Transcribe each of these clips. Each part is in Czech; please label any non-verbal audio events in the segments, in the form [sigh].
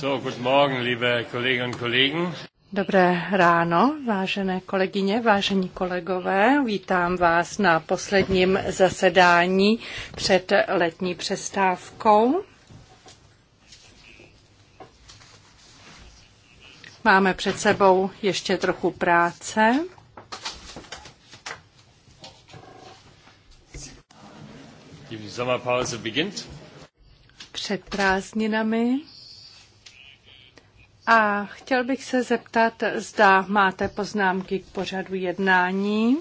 So, liebe Kolleginnen und Kollegen. Dobré ráno, vážené kolegyně, vážení kolegové. Vítám vás na posledním zasedání před letní přestávkou. Máme před sebou ještě trochu práce. Die Sommerpause beginnt. Před prázdninami a chtěl bych se zeptat, zda máte poznámky k pořadu jednání.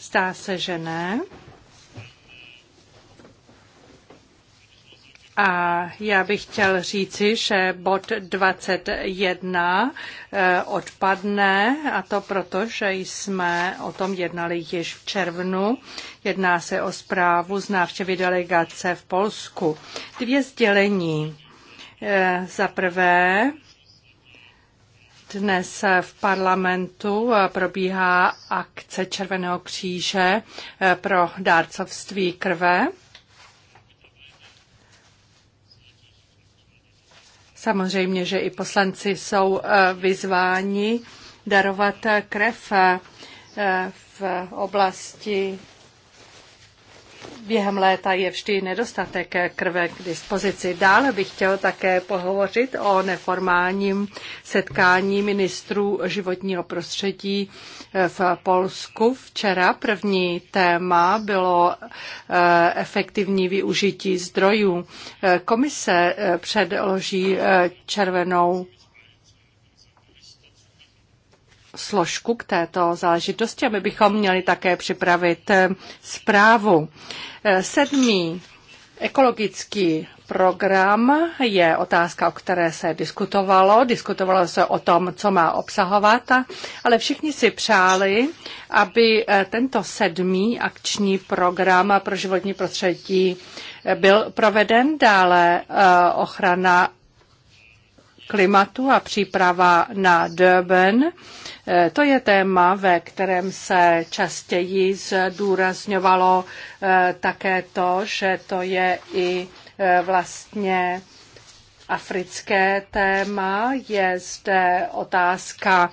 Zdá se, že ne. A já bych chtěl říci, že bod 21 eh, odpadne, a to proto, že jsme o tom jednali již v červnu. Jedná se o zprávu z návštěvy delegace v Polsku. Dvě sdělení. Eh, za prvé, dnes v parlamentu probíhá akce Červeného kříže pro dárcovství krve. Samozřejmě, že i poslanci jsou eh, vyzváni darovat eh, krev eh, v oblasti během léta je vždy nedostatek krve k dispozici. Dále bych chtěl také pohovořit o neformálním setkání ministrů životního prostředí v Polsku. Včera první téma bylo eh, efektivní využití zdrojů. Eh, komise eh, předloží červenou složku k této záležitosti, aby bychom měli také připravit eh, zprávu. Eh, sedmý ekologický program je otázka, o které se diskutovalo. Diskutovalo se o tom, co má obsahovat, ale všichni si přáli, aby eh, tento sedmý akční program pro životní prostředí byl proveden dále ochrana klimatu a příprava na Durban. Eh, to je téma, ve kterém se častěji zdůrazňovalo eh, také to, že to je i eh, vlastně africké téma, je zde otázka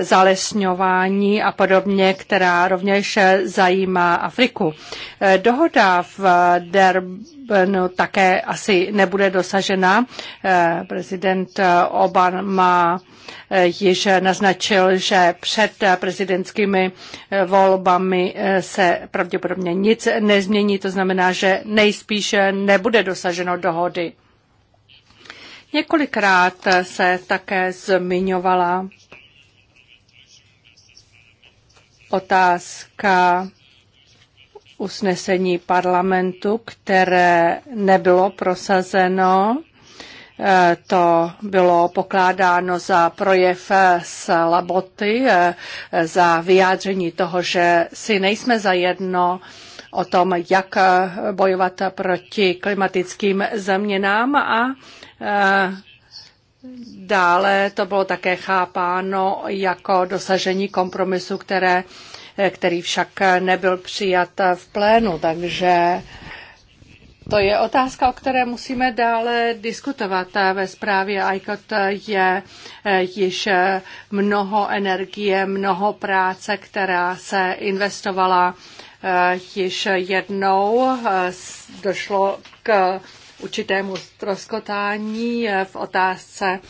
zalesňování a podobně, která rovněž zajímá Afriku. Eh, dohoda v Derbnu také asi nebude dosažena. Eh, prezident Obama eh, již naznačil, že před prezidentskými volbami se pravděpodobně nic nezmění, to znamená, že nejspíše nebude dosaženo dohody. Několikrát se také zmiňovala otázka usnesení parlamentu, které nebylo prosazeno. Eh, to bylo pokládáno za projev laboty, eh, za vyjádření toho, že si nejsme zajedno o tom, jak bojovat proti klimatickým změnám a Eh, dále to bylo také chápáno jako dosažení kompromisu, které, eh, který však nebyl přijat v plénu, takže to je otázka, o které musíme dále diskutovat. Ve zprávě ICOT je eh, již mnoho energie, mnoho práce, která se investovala již jednou. Došlo k určitému ztroskotání eh, v otázce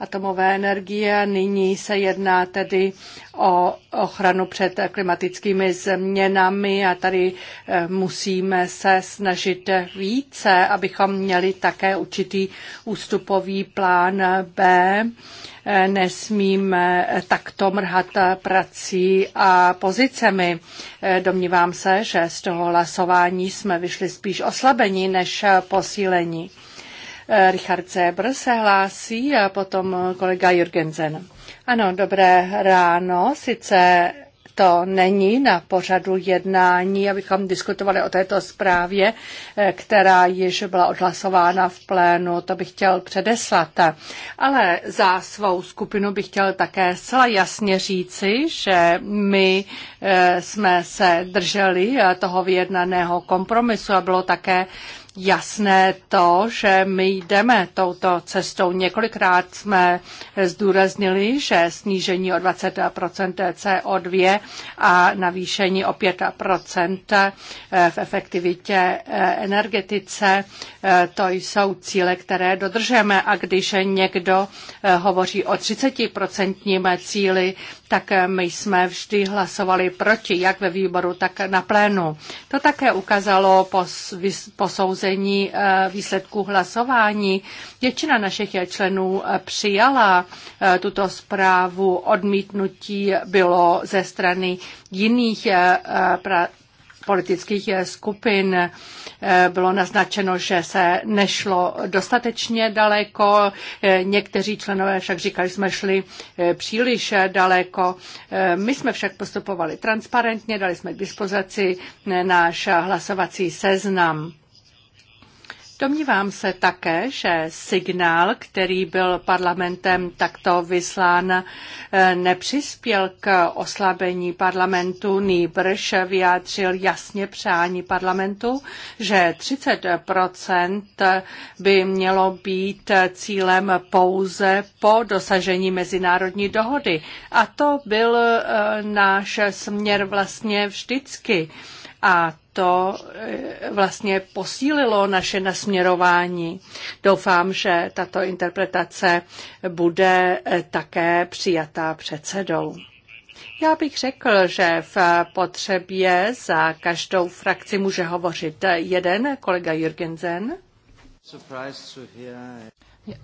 atomové energie. Nyní se jedná tedy o ochranu před klimatickými změnami a tady eh, musíme se snažit více, abychom měli také určitý ústupový plán B Eh, nesmíme takto mrhat prací a pozicemi. Eh, domnívám se, že z toho hlasování jsme vyšli spíš oslabení než posílení. Eh, Richard Zebr se hlásí a potom kolega Jürgensen. Ano, dobré ráno. Sice to není na pořadu jednání, abychom diskutovali o této zprávě, eh, která již byla odhlasována v plénu, to bych chtěl předeslat. Ale za svou skupinu bych chtěl také zcela jasně říci, že my eh, jsme se drželi eh, toho vyjednaného kompromisu a bylo také jasné to, že my jdeme touto cestou. Několikrát jsme zdůraznili, že snížení o 20 CO2 a navýšení o 5 eh, v efektivitě eh, energetice, eh, to jsou cíle, které dodržeme. A když někdo hovoří o 30 cíli, tak eh, my jsme vždy hlasovali proti, jak ve výboru, tak na plénu. To také ukázalo posouzení eh, výsledků hlasování. Většina našich členů eh, přijala tuto zprávu, odmítnutí bylo ze strany jiných politických skupin. Eh, bylo naznačeno, že se nešlo dostatečně daleko. Eh, někteří členové však říkali, že jsme šli eh, příliš daleko. My jsme však postupovali transparentně, dali jsme k dispozici náš hlasovací seznam. Domnívám se také, že signál, který byl parlamentem takto vyslán, eh, nepřispěl k oslabení parlamentu, nýbrž vyjádřil jasně přání parlamentu, že 30 by mělo být cílem pouze po dosažení mezinárodní dohody. A to byl eh, náš směr vlastně vždycky a to eh, vlastně posílilo naše nasměrování. Doufám, že tato interpretace bude eh, také přijatá předsedou. Já bych řekl, že v potřebě za každou frakci může hovořit jeden kolega Jürgensen.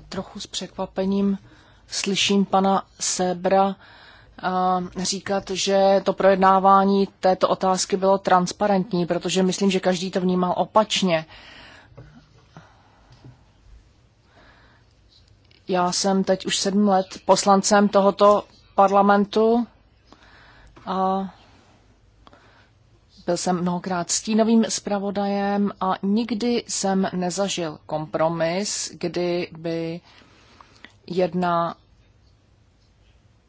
Trochu s překvapením slyším pana Sebra Eh, říkat, že to projednávání této otázky bylo transparentní, protože myslím, že každý to vnímal opačně. Já jsem teď už sedm let poslancem tohoto parlamentu a byl jsem mnohokrát stínovým zpravodajem a nikdy jsem nezažil kompromis, kdy by jedna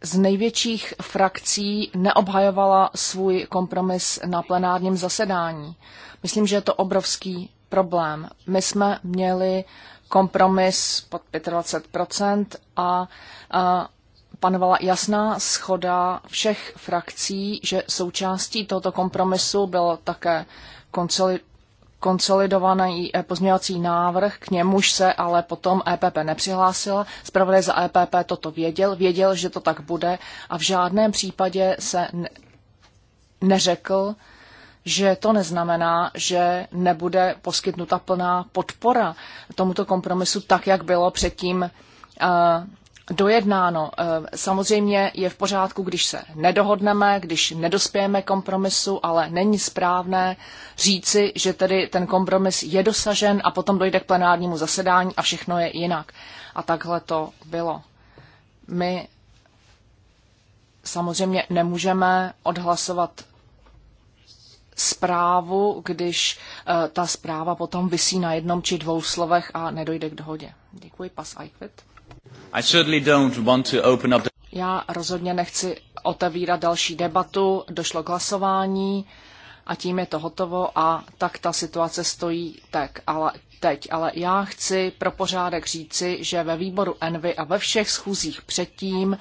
z největších frakcí neobhajovala svůj kompromis na plenárním zasedání. Myslím, že je to obrovský problém. My jsme měli kompromis pod 25% a, a panovala jasná schoda všech frakcí, že součástí tohoto kompromisu bylo také konsolidovaný eh, pozměňovací návrh, k němuž se ale potom EPP nepřihlásila. Zpravodaj za EPP toto věděl, věděl, že to tak bude a v žádném případě se neřekl, že to neznamená, že nebude poskytnuta plná podpora tomuto kompromisu tak, jak bylo předtím uh, dojednáno. Eh, samozřejmě je v pořádku, když se nedohodneme, když nedospějeme kompromisu, ale není správné říci, že tedy ten kompromis je dosažen a potom dojde k plenárnímu zasedání a všechno je jinak. A takhle to bylo. My samozřejmě nemůžeme odhlasovat zprávu, když eh, ta zpráva potom vysí na jednom či dvou slovech a nedojde k dohodě. Děkuji, pas já rozhodně nechci otevírat další debatu, došlo k hlasování a tím je to hotovo a tak ta situace stojí tak, ale teď. Ale já chci pro pořádek říci, že ve výboru Envy a ve všech schůzích předtím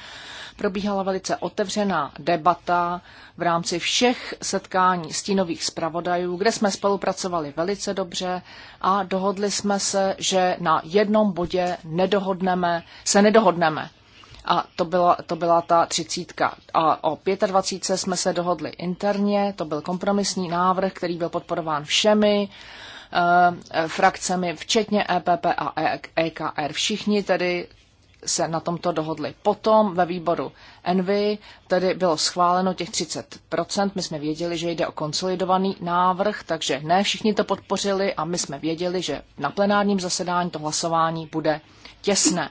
probíhala velice otevřená debata v rámci všech setkání stínových zpravodajů, kde jsme spolupracovali velice dobře a dohodli jsme se, že na jednom bodě nedohodneme, se nedohodneme. A to byla, to byla ta třicítka. A o 25 jsme se dohodli interně, to byl kompromisní návrh, který byl podporován všemi eh, frakcemi, včetně EPP a EKR. Všichni tedy se na tomto dohodli. Potom ve výboru Envy tedy bylo schváleno těch 30%. My jsme věděli, že jde o konsolidovaný návrh, takže ne všichni to podpořili a my jsme věděli, že na plenárním zasedání to hlasování bude těsné.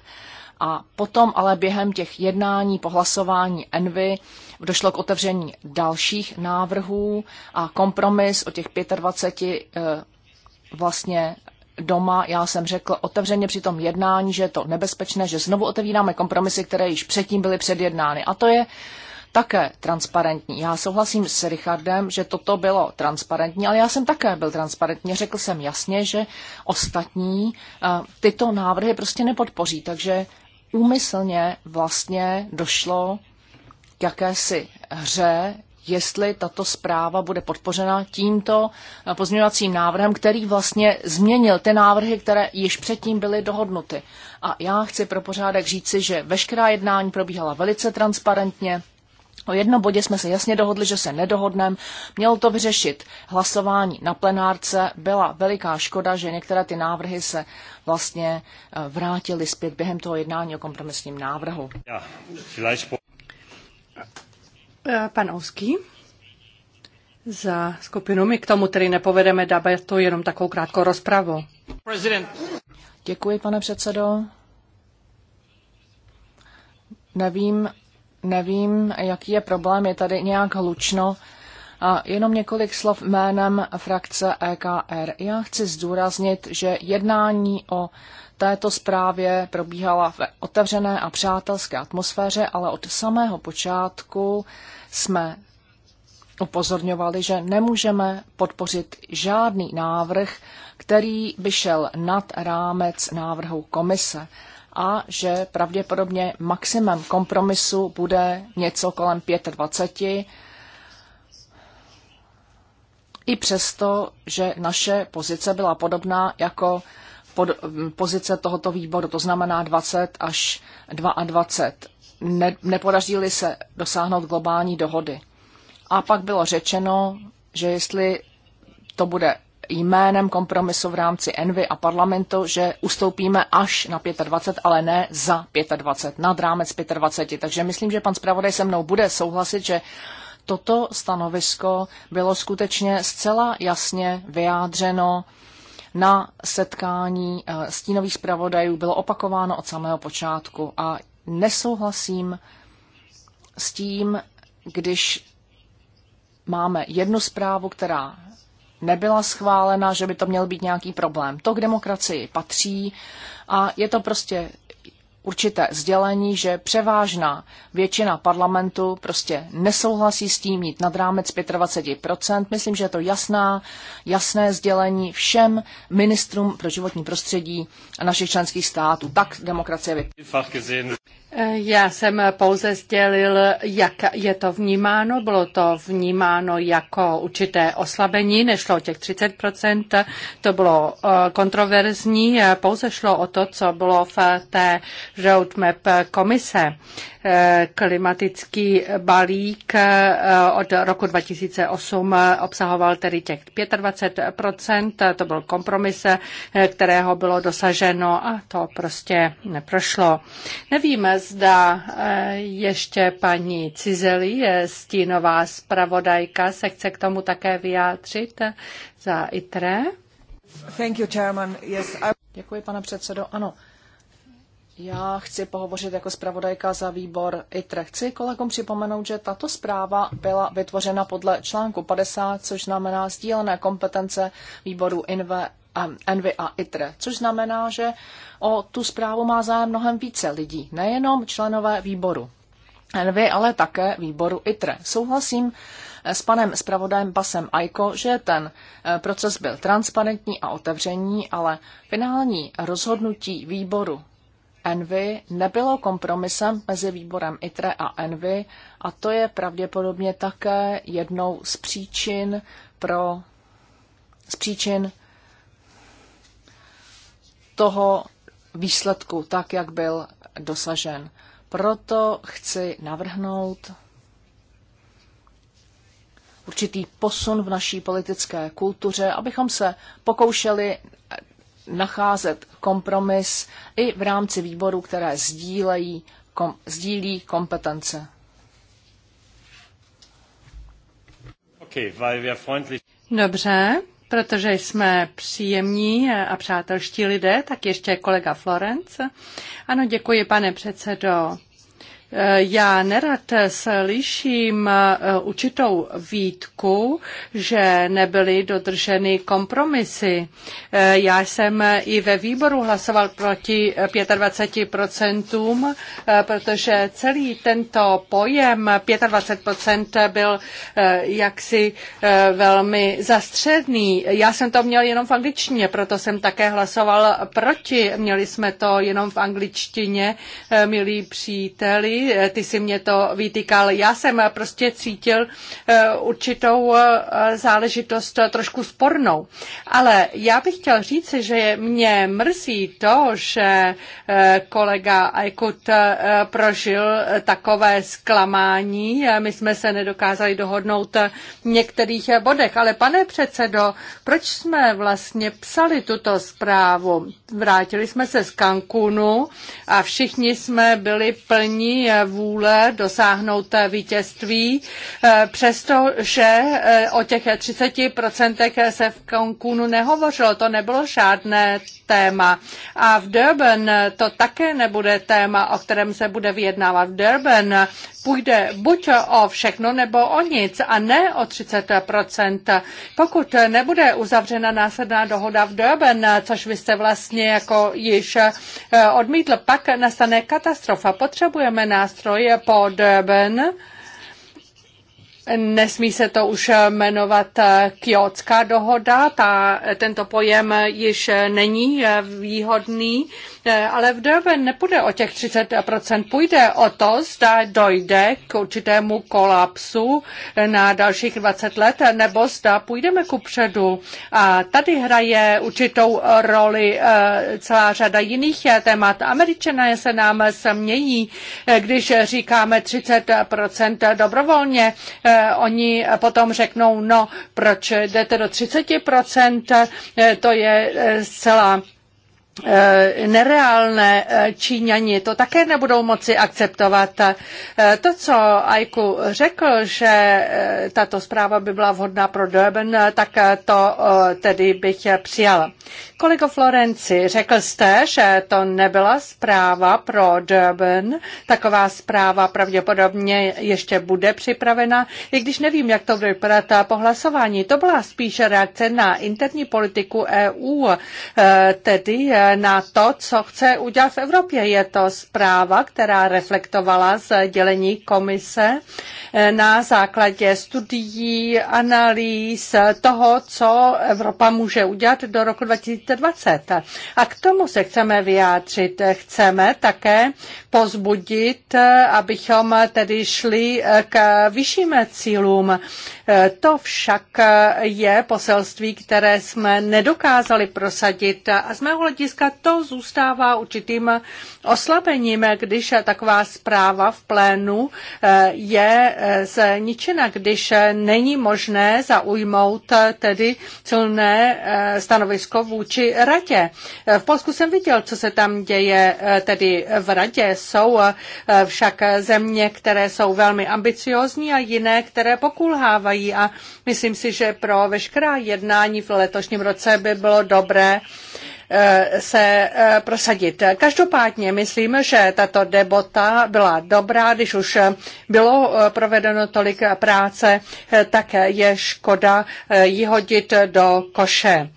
A potom ale během těch jednání po hlasování Envy došlo k otevření dalších návrhů a kompromis o těch 25 eh, vlastně doma, já jsem řekl otevřeně při tom jednání, že je to nebezpečné, že znovu otevíráme kompromisy, které již předtím byly předjednány. A to je také transparentní. Já souhlasím s Richardem, že toto bylo transparentní, ale já jsem také byl transparentní. Řekl jsem jasně, že ostatní eh, tyto návrhy prostě nepodpoří, takže úmyslně vlastně došlo k jakési hře jestli tato zpráva bude podpořena tímto eh, pozměňovacím návrhem, který vlastně změnil ty návrhy, které již předtím byly dohodnuty. A já chci pro pořádek říci, že veškerá jednání probíhala velice transparentně, O jednom bodě jsme se jasně dohodli, že se nedohodneme. Mělo to vyřešit hlasování na plenárce. Byla veliká škoda, že některé ty návrhy se vlastně eh, vrátily zpět během toho jednání o kompromisním návrhu. Eh, pan Ouský za skupinu. My k tomu tedy nepovedeme to jenom takovou krátkou rozpravu. President. Děkuji, pane předsedo. Nevím, nevím, jaký je problém, je tady nějak hlučno. A jenom několik slov jménem frakce EKR. Já chci zdůraznit, že jednání o této zprávě probíhala v otevřené a přátelské atmosféře, ale od samého počátku jsme upozorňovali, že nemůžeme podpořit žádný návrh, který by šel nad rámec návrhu komise a že pravděpodobně maximem kompromisu bude něco kolem 25. I přesto, že naše pozice byla podobná jako pod, pozice tohoto výboru, to znamená 20 až 22. Ne, nepodařili se dosáhnout globální dohody. A pak bylo řečeno, že jestli to bude jménem kompromisu v rámci Envy a parlamentu, že ustoupíme až na 25, ale ne za 25, nad rámec 25. Takže myslím, že pan zpravodaj se mnou bude souhlasit, že toto stanovisko bylo skutečně zcela jasně vyjádřeno na setkání eh, stínových zpravodajů bylo opakováno od samého počátku a nesouhlasím s tím, když máme jednu zprávu, která nebyla schválena, že by to měl být nějaký problém. To k demokracii patří a je to prostě určité sdělení, že převážná většina parlamentu prostě nesouhlasí s tím mít nad rámec 25%. Myslím, že je to jasná, jasné sdělení všem ministrům pro životní prostředí a našich členských států. Tak demokracie vypadá. Já jsem pouze sdělil, jak je to vnímáno. Bylo to vnímáno jako určité oslabení, nešlo o těch 30%, to bylo eh, kontroverzní, pouze šlo o to, co bylo v té roadmap komise. Eh, klimatický balík eh, od roku 2008 obsahoval tedy těch 25%, to byl kompromis, kterého bylo dosaženo a to prostě neprošlo. Nevíme, zda eh, ještě paní Cizeli je stínová zpravodajka, se chce k tomu také vyjádřit za ITRE. Thank you, chairman. Yes, I... Děkuji, pane předsedo. Ano, já chci pohovořit jako zpravodajka za výbor ITRE. Chci kolegům připomenout, že tato zpráva byla vytvořena podle článku 50, což znamená sdílené kompetence výboru INVE Envy a ITRE, což znamená, že o tu zprávu má zájem mnohem více lidí, nejenom členové výboru. Envy, ale také výboru ITRE. Souhlasím eh, s panem zpravodajem Basem Aiko, že ten eh, proces byl transparentní a otevření, ale finální rozhodnutí výboru Envy nebylo kompromisem mezi výborem ITRE a Envy a to je pravděpodobně také jednou z příčin pro z příčin toho výsledku, tak jak byl dosažen. Proto chci navrhnout určitý posun v naší politické kultuře, abychom se pokoušeli nacházet kompromis i v rámci výborů, které sdílejí, kom, sdílí kompetence. Dobře, protože jsme příjemní a přátelští lidé, tak ještě kolega Florence. Ano, děkuji, pane předsedo. Já nerad slyším eh, určitou výtku, že nebyly dodrženy kompromisy. Eh, já jsem i ve výboru hlasoval proti 25%, eh, protože celý tento pojem 25% byl jaksi velmi zastředný. Já jsem to měl jenom v angličtině, proto jsem také hlasoval proti. Měli jsme to jenom v angličtině, milí příteli Eh, ty, si mě to vytýkal. Já jsem prostě cítil eh, určitou eh, záležitost trošku spornou. Ale já bych chtěl říct, že mě mrzí to, že kolega Aikut prožil takové zklamání. My jsme se nedokázali dohodnout v některých bodech. Ale pane předsedo, proč jsme vlastně psali tuto zprávu? Vrátili jsme se z Cancúnu a všichni jsme byli plní vůle dosáhnout vítězství, eh, přestože eh, o těch 30% se v Cancúnu nehovořilo, to nebylo žádné téma. A v Durban to také nebude téma, o kterém se bude vyjednávat v Durban půjde buď o všechno nebo o nic a ne o 30 Pokud nebude uzavřena následná dohoda v Durban, což vy jste vlastně jako již eh, odmítl, pak nastane katastrofa. Potřebujeme nástroje po Durban, Nesmí se to už jmenovat eh, kiotská dohoda, ta, eh, tento pojem již eh, není výhodný, ale v Durban nepůjde o těch 30%, půjde o to, zda dojde k určitému kolapsu na dalších 20 let, nebo zda půjdeme ku předu. A tady hraje určitou roli celá řada jiných témat. Američané se nám smějí, když říkáme 30% dobrovolně, Eh, oni potom řeknou, no proč jdete do 30%, eh, to je eh, celá Eh, nereálné eh, Číňani to také nebudou moci akceptovat. Eh, to, co Ajku řekl, že tato zpráva by byla vhodná pro Durban, tak to tedy bych přijala. Kolego Florenci, řekl jste, že to nebyla zpráva pro Durban. Taková zpráva pravděpodobně ještě bude připravena, i když nevím, jak to vypadá po hlasování. To byla spíše reakce na interní politiku EU, tedy na to, co chce udělat v Evropě. Je to zpráva, která reflektovala dělení komise eh, na základě studií, analýz eh, toho, co Evropa může udělat do roku 2020. A k tomu se chceme vyjádřit. Chceme také pozbudit, eh, abychom tedy šli k vyšším cílům. To však je poselství, které jsme nedokázali prosadit a z mého hlediska hlediska to zůstává určitým oslabením, když taková zpráva v plénu eh, je eh, zničena, když eh, není možné zaujmout tedy silné stanovisko vůči radě. V Polsku jsem viděl, co se tam děje tedy v radě. Jsou však země, které jsou velmi ambiciózní a jiné, které pokulhávají a myslím si, že pro veškerá jednání v letošním roce by bylo dobré Eh, se eh, prosadit. Každopádně myslím, že tato debata byla dobrá, když už bylo eh, provedeno tolik práce, tak je škoda ji hodit do koše.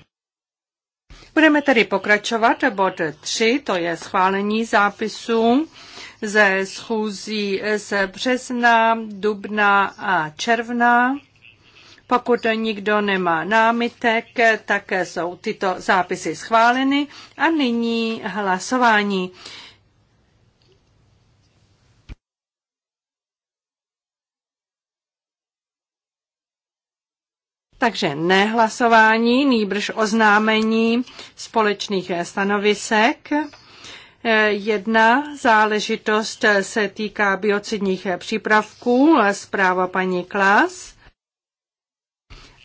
Budeme tedy pokračovat. Bod 3, to je schválení zápisů ze schůzí z března, dubna a června. Pokud nikdo nemá námitek, tak jsou tyto zápisy schváleny a nyní hlasování. Takže nehlasování. nýbrž oznámení společných stanovisek. Jedna záležitost se týká biocidních přípravků, zpráva paní Klas.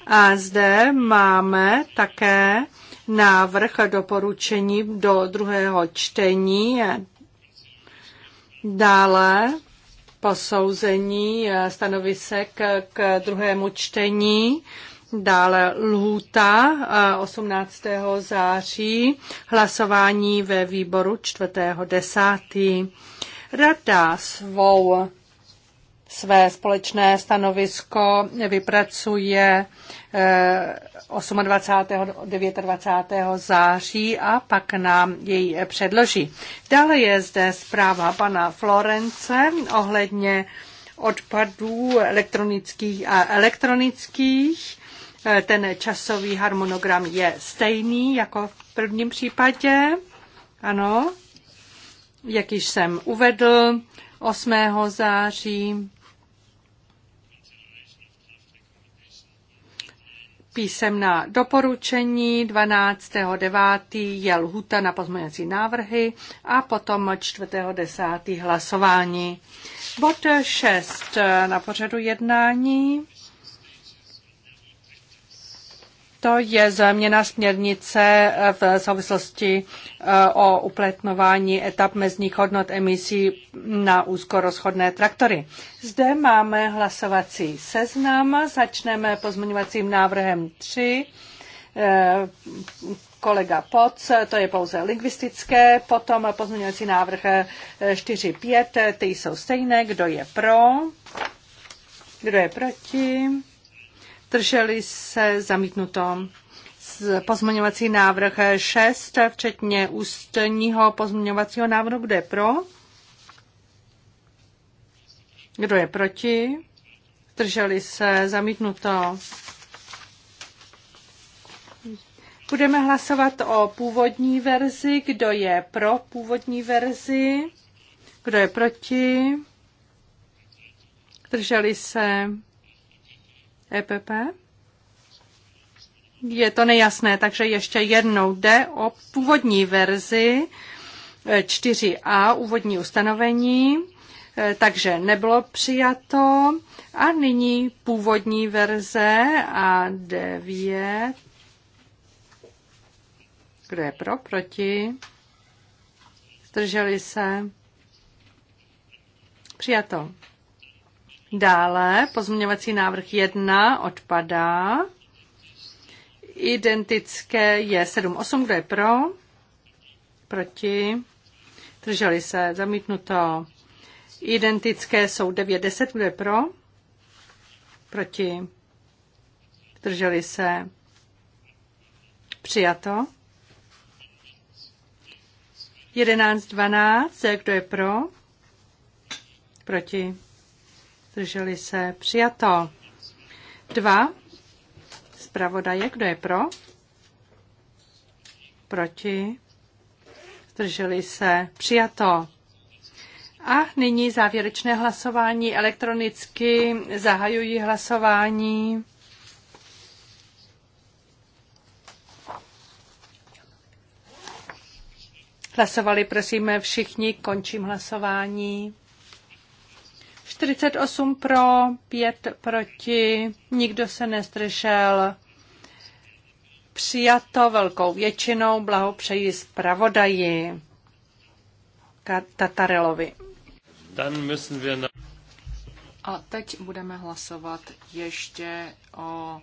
A zde máme také návrh doporučení do druhého čtení. Dále posouzení stanovisek k druhému čtení. Dále lhůta 18. Eh, září, hlasování ve výboru 4.10. Rada svou své společné stanovisko vypracuje 28. Eh, 29. září a pak nám jej předloží. Dále je zde zpráva pana Florence ohledně odpadů elektronických a elektronických. Eh, ten časový harmonogram je stejný jako v prvním případě. Ano, jak již jsem uvedl, 8. září písemná doporučení. 12.9. je lhuta na pozměňovací návrhy a potom 4.10. hlasování. Bod 6 na pořadu jednání to je změna směrnice eh, v souvislosti eh, o uplatňování etap mezních hodnot emisí na úzkorozchodné traktory. Zde máme hlasovací seznam. Začneme pozměňovacím návrhem 3. Eh, kolega Poc, to je pouze lingvistické, potom pozměňovací návrh 4.5, ty jsou stejné, kdo je pro, kdo je proti zdrželi se zamítnuto pozměňovací návrh 6, včetně ústního pozměňovacího návrhu. Kdo je pro? Kdo je proti? Zdrželi se zamítnuto. Budeme hlasovat o původní verzi. Kdo je pro původní verzi? Kdo je proti? Drželi se. EPP? Je to nejasné, takže ještě jednou jde o původní verzi 4a, eh, úvodní ustanovení, eh, takže nebylo přijato. A nyní původní verze A9. Kdo je pro, proti? Zdrželi se? Přijato. Dále pozměňovací návrh 1 odpadá. Identické je 7-8, kdo je pro? Proti? Drželi se, zamítnuto. Identické jsou 9-10, kdo je pro? Proti? Drželi se. Přijato. 11, 12, kdo je pro? Proti? zdrželi se, přijato. Dva, zpravodaje, kdo je pro? Proti, zdrželi se, přijato. A nyní závěrečné hlasování elektronicky. Zahajuji hlasování. Hlasovali prosím všichni, končím hlasování. 48 pro, 5 proti, nikdo se nezdržel. Přijato velkou většinou, blahopřeji zpravodaji Tatarelovi. A teď budeme hlasovat ještě o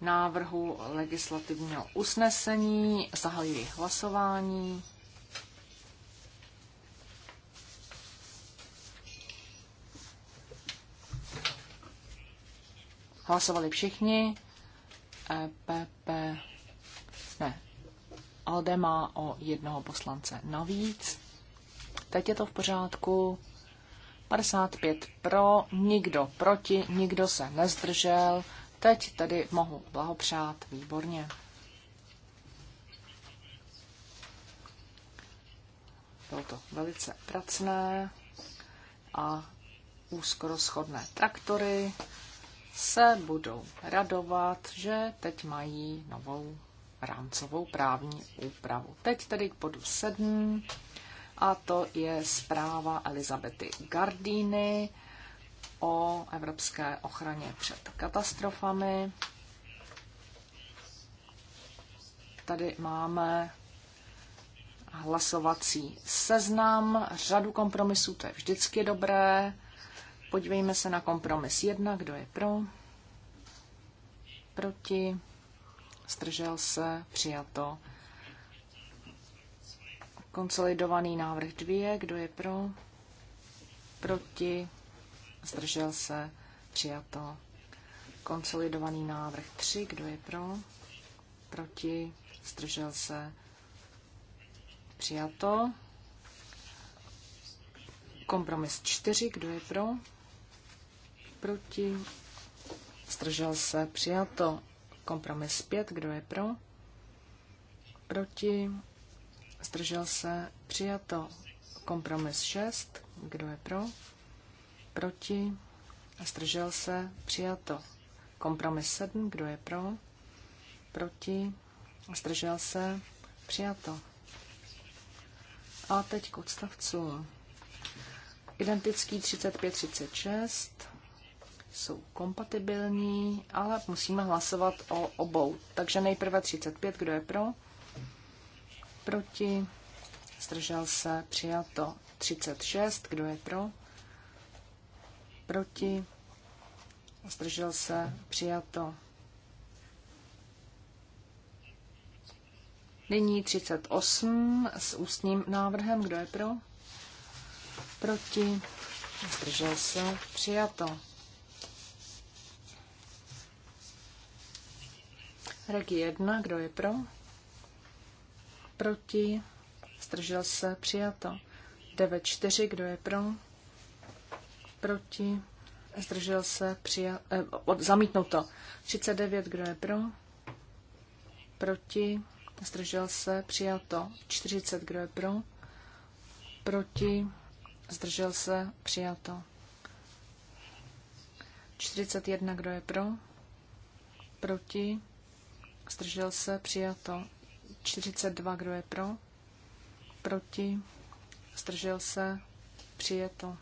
návrhu legislativního usnesení. Zahajuji hlasování. Hlasovali všichni. EPP ne. Alde má o jednoho poslance navíc. Teď je to v pořádku. 55 pro, nikdo proti, nikdo se nezdržel. Teď tedy mohu blahopřát výborně. Bylo to velice pracné a úskoro schodné traktory se budou radovat, že teď mají novou rámcovou právní úpravu. Teď tedy k bodu 7 a to je zpráva Elizabety Gardíny o evropské ochraně před katastrofami. Tady máme hlasovací seznam, řadu kompromisů, to je vždycky dobré. Podívejme se na kompromis 1, kdo je pro, proti, zdržel se, přijato. Konsolidovaný návrh 2, kdo je pro, proti, zdržel se, přijato. Konsolidovaný návrh 3, kdo je pro, proti, zdržel se, přijato. Kompromis 4, kdo je pro, proti, zdržel se, přijato. Kompromis 5, kdo je pro, proti, zdržel se, přijato. Kompromis 6, kdo je pro, proti, zdržel se, přijato. Kompromis 7, kdo je pro, proti, zdržel se, přijato. A teď k odstavcům. Identický 35-36, jsou kompatibilní, ale musíme hlasovat o obou. Takže nejprve 35, kdo je pro, proti, zdržel se, přijato 36, kdo je pro, proti, zdržel se, přijato. Nyní 38 s ústním návrhem, kdo je pro, proti, zdržel se, přijato. Regi 1, kdo je pro? Proti? Zdržel se? Přijato. 9.4, eh, kdo je pro? Proti? Zdržel se? Přijato. Eh, zamítnuto. 39, kdo je pro? Proti? Zdržel se? Přijato. 40, kdo je pro? Proti? Zdržel se? Přijato. 41, kdo je pro? Proti? Zdržel se? Přijato. 42. Kdo je pro? Proti? Zdržel se? Přijato.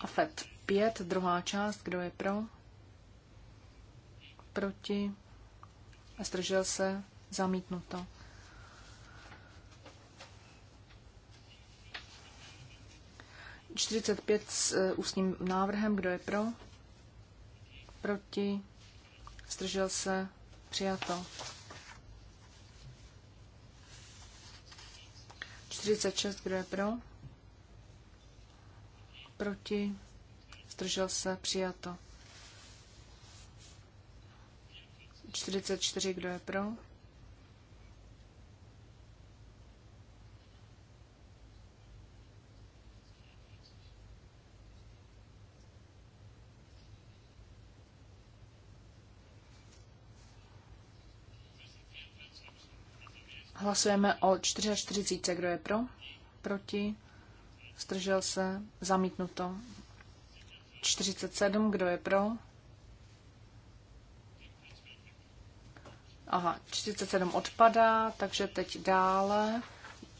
AFET 5, druhá část, kdo je pro? Proti? A zdržel se? Zamítnuto. Čtyřicet pět s eh, ústním návrhem, kdo je pro? proti, zdržel se, přijato. 46, kdo je pro, proti, zdržel se, přijato. 44, kdo je pro, Hlasujeme o 44. Kdo je pro? Proti? Zdržel se? Zamítnuto. 47. Kdo je pro? Aha, 47 odpadá, takže teď dále.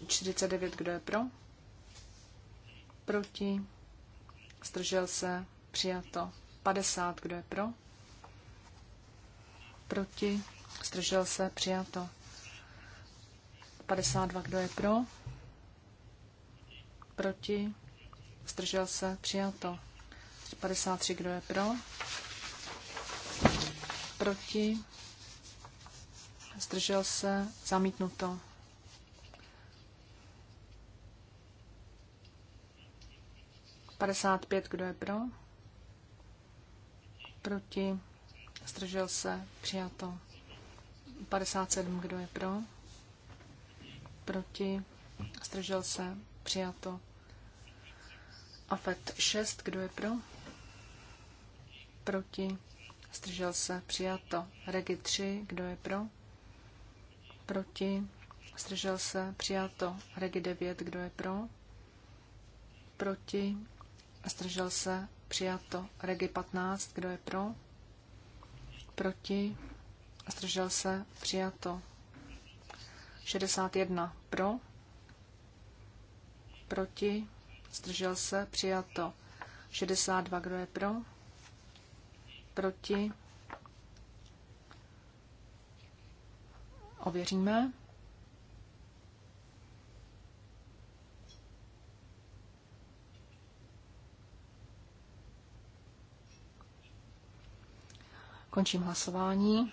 49. Kdo je pro? Proti? Zdržel se? Přijato. 50. Kdo je pro? Proti? Zdržel se? Přijato. 52, kdo je pro? Proti? Zdržel se? Přijato. 53, kdo je pro? Proti? Zdržel se? Zamítnuto. Padesát pět, kdo je pro? Proti? Zdržel se? Přijato. 57, kdo je pro? proti, zdržel se, přijato. A Afet 6, kdo je pro, proti, zdržel se, přijato. Regi 3, kdo je pro, proti, zdržel se, přijato. Regi 9, kdo je pro, proti, zdržel se, přijato. Regi 15, kdo je pro, proti, zdržel se, přijato. 61 pro, proti, zdržel se, přijato. 62, kdo je pro, proti, ověříme. Končím hlasování.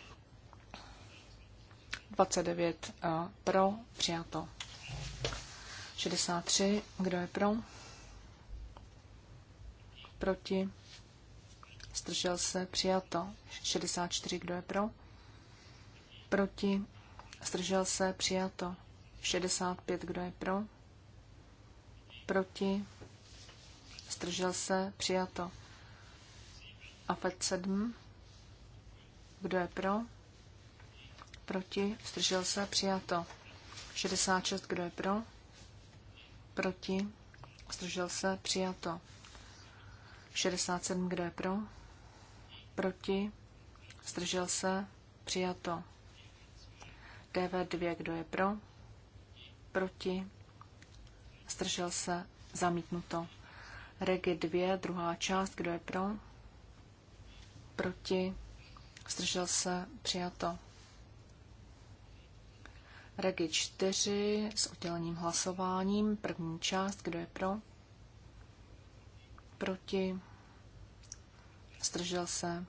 29 eh, pro, přijato. 63, kdo je pro? Proti? Zdržel se, přijato. 64, kdo je pro? Proti? Zdržel se, přijato. 65, kdo je pro? Proti? Zdržel se, přijato. A 7, kdo je pro? proti, zdržel se, přijato. 66, kdo je pro, proti, zdržel se, přijato. 67, kdo je pro, proti, zdržel se, přijato. DV2, kdo je pro, proti, zdržel se, zamítnuto. Regi 2, druhá část, kdo je pro, proti, zdržel se, přijato. Regi 4 s oddělením hlasováním. První část, kdo je pro? Proti? Zdržel se?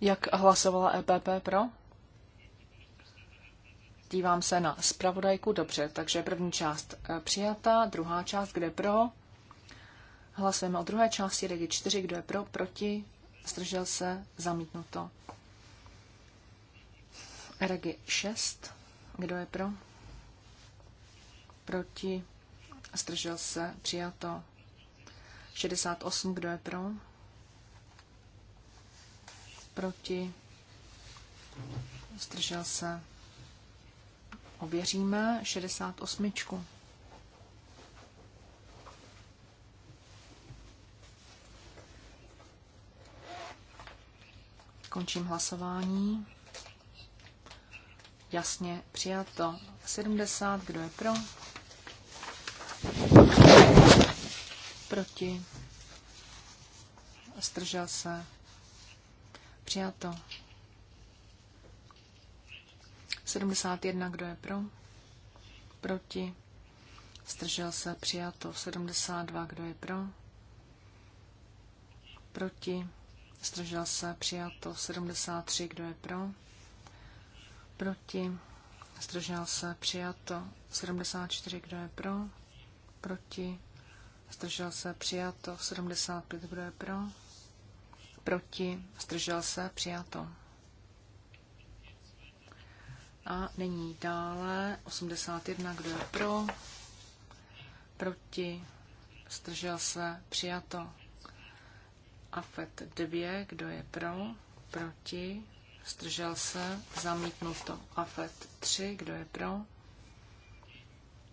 Jak hlasovala EPP pro? Dívám se na zpravodajku. Dobře, takže první část eh, přijata, druhá část, kde pro? Hlasujeme o druhé části, regi 4, kdo je pro, proti, zdržel se, zamítnuto. Regi 6, kdo je pro? Proti, zdržel se, přijato. 68, kdo je pro? Proti, zdržel se. Ověříme 68. Končím hlasování. Jasně, přijato 70. Kdo je pro? Proti? Zdržel se? Přijato. 71. Kdo je pro? Proti? Zdržel se? Přijato. 72. Kdo je pro? Proti? Zdržel se přijato 73, kdo je pro? Proti. Zdržel se přijato 74, kdo je pro? Proti. Zdržel se přijato 75, kdo je pro? Proti. Zdržel se přijato. A nyní dále 81, kdo je pro? Proti. Zdržel se přijato AFET 2, kdo je pro, proti, zdržel se, zamítnuto. AFET 3, kdo je pro,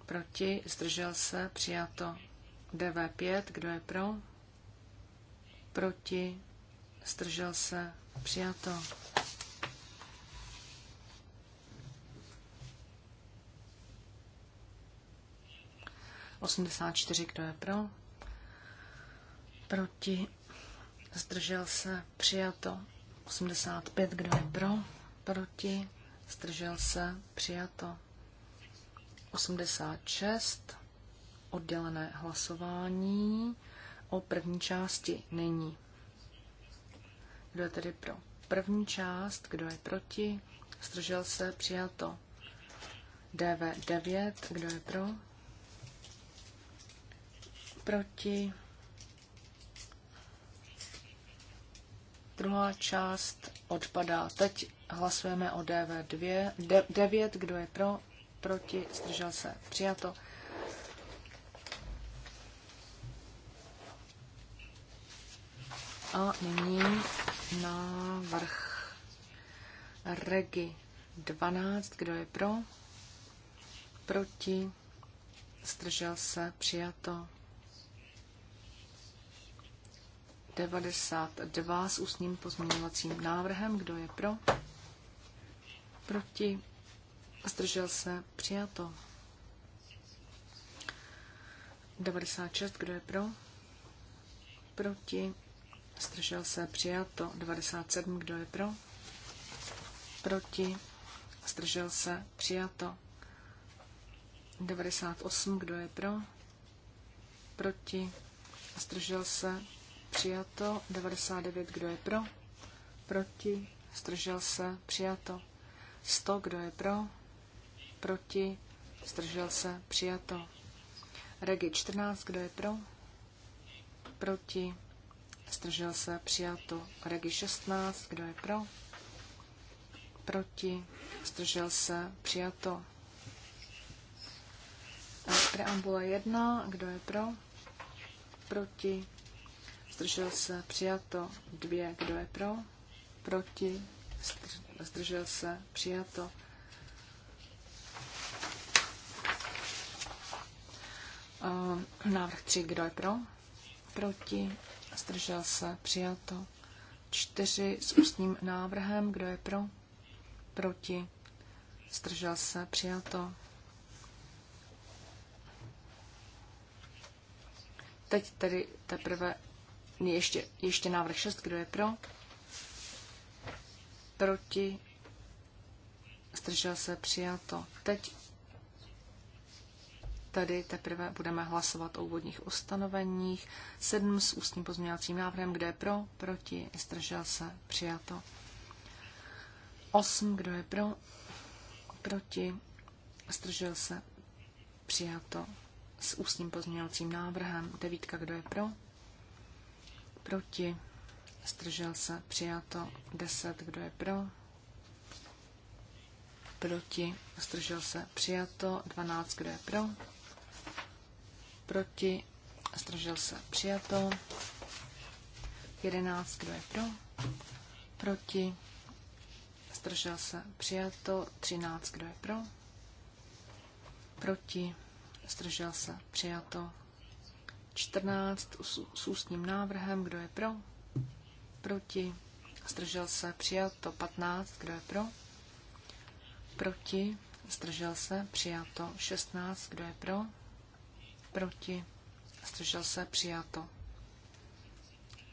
proti, zdržel se, přijato. DV5, kdo je pro, proti, zdržel se, přijato. Osmdesát čtyři, kdo je pro? Proti zdržel se, přijato. 85, kdo je pro, proti, zdržel se, přijato. 86, oddělené hlasování o první části není. Kdo je tedy pro první část, kdo je proti, zdržel se, přijato. DV9, kdo je pro, proti, Druhá část odpadá. Teď hlasujeme o DV2. De, 9, kdo je pro, proti, zdržel se, přijato. A nyní návrh Regi 12, kdo je pro, proti, zdržel se, přijato. 92 s ústním pozměňovacím návrhem. Kdo je pro? Proti? Zdržel se? Přijato. 96. Kdo je pro? Proti? Zdržel se? Přijato. 97. Kdo je pro? Proti? Zdržel se? Přijato. 98. Kdo je pro? Proti? Zdržel se? Přijato. 99. Kdo je pro? Proti. Zdržel se. Přijato. 100. Kdo je pro? Proti. Zdržel se. Přijato. Regi 14. Kdo je pro? Proti. Zdržel se. Přijato. Regi 16. Kdo je pro? Proti. Zdržel se. Přijato. Preambule 1. Kdo je pro? Proti zdržel se, přijato. Dvě, kdo je pro, proti, zdržel se, přijato. Ehm, návrh tři kdo je pro, proti, zdržel se, přijato. čtyři s ústním návrhem, kdo je pro, proti, zdržel se, přijato. Teď tedy teprve ještě, ještě návrh 6, kdo je pro? Proti? Zdržel se přijato. Teď tady teprve budeme hlasovat o úvodních ustanoveních. 7 s ústním pozměňovacím návrhem, kde je pro, proti, zdržel se, přijato. 8, kdo je pro, proti, zdržel se, přijato s ústním pozměňovacím návrhem. Devítka, kdo je pro, Proti? Zdržel se? Přijato. 10. Kdo je pro? Proti? Zdržel se? Přijato. 12. Kdo je pro? Proti? Zdržel se? Přijato. 11. Kdo je pro? Proti? Zdržel se? Přijato. 13. Kdo je pro? Proti? Zdržel se? Přijato. 14 s ústním návrhem, kdo je pro, proti, zdržel se, přijato 15, kdo je pro, proti, zdržel se, přijato 16, kdo je pro, proti, zdržel se, přijato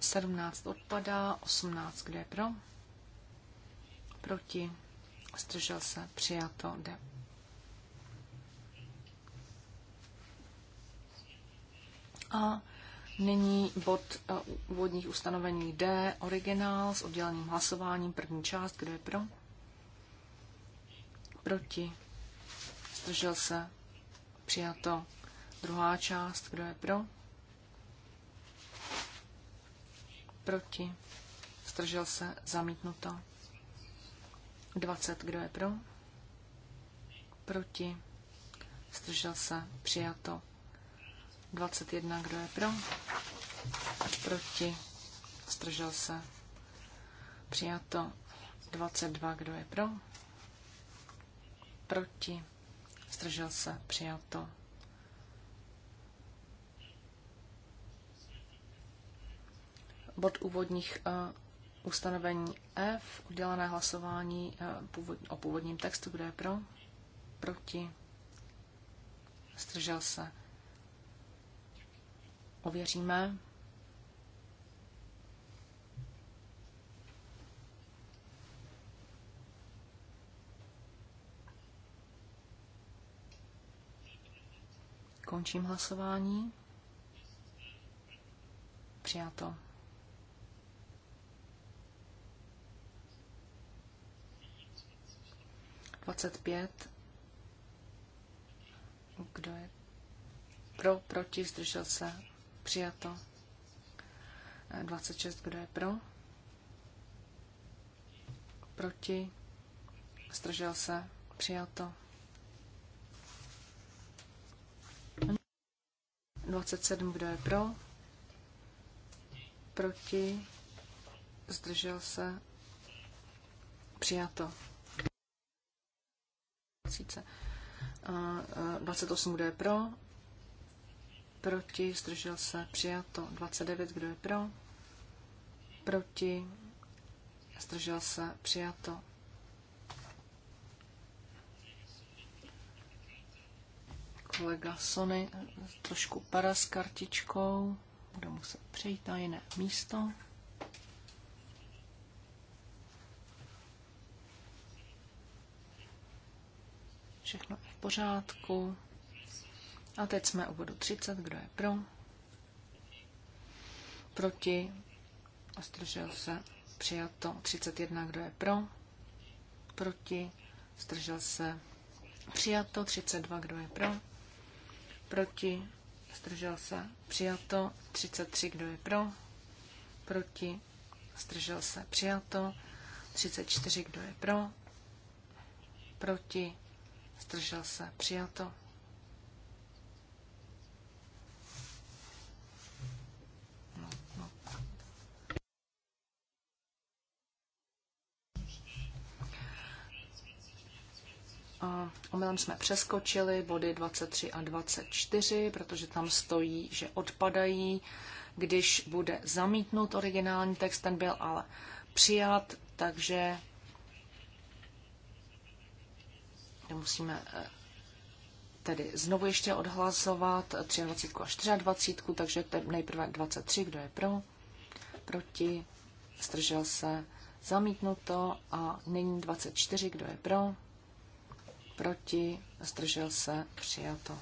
17 odpadá, 18 kdo je pro, proti, zdržel se, přijato 9 A nyní bod e, úvodních ustanovení D, originál s odděleným hlasováním, první část, kdo je pro? Proti. Zdržel se. Přijato. Druhá část, kdo je pro? Proti. Zdržel se. Zamítnuto. 20, kdo je pro? Proti. Zdržel se. Přijato. 21, kdo je pro? Proti? Zdržel se? Přijato 22, kdo je pro? Proti? Zdržel se? Přijato. Bod úvodních uh, ustanovení F, udělané hlasování uh, původ, o původním textu, kdo je pro? Proti? Zdržel se? Ověříme. Končím hlasování. Přijato. Dvacet pět. Kdo je pro, proti, zdržel se, Přijato. 26, kdo je pro? Proti? Zdržel se? Přijato. 27, kdo je pro? Proti? Zdržel se? Přijato. 28, eh, eh, kdo je pro? Proti? Zdržel se? Přijato. 29. Kdo je pro? Proti? Zdržel se? Přijato. Kolega Sony trošku para s kartičkou. Bude muset přejít na jiné místo. Všechno je v pořádku. A teď jsme u bodu 30. Kdo je pro? Proti? Zdržel se? Přijato. 31. Kdo je pro? Proti? Zdržel se? Přijato. 32. Kdo je pro? Proti? Zdržel se? Přijato. 33. Kdo je pro? Proti? Zdržel se? Přijato. 34. Kdo je pro? Proti? Zdržel se? Přijato. A omylem jsme přeskočili body 23 a 24, protože tam stojí, že odpadají. Když bude zamítnut originální text, ten byl ale přijat, takže musíme eh, tedy znovu ještě odhlasovat 23 a 24, takže nejprve 23, kdo je pro, proti, zdržel se, zamítnuto a nyní 24, kdo je pro, proti, zdržel se, přijato.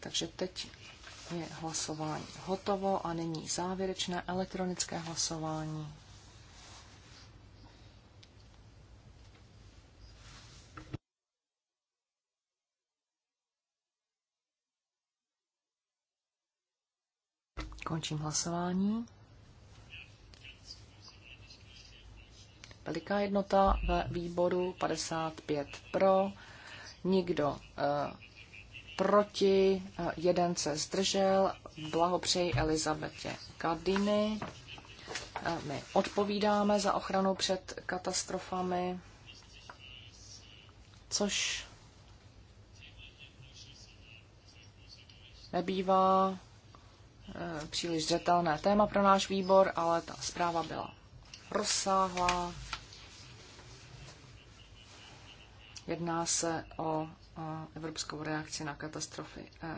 Takže teď je hlasování hotovo a nyní závěrečné elektronické hlasování. Končím hlasování. veliká jednota ve výboru, 55 pro, nikdo eh, proti, eh, jeden se zdržel. Blahopřeji Elizabetě Gardiny. Eh, my odpovídáme za ochranu před katastrofami, což nebývá příliš zřetelné téma pro náš výbor, ale ta zpráva byla rozsáhlá, Jedná se o evropskou reakci na katastrofy eh,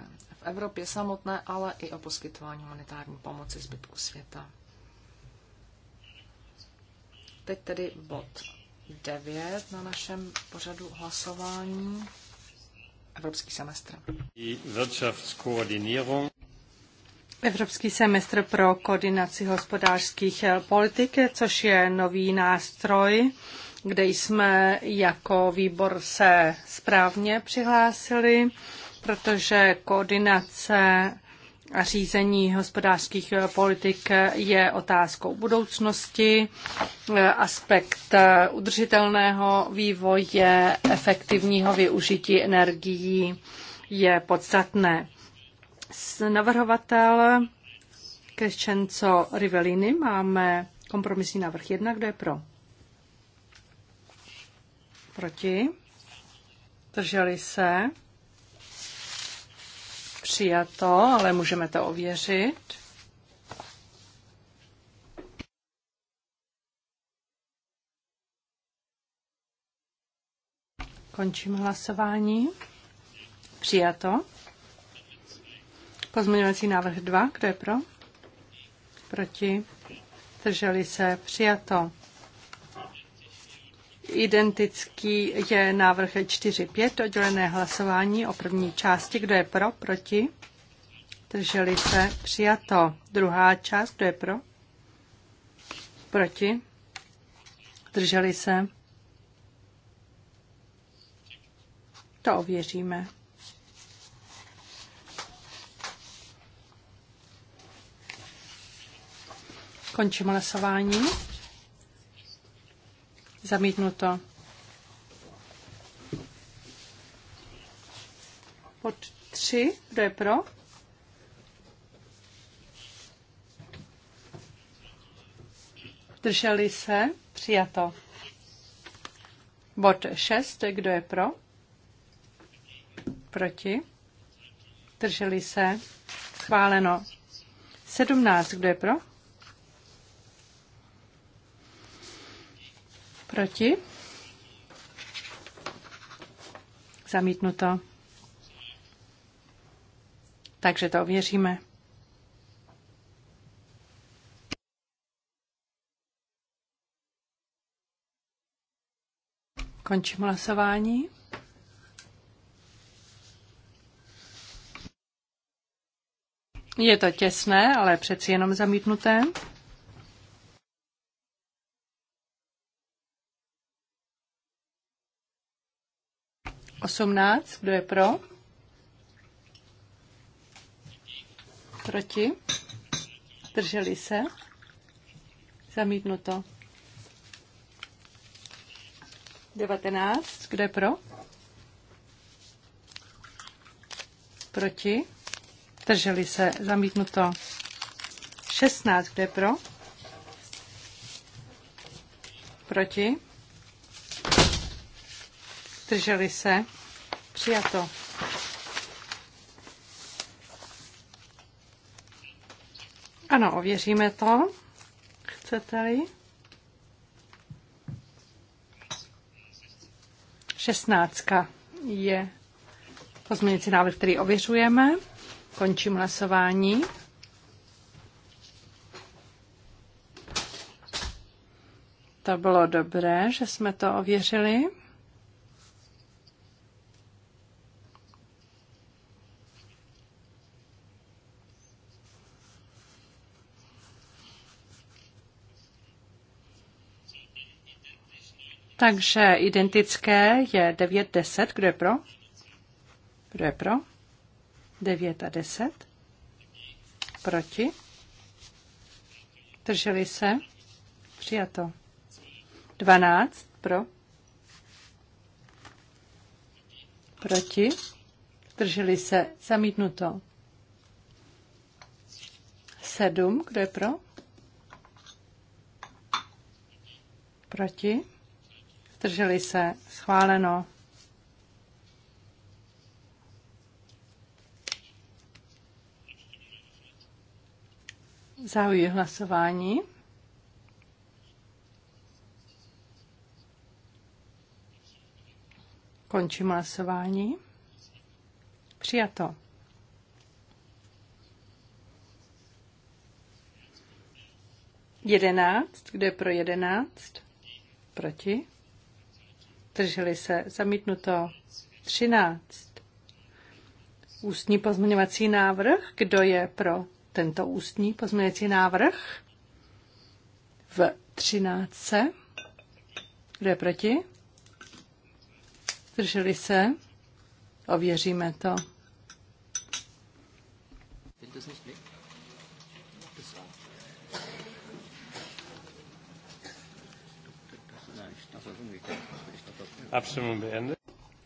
v Evropě samotné, ale i o poskytování humanitární pomoci zbytku světa. Teď tedy bod 9 na našem pořadu hlasování. Evropský semestr. Evropský semestr pro koordinaci hospodářských politik, což je nový nástroj, kde jsme jako výbor se správně přihlásili, protože koordinace a řízení hospodářských politik je otázkou budoucnosti. Aspekt udržitelného vývoje, efektivního využití energií je podstatné. Navrhovatel Crescenzo Rivellini máme kompromisní návrh 1, kdo je pro? Proti? Drželi se? Přijato, ale můžeme to ověřit. Končím hlasování. Přijato. Pozměňovací návrh 2. Kdo je pro? Proti? Drželi se? Přijato. Identický je návrh 4.5, oddělené hlasování o první části. Kdo je pro, proti? Drželi se, přijato. Druhá část, kdo je pro? Proti? Drželi se? To ověříme. Končím hlasování. Zamítnuto. Pod 3. Kdo je pro? Drželi se? Přijato. Bod 6. Kdo je pro? Proti? Drželi se? Schváleno. 17. Kdo je pro? Proti? Zamítnuto. Takže to ověříme. Končím hlasování. Je to těsné, ale přeci jenom zamítnuté. 18. Kdo je pro? Proti? Drželi se? Zamítnuto. 19. Kdo je pro? Proti? Drželi se? Zamítnuto. 16. Kdo je pro? Proti? Zdrželi se? Přijato. Ano, ověříme to. Chcete-li? 16 je pozměňující návrh, který ověřujeme. Končím hlasování. To bylo dobré, že jsme to ověřili. Takže identické je 9, 10. Kdo je pro? Kdo je pro? 9 a 10. Proti? Drželi se? Přijato. 12 pro? Proti? Drželi se? Zamítnuto. 7. Kdo je pro? Proti? Zdrželi se. Schváleno. Zahajuji hlasování. Končím hlasování. Přijato. Jedenáct. Kde pro jedenáct? Proti zdrželi se. Zamítnuto. 13. Ústní pozměňovací návrh. Kdo je pro tento ústní pozměňovací návrh? V 13. Kdo je proti? Zdrželi se. Ověříme to. Teď to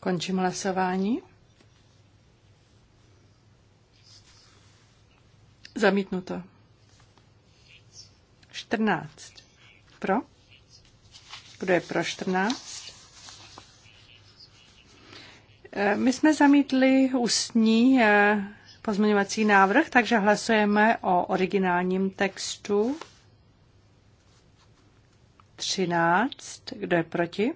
Končím hlasování. Zamítnuto. 14. Pro? Kdo je pro 14? Eh, my jsme zamítli ústní eh, pozměňovací návrh, takže hlasujeme o originálním textu. 13. Kdo je proti?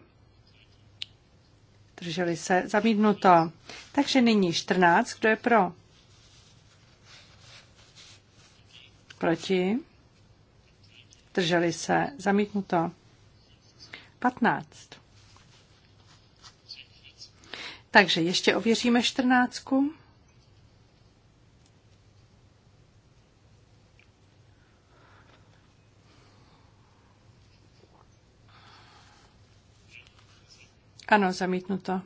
Zdrželi se? Zamítnuto. Takže nyní 14. Kdo je pro? Proti? drželi se? Zamítnuto. 15. Takže ještě ověříme 14. Ano, zamítnuto.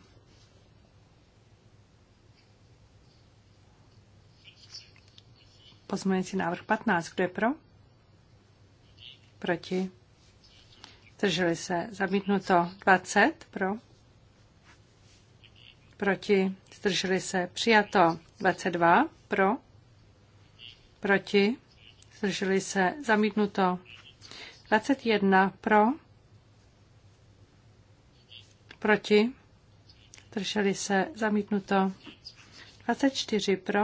15. Pozměňující návrh 15. Kdo je pro? Proti? Drželi se. Zamítnuto 20. Pro? Proti? Zdrželi se. Přijato 22. Pro? Proti? Zdrželi se. Zamítnuto 21. Pro? Proti? Drželi se zamítnuto. 24 pro.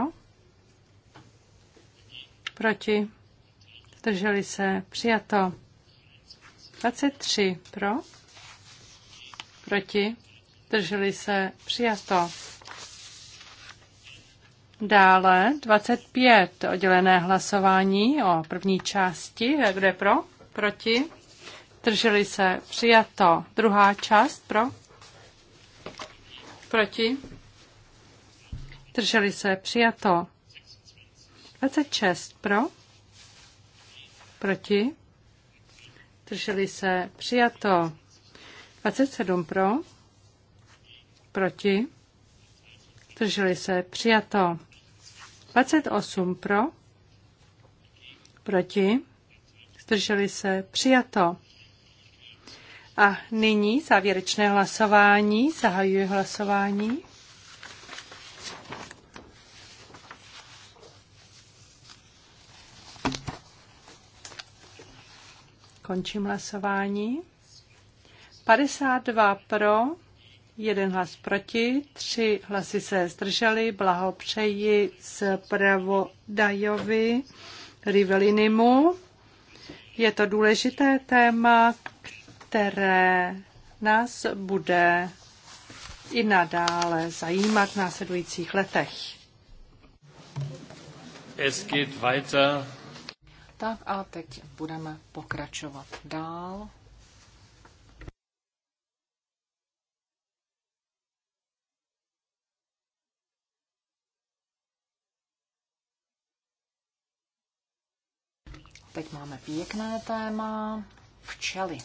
Proti? Drželi se přijato. 23 pro. Proti? Drželi se přijato. Dále 25 oddělené hlasování o první části. Kde pro? Proti? Drželi se přijato. Druhá část pro? Proti? Drželi se. Přijato. 26 pro. Proti? Drželi se. Přijato. 27 pro. Proti? Drželi se. Přijato. 28 pro. Proti? Zdrželi se. Přijato. A nyní závěrečné hlasování. Zahajuji hlasování. Končím hlasování. 52 pro, jeden hlas proti, tři hlasy se zdrželi. Blahopřeji zpravodajovi Rivelinimu. Je to důležité téma, které nás bude i nadále zajímat v následujících letech. Es geht weiter. Tak a teď budeme pokračovat dál. Teď máme pěkné téma včely.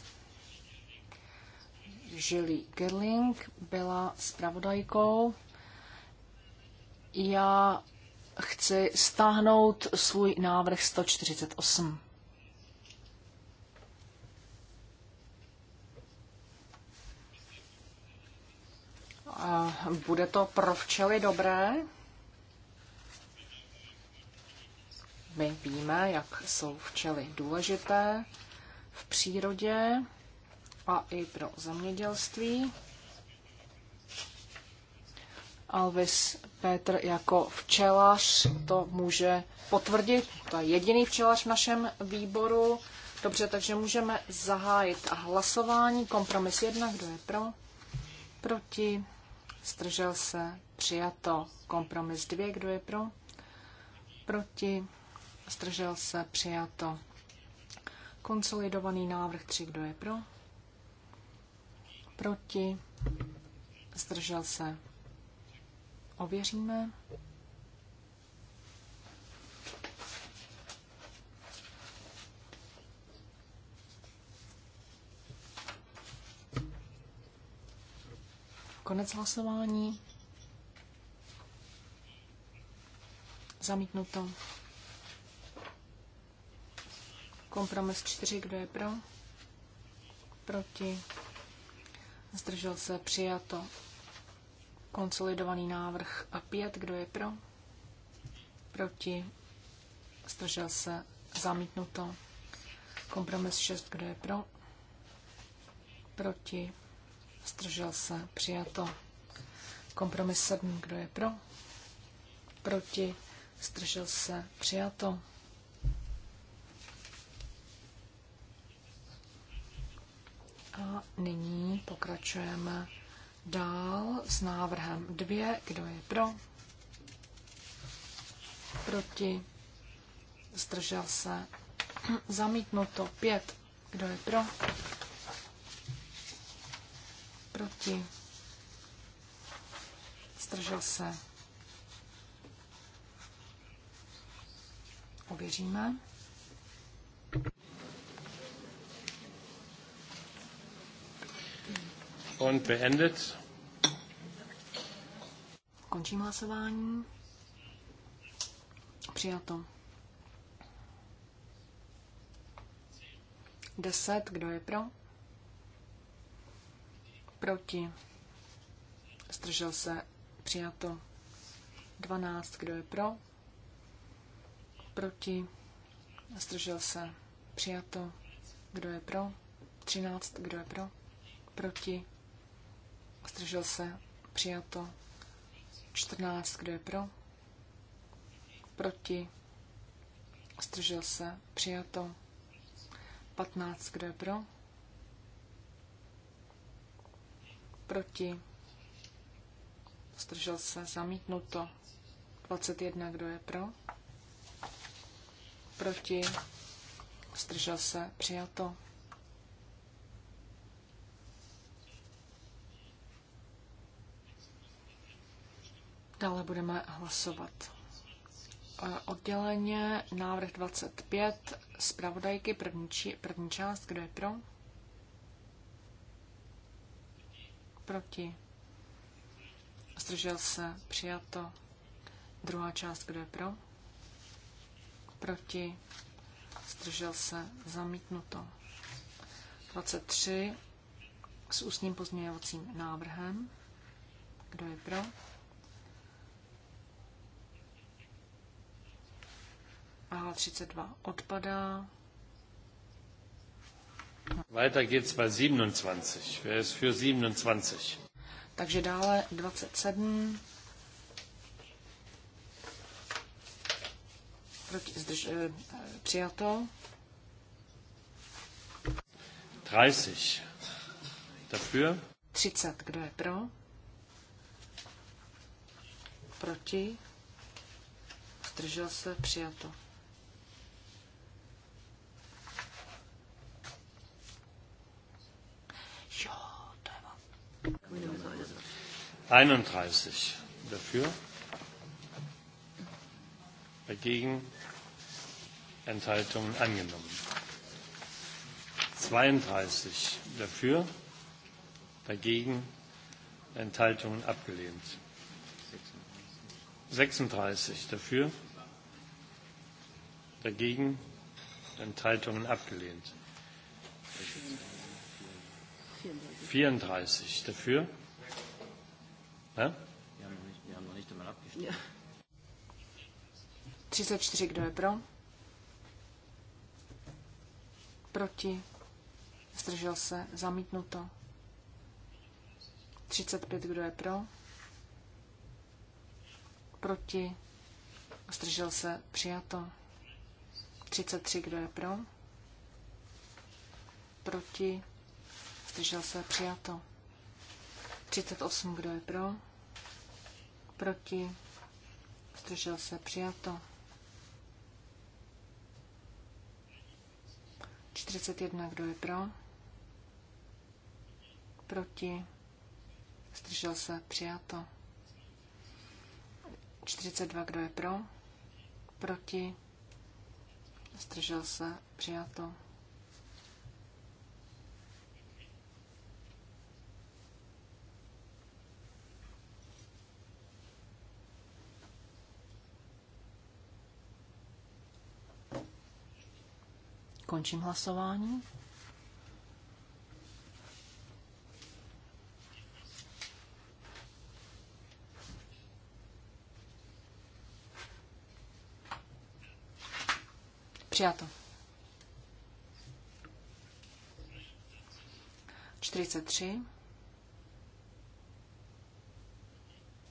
Julie Gerling byla spravodajkou. Já chci stáhnout svůj návrh 148. Bude to pro včely dobré? My víme, jak jsou včely důležité v přírodě a i pro zemědělství. Alvis Petr jako včelař to může potvrdit. To je jediný včelař v našem výboru. Dobře, takže můžeme zahájit hlasování. Kompromis jedna kdo je pro? Proti? Stržel se? Přijato. Kompromis dvě kdo je pro? Proti? Stržel se? Přijato. Konsolidovaný návrh tři kdo je pro? Proti? Zdržel se? Ověříme. Konec hlasování. Zamítnuto. Kompromis 4, kdo je pro? Proti? zdržel se, přijato. Konsolidovaný návrh A5, kdo je pro? Proti, zdržel se, zamítnuto. Kompromis 6, kdo je pro? Proti, zdržel se, přijato. Kompromis 7, kdo je pro? Proti, zdržel se, přijato. A nyní pokračujeme dál s návrhem 2. Kdo je pro? Proti? Zdržel se? [clears throat] Zamítnuto 5. Kdo je pro? Proti? Zdržel se? Uvěříme. und beendet. Končím hlasování. Přijato. 10. Kdo je pro? Proti. Zdržel se. Přijato. 12. Kdo je pro? Proti. Zdržel se. Přijato. Kdo je pro? 13. Kdo je pro? Proti. Zdržel se? Přijato. 14. Kdo je pro? Proti? Zdržel se? Přijato. 15. Kdo je pro? Proti? Zdržel se? Zamítnuto. 21. Kdo je pro? Proti? Zdržel se? Přijato. Dále budeme hlasovat e, odděleně návrh 25 zpravodajky první, či, první část, kdo je pro? Proti. Zdržel se, přijato. Druhá část, kdo je pro? Proti. Zdržel se, zamítnuto. 23 s ústním pozměňovacím návrhem. Kdo je pro? H32 odpadá. Weiter geht's bei 27. Wer ist für 27? Takže dále 27. Proti, zdrž, äh, přijato. 30. Dafür? 30. Kdo je pro? Proti? Zdržel se, přijato. 31 dafür, dagegen Enthaltungen angenommen. 32 dafür, dagegen Enthaltungen abgelehnt. 36 dafür, dagegen Enthaltungen abgelehnt. 34 dafür, ne? 34, kdo je pro? Proti? Zdržel se? Zamítnuto. 35, kdo je pro? Proti? Zdržel se? Přijato. 33, kdo je pro? Proti? Zdržel se? Přijato. 38, kdo je pro? Proti? Zdržel se přijato. 41, kdo je pro? Proti? Zdržel se přijato. 42, kdo je pro? Proti? Zdržel se přijato. Končím hlasování. Přijato. 43.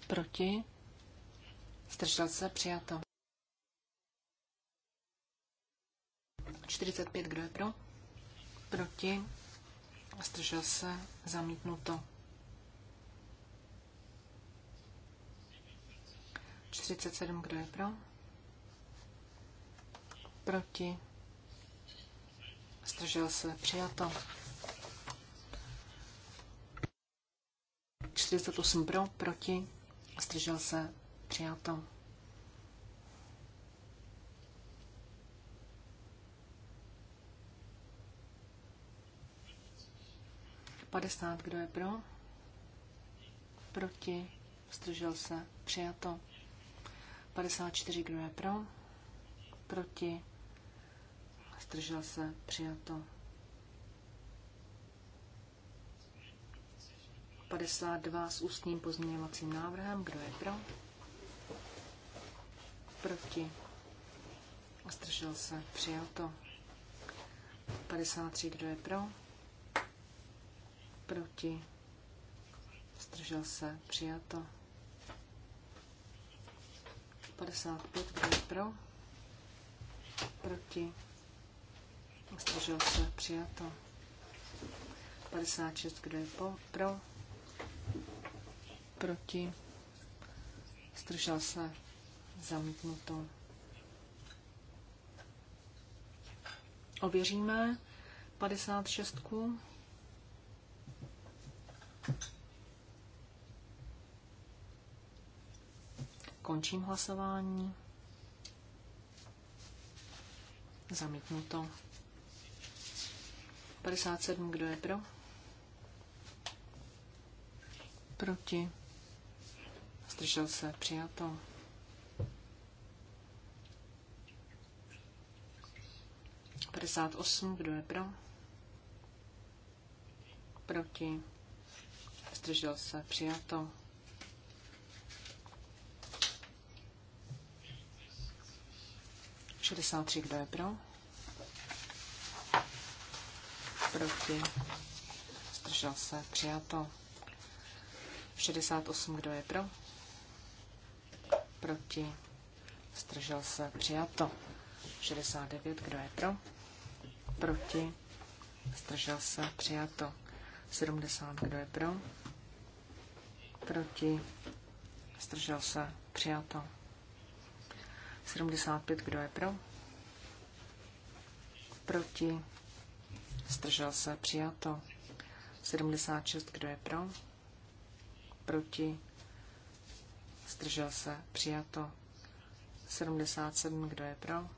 Proti. Stržel se. Přijato. 45, kdo je pro? Proti? Zdržel se? Zamítnuto. 47, kdo je pro? Proti? Zdržel se? Přijato. 48 pro, proti? Zdržel se? Přijato. 50, kdo je pro? Proti? Zdržel se? Přijato. 54, kdo je pro? Proti? Zdržel se? Přijato. 52 s ústním pozměňovacím návrhem. Kdo je pro? Proti? Zdržel se? Přijato. 53, kdo je pro? Proti. Zdržel se. Přijato. 55. Kdo je pro? Proti. Zdržel se. Přijato. 56. Kdo je po, pro? Proti. Zdržel se. Zamítnuto. Ověříme 56. Končím hlasování. Zamítnuto. 57, kdo je pro? Proti. Zdržel se, přijato. Padesát osm, kdo je pro? Proti zdržel se, přijato. 63, kdo je pro? Proti. Zdržel se. Přijato. 68, kdo je pro? Proti. Zdržel se. Přijato. 69, kdo je pro? Proti. Zdržel se. Přijato. 70, kdo je pro? Proti? Zdržel se? Přijato. 75. Kdo je pro? Proti? Zdržel se? Přijato. 76. Kdo je pro? Proti? Zdržel se? Přijato. 77. Kdo je pro?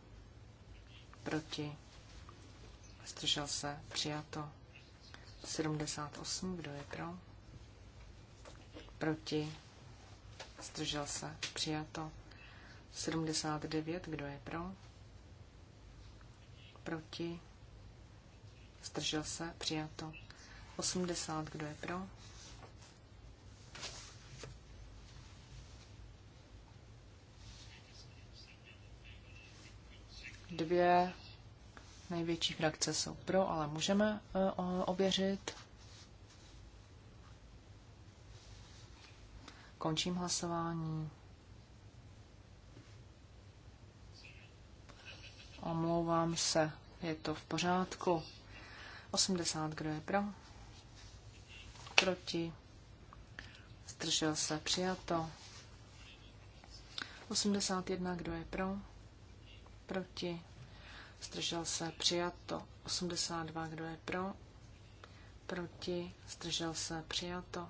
Proti? Zdržel se? Přijato. 78. Kdo je pro? Proti? Zdržel se. Přijato. 79. Kdo je pro? Proti? Zdržel se. Přijato. 80. Kdo je pro? Dvě největší frakce jsou pro, ale můžeme eh, ověřit. Končím hlasování. Omlouvám se, je to v pořádku. 80, kdo je pro? Proti? Zdržel se, přijato. 81, kdo je pro? Proti? Zdržel se, přijato. 82, kdo je pro? Proti? Zdržel se, přijato.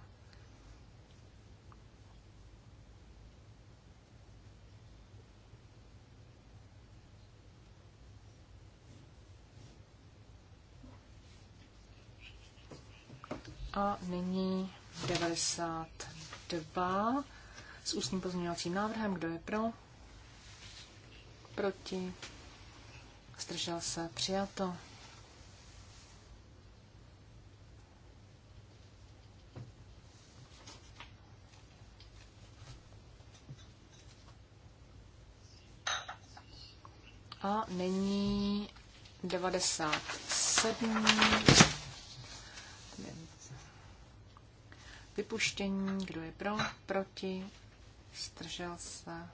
A nyní 92 s ústním pozměňovacím návrhem. Kdo je pro? Proti? Zdržel se? Přijato. A nyní 97 vypuštění, kdo je pro, proti, zdržel se.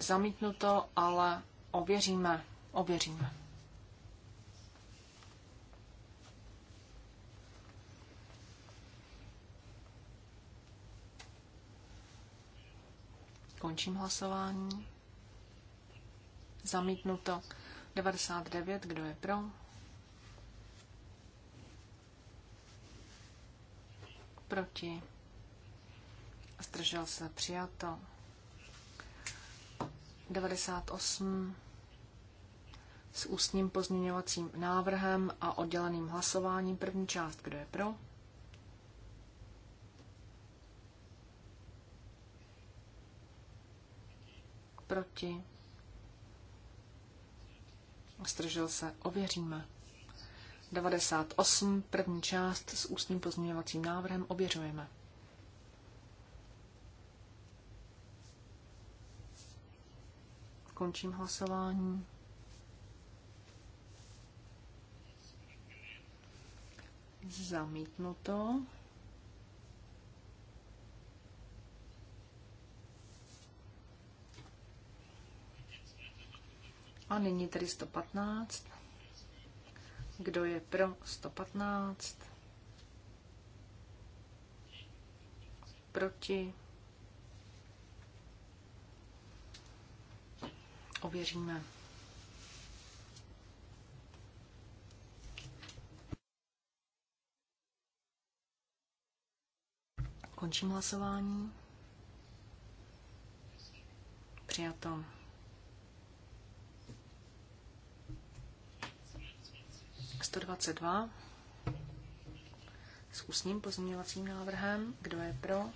Zami- to, ale ověříme, ověříme. Končím hlasování. Zamítnuto 99, kdo je pro? Proti. Zdržel se přijato. 98 s ústním pozměňovacím návrhem a odděleným hlasováním. První část, kdo je pro? Proti? Zdržel se, ověříme. 98, první část s ústním pozměňovacím návrhem ověřujeme. Končím hlasování. Zamítnuto. A nyní tedy 115. Kdo je pro 115? Proti? Ověříme. Končím hlasování. Přijato. 122 s ústním pozměňovacím návrhem. Kdo je pro?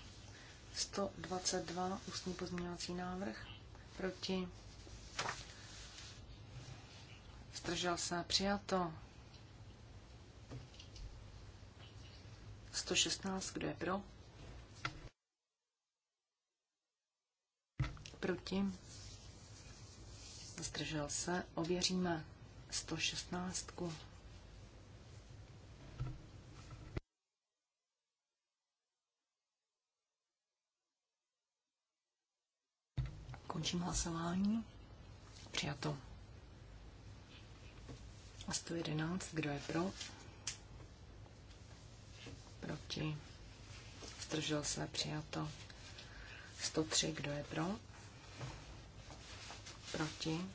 122 ústní pozměňovací návrh. Proti? Zdržel se. Přijato. 116. Kdo je pro? Proti? Zdržel se. Ověříme 116. Končím hlasování. Přijato. A 111, kdo je pro? Proti. Zdržel se, přijato. 103, kdo je pro? Proti.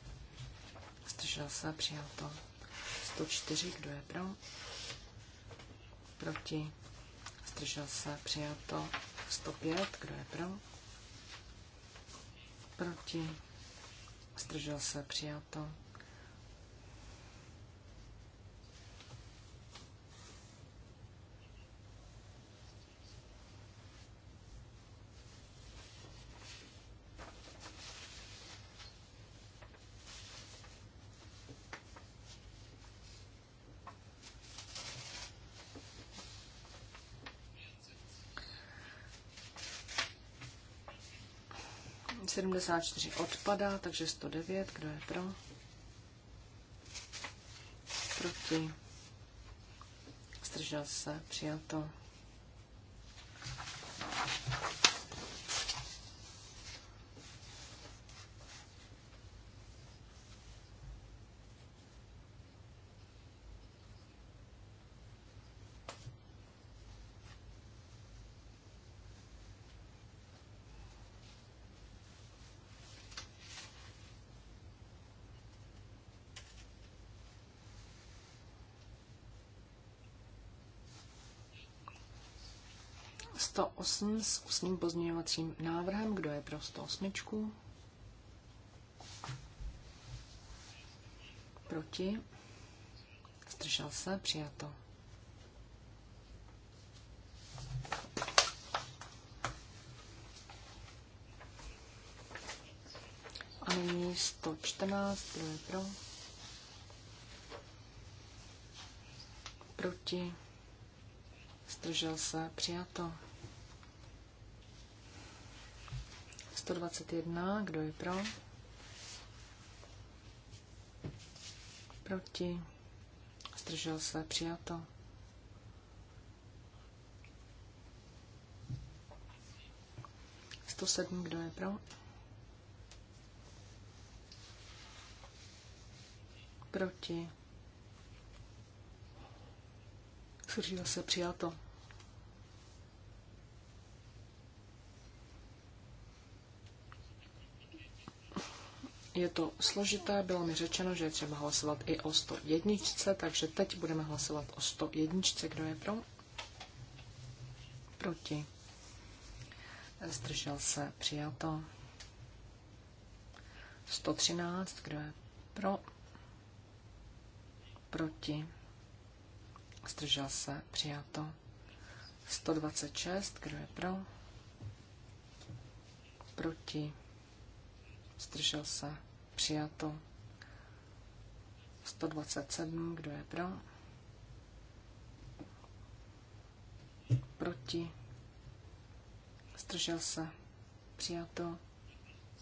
Zdržel se, přijato. 104, kdo je pro? Proti. Zdržel se, přijato. 105, kdo je pro? proti, zdržel se, přijato. 184 odpadá, takže 109, kdo je pro? Proti? Zdržel se, přijato. 108 s ústním pozměňovacím návrhem. Kdo je pro 108? Proti? Zdržel se? Přijato. A nyní 114, kdo je pro? Proti? Zdržel se? Přijato. 121, kdo je pro? Proti? Zdržel se, přijato. Sto sedm, kdo je pro? Proti? Zdržel se, přijato. Je to složité, bylo mi řečeno, že je třeba hlasovat i o 101, takže teď budeme hlasovat o 101. Kdo je pro? Proti. Zdržel se, přijato. 113, kdo je pro? Proti. Zdržel se, přijato. 126, kdo je pro? Proti. Zdržel se, Přijato. 127, kdo je pro? Proti. Zdržel se. Přijato.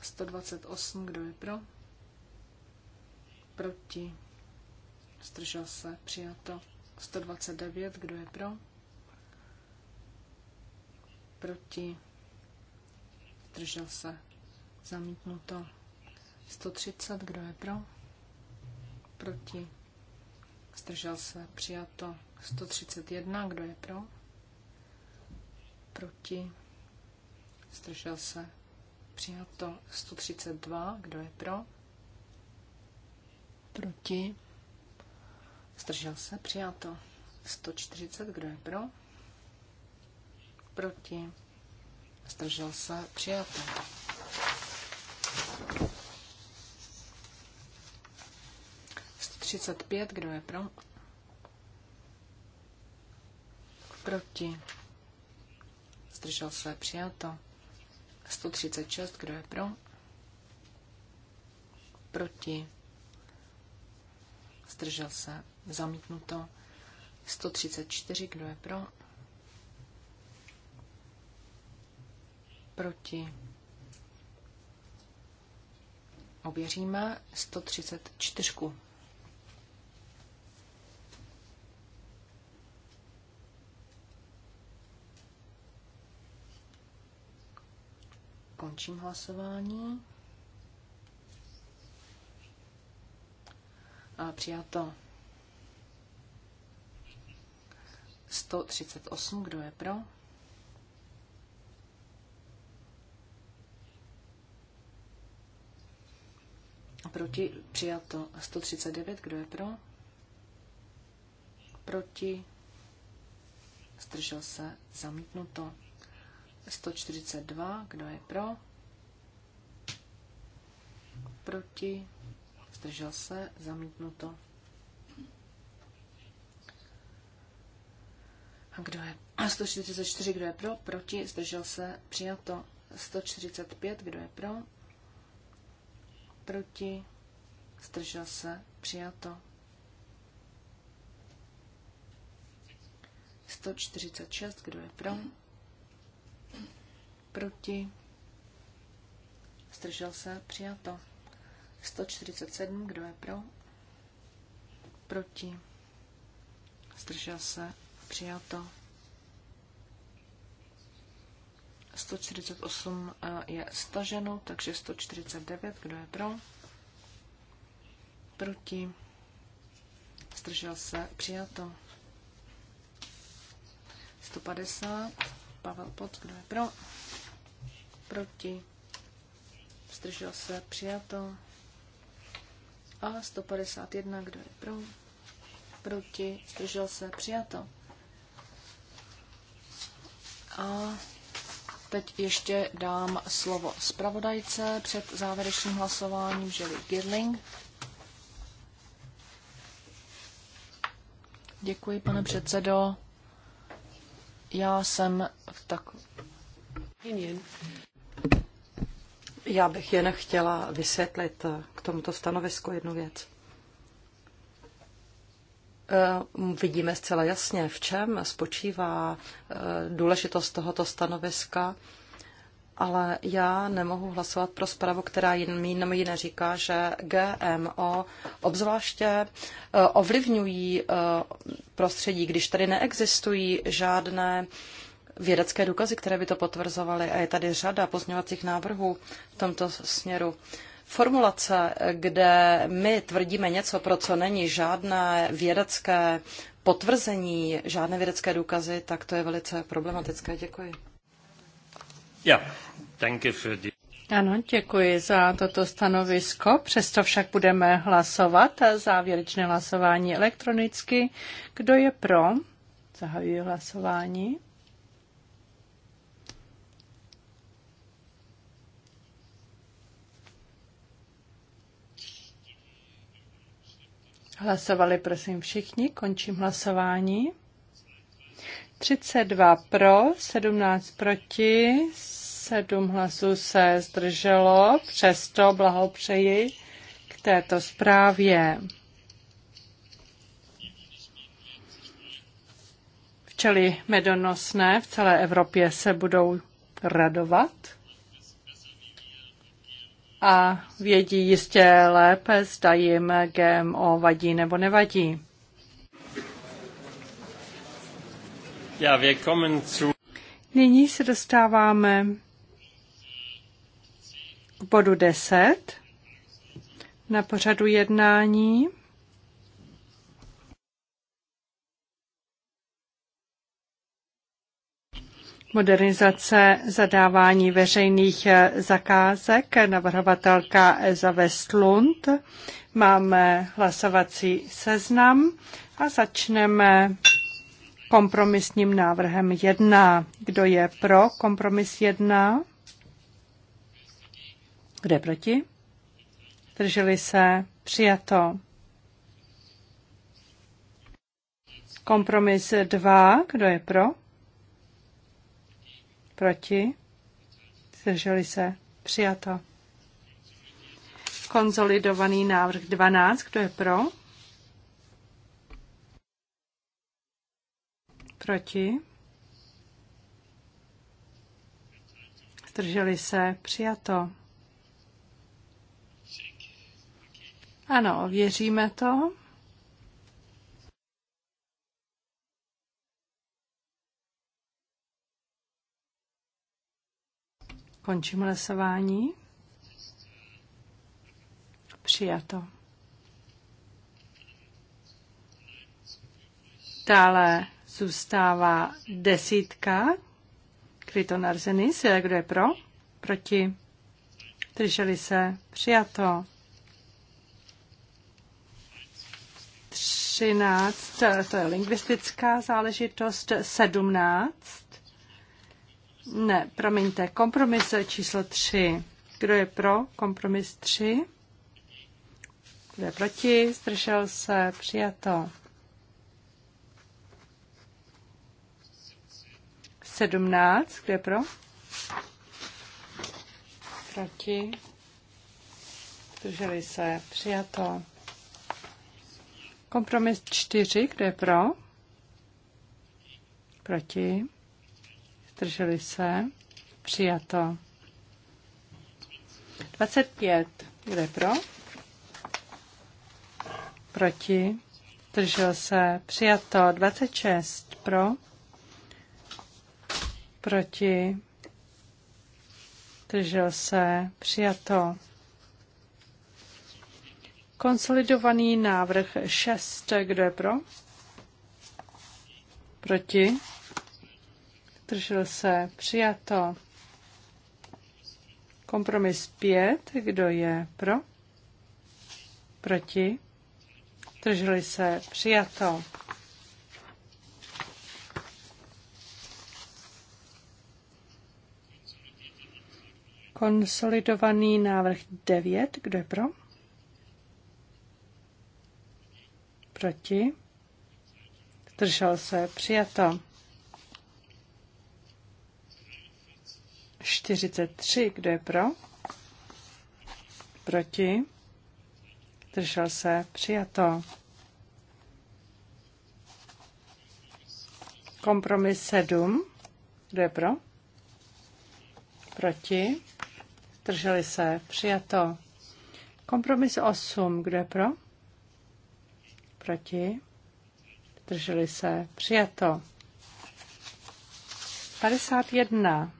128, kdo je pro? Proti. Zdržel se. Přijato. 129, kdo je pro? Proti. Zdržel se. Zamítnuto. 130, kdo je pro? Proti. Zdržel se. Přijato. 131, kdo je pro? Proti. Zdržel se. Přijato. 132, kdo je pro? Proti. Zdržel se. Přijato. 140, kdo je pro? Proti. Zdržel se. Přijato. 35, kdo je pro? Proti. Zdržel se přijato. 136, kdo je pro? Proti. Zdržel se zamítnuto. 134, kdo je pro? Proti. Ověříme 134. Končím hlasování. A přijato 138, kdo je pro? Proti přijato 139, kdo je pro? Proti zdržel se zamítnuto. 142, kdo je pro? Proti? Zdržel se? Zamítnuto. Kdo je? 144, kdo je pro? Proti? Zdržel se? Přijato. 145, kdo je pro? Proti? Zdržel se? Přijato. 146, kdo je pro? Hmm Proti? Zdržel se? Přijato. 147. Kdo je pro? Proti? Zdržel se? Přijato. 148 eh, je staženo, takže 149. Kdo je pro? Proti? Zdržel se? Přijato. 150. Pavel Pot, kdo je pro? proti, vzdržel se, přijato. A 151, kdo je pro, proti, vzdržel se, přijato. A teď ještě dám slovo zpravodajce před závěrečným hlasováním Želi Girling. Děkuji, pane předsedo. Já jsem v tak... Já bych jen chtěla vysvětlit eh, k tomuto stanovisku jednu věc. Eh, vidíme zcela jasně, v čem spočívá eh, důležitost tohoto stanoviska, ale já nemohu hlasovat pro zprávu, která jenom jiné říká, že GMO obzvláště ovlivňují prostředí, když tady neexistují žádné vědecké důkazy, které by to potvrzovaly. A je tady řada pozměňovacích návrhů v tomto směru. Formulace, kde my tvrdíme něco, pro co není žádné vědecké potvrzení, žádné vědecké důkazy, tak to je velice problematické. Děkuji. Thank you for the... Ano, děkuji za toto stanovisko. Přesto však budeme hlasovat závěrečné hlasování elektronicky. Kdo je pro? Zahajuji hlasování. Hlasovali prosím všichni, končím hlasování. 32 pro, 17 proti, 7 hlasů se zdrželo, přesto blahopřeji k této zprávě. Včely medonosné v celé Evropě se budou radovat a vědí jistě lépe, zda jim GMO vadí nebo nevadí. Ja, zu... Nyní se dostáváme k bodu 10 na pořadu jednání. Modernizace zadávání veřejných eh, zakázek, navrhovatelka Eza Westlund. Máme hlasovací seznam a začneme kompromisním návrhem 1. Kdo je pro kompromis 1? Kdo je proti? Drželi se? Přijato. Kompromis 2. Kdo je pro? Proti? Zdrželi se? Přijato. Konzolidovaný návrh 12. Kdo je pro? Proti? Zdrželi se? Přijato. Ano, věříme to. Končím hlasování. Přijato. Dále zůstává desítka. Kryton Arsenis, kdo je pro? Proti? Drželi se? Přijato. Třináct. to je lingvistická záležitost, Sedmnáct. Ne, promiňte, kompromis číslo 3. Kdo je pro? Kompromis 3. Kdo je proti? Zdržel se? Přijato. 17. Kdo je pro? Proti. Zdrželi se? Přijato. Kompromis 4. Kdo je pro? Proti. Zdrželi se? Přijato. 25. kde je pro? Proti? Zdržel se? Přijato. 26. Pro? Proti? Zdržel se? Přijato. Konsolidovaný návrh 6. Kdo je pro? Proti? Držel se. Přijato. Kompromis 5. Kdo je pro? Proti? Drželi se. Přijato. Konsolidovaný návrh 9. Kdo je pro? Proti? Držel se. Přijato. 43. Kdo je pro? Proti? Držel se? Přijato. Kompromis 7. Kdo je pro? Proti? Drželi se? Přijato. Kompromis 8. Kdo je pro? Proti? Drželi se? Přijato. 51.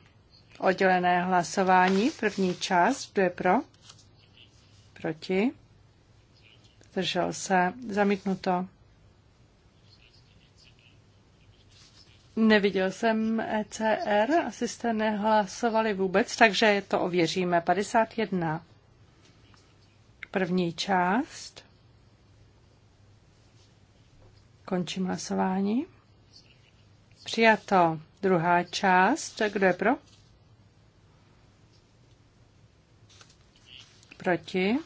Oddělené hlasování, první část, kdo je pro? Proti? Zdržel se. Zamítnuto. Neviděl jsem ECR, asi jste nehlasovali vůbec, takže to ověříme. 51. První část. Končím hlasování. Přijato. Druhá část. Kdo je pro? Proti?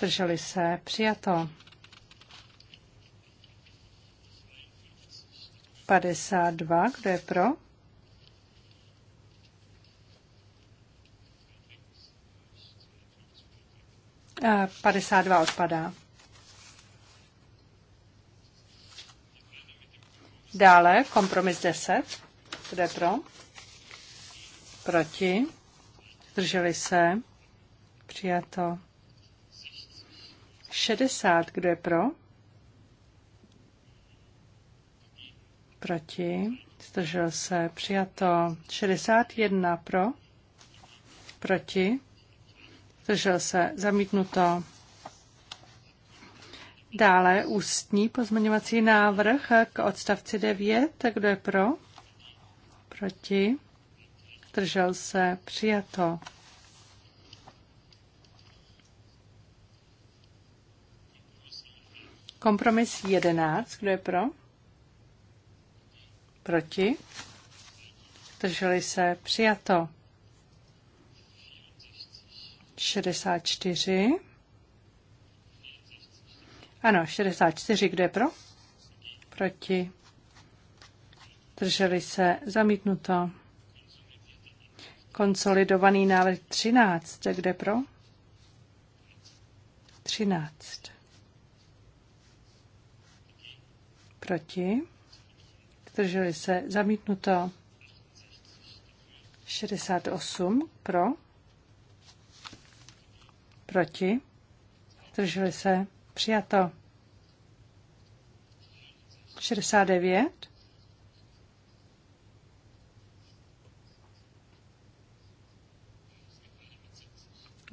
Drželi se. Přijato. 52. Kdo je pro? 52 eh, odpadá. Dále kompromis 10. Kdo je pro? Proti? Zdrželi se? Přijato. 60. Kdo je pro? Proti. Zdržel se. Přijato. 61. Pro? Proti. Zdržel se. Zamítnuto. Dále ústní pozměňovací návrh k odstavci 9. Kdo je pro? Proti zdržel se, přijato. Kompromis 11, kdo je pro? Proti? Zdrželi se, přijato. 64. Ano, 64, kdo je pro? Proti? Drželi se, zamítnuto. Konsolidovaný návrh 13. Kde pro? 13. Proti? Zdrželi se. Zamítnuto. 68. Pro? Proti? Zdrželi se. Přijato. 69.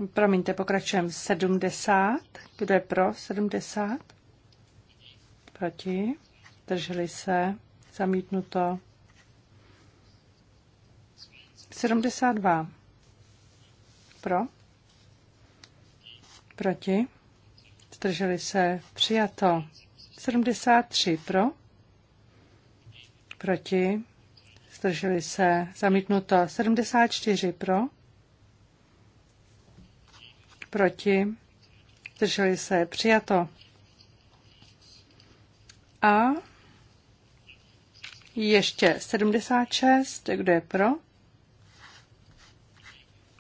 Promiňte, pokračujeme. 70. Kdo je pro 70? Proti? Drželi se? Zamítnuto. 72. Pro? Proti? Drželi se? Přijato. 73. Pro? Proti? Zdrželi se? Zamítnuto. 74. Pro? proti, Drželi se, přijato. A ještě 76, kdo je pro,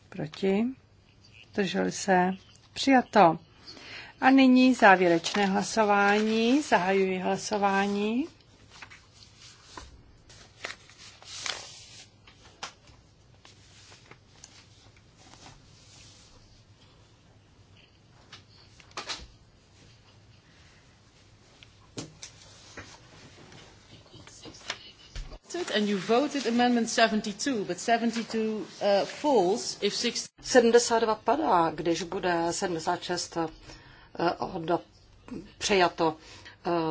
proti, Drželi se, přijato. A nyní závěrečné hlasování. Zahajuji hlasování. and you voted amendment 72, but 72 uh, falls if 72 padá, když bude 76 uh, od, přejato.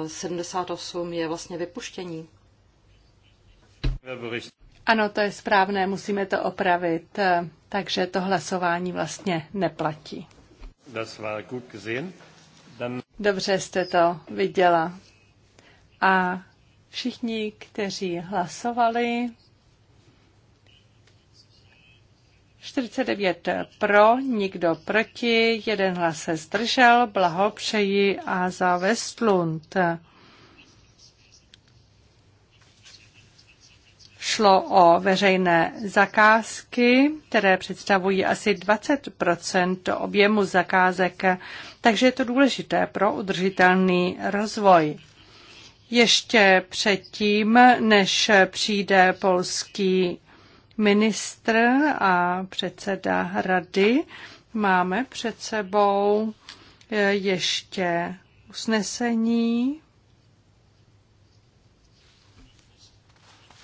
Uh, 78 je vlastně vypuštění. Ano, to je správné, musíme to opravit, uh, takže to hlasování vlastně neplatí. Dobře jste to viděla. A Všichni, kteří hlasovali, 49 pro, nikdo proti, jeden hlas se zdržel, blahopřeji a za Westlund. Šlo o veřejné zakázky, které představují asi 20 objemu zakázek, takže je to důležité pro udržitelný rozvoj ještě předtím, než přijde polský ministr a předseda rady, máme před sebou eh, ještě usnesení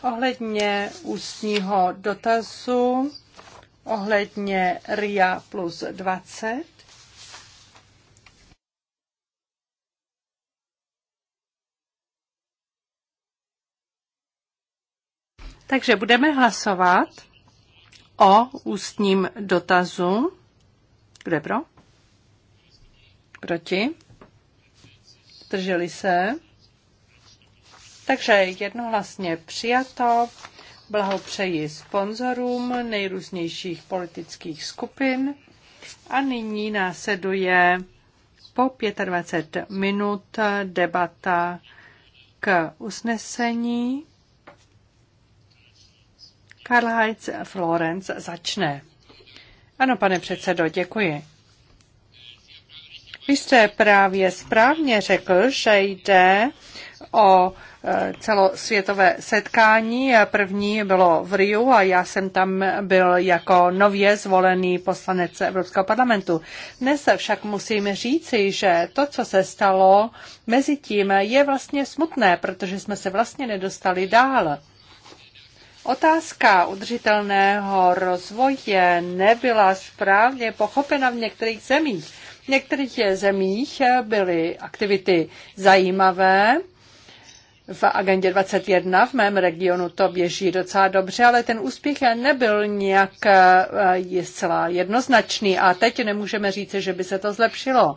ohledně ústního dotazu, ohledně RIA plus 20. Takže budeme hlasovat o ústním dotazu. Kdo je pro? Proti? Drželi se? Takže jednohlasně přijato. Blahopřeji sponzorům nejrůznějších politických skupin. A nyní následuje po 25 minut debata k usnesení Karl Heinz Florenz začne. Ano, pane předsedo, děkuji. Vy jste právě správně řekl, že jde o e, celosvětové setkání. První bylo v Riu a já jsem tam byl jako nově zvolený poslanec Evropského parlamentu. Dnes však musím říci, že to, co se stalo mezi tím, je vlastně smutné, protože jsme se vlastně nedostali dál. Otázka udržitelného rozvoje nebyla správně pochopena v některých zemích. V některých zemích byly aktivity zajímavé, v agendě 21 v mém regionu to běží docela dobře, ale ten úspěch nebyl nějak eh, je zcela jednoznačný a teď nemůžeme říct, že by se to zlepšilo.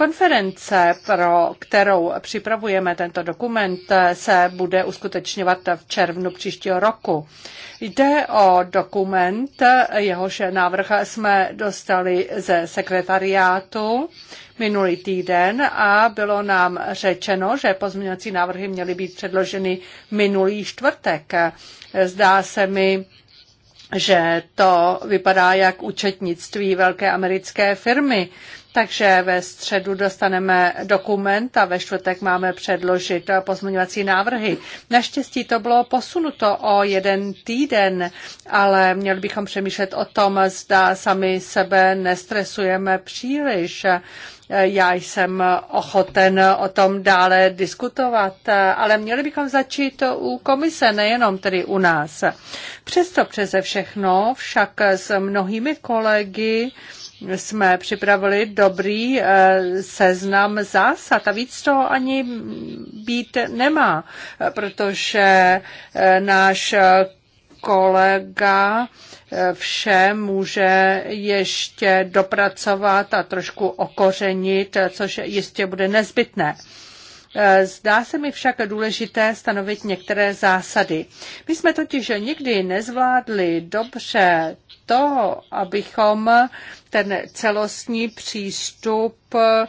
Konference, pro kterou připravujeme tento dokument, se bude uskutečňovat v červnu příštího roku. Jde o dokument, jehož návrh jsme dostali ze sekretariátu minulý týden a bylo nám řečeno, že pozměňovací návrhy měly být předloženy minulý čtvrtek. Zdá se mi, že to vypadá jak účetnictví velké americké firmy takže ve středu dostaneme dokument a ve čtvrtek máme předložit pozměňovací návrhy. Naštěstí to bylo posunuto o jeden týden, ale měli bychom přemýšlet o tom, zda sami sebe nestresujeme příliš. Já jsem ochoten o tom dále diskutovat, ale měli bychom začít u komise, nejenom tedy u nás. Přesto přeze všechno, však s mnohými kolegy, jsme připravili dobrý eh, seznam zásad a víc toho ani být nemá, protože eh, náš kolega eh, vše může ještě dopracovat a trošku okořenit, což jistě bude nezbytné. Zdá se mi však důležité stanovit některé zásady. My jsme totiž nikdy nezvládli dobře to, abychom ten celostní přístup eh,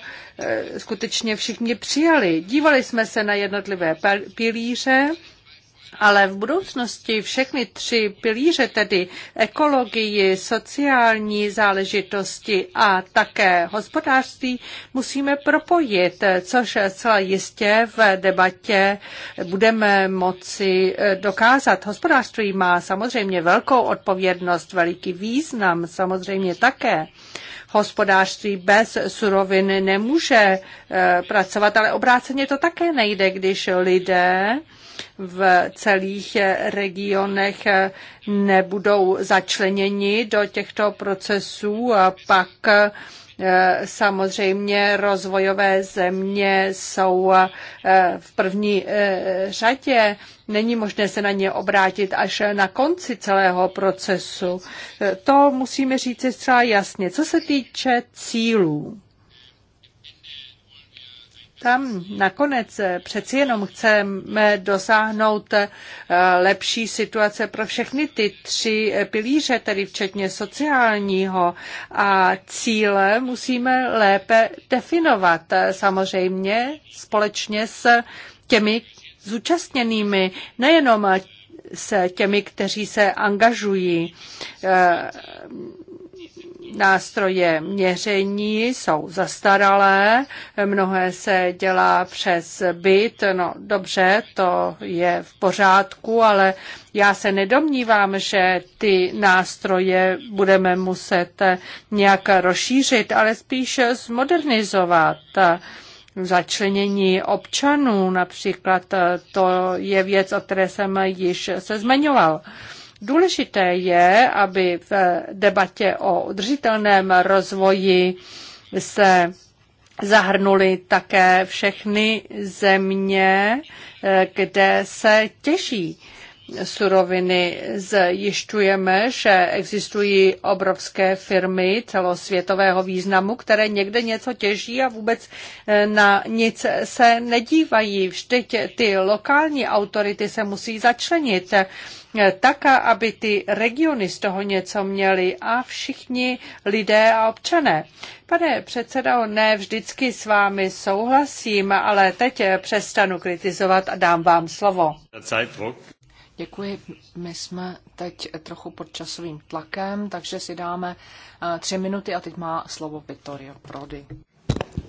skutečně všichni přijali. Dívali jsme se na jednotlivé pilíře ale v budoucnosti všechny tři pilíře, tedy ekologii, sociální záležitosti a také hospodářství, musíme propojit, což zcela jistě v debatě budeme moci eh, dokázat. Hospodářství má samozřejmě velkou odpovědnost, veliký význam samozřejmě také hospodářství bez surovin nemůže eh, pracovat, ale obráceně to také nejde, když lidé v celých regionech nebudou začleněni do těchto procesů a pak eh, Samozřejmě rozvojové země jsou eh, v první eh, řadě. Není možné se na ně obrátit až na konci celého procesu. To musíme říct zcela jasně. Co se týče cílů, tam nakonec přeci jenom chceme dosáhnout eh, lepší situace pro všechny ty tři eh, pilíře, tedy včetně sociálního a cíle musíme lépe definovat eh, samozřejmě společně s těmi zúčastněnými, nejenom s těmi, kteří se angažují nástroje měření jsou zastaralé, mnohé se dělá přes byt, no dobře, to je v pořádku, ale já se nedomnívám, že ty nástroje budeme muset nějak rozšířit, ale spíš zmodernizovat začlenění občanů, například to je věc, o které jsem již se zmiňoval. Důležité je, aby v debatě o udržitelném rozvoji se zahrnuli také všechny země, kde se těží suroviny. Zjišťujeme, že existují obrovské firmy celosvětového významu, které někde něco těží a vůbec eh, na nic se nedívají. Vždyť ty lokální autority se musí začlenit. Eh, tak, aby ty regiony z toho něco měly a všichni lidé a občané. Pane předsedo, ne vždycky s vámi souhlasím, ale teď eh, přestanu kritizovat a dám vám slovo. Děkuji. My jsme teď trochu pod časovým tlakem, takže si dáme eh, tři minuty a teď má slovo Vittorio Prodi.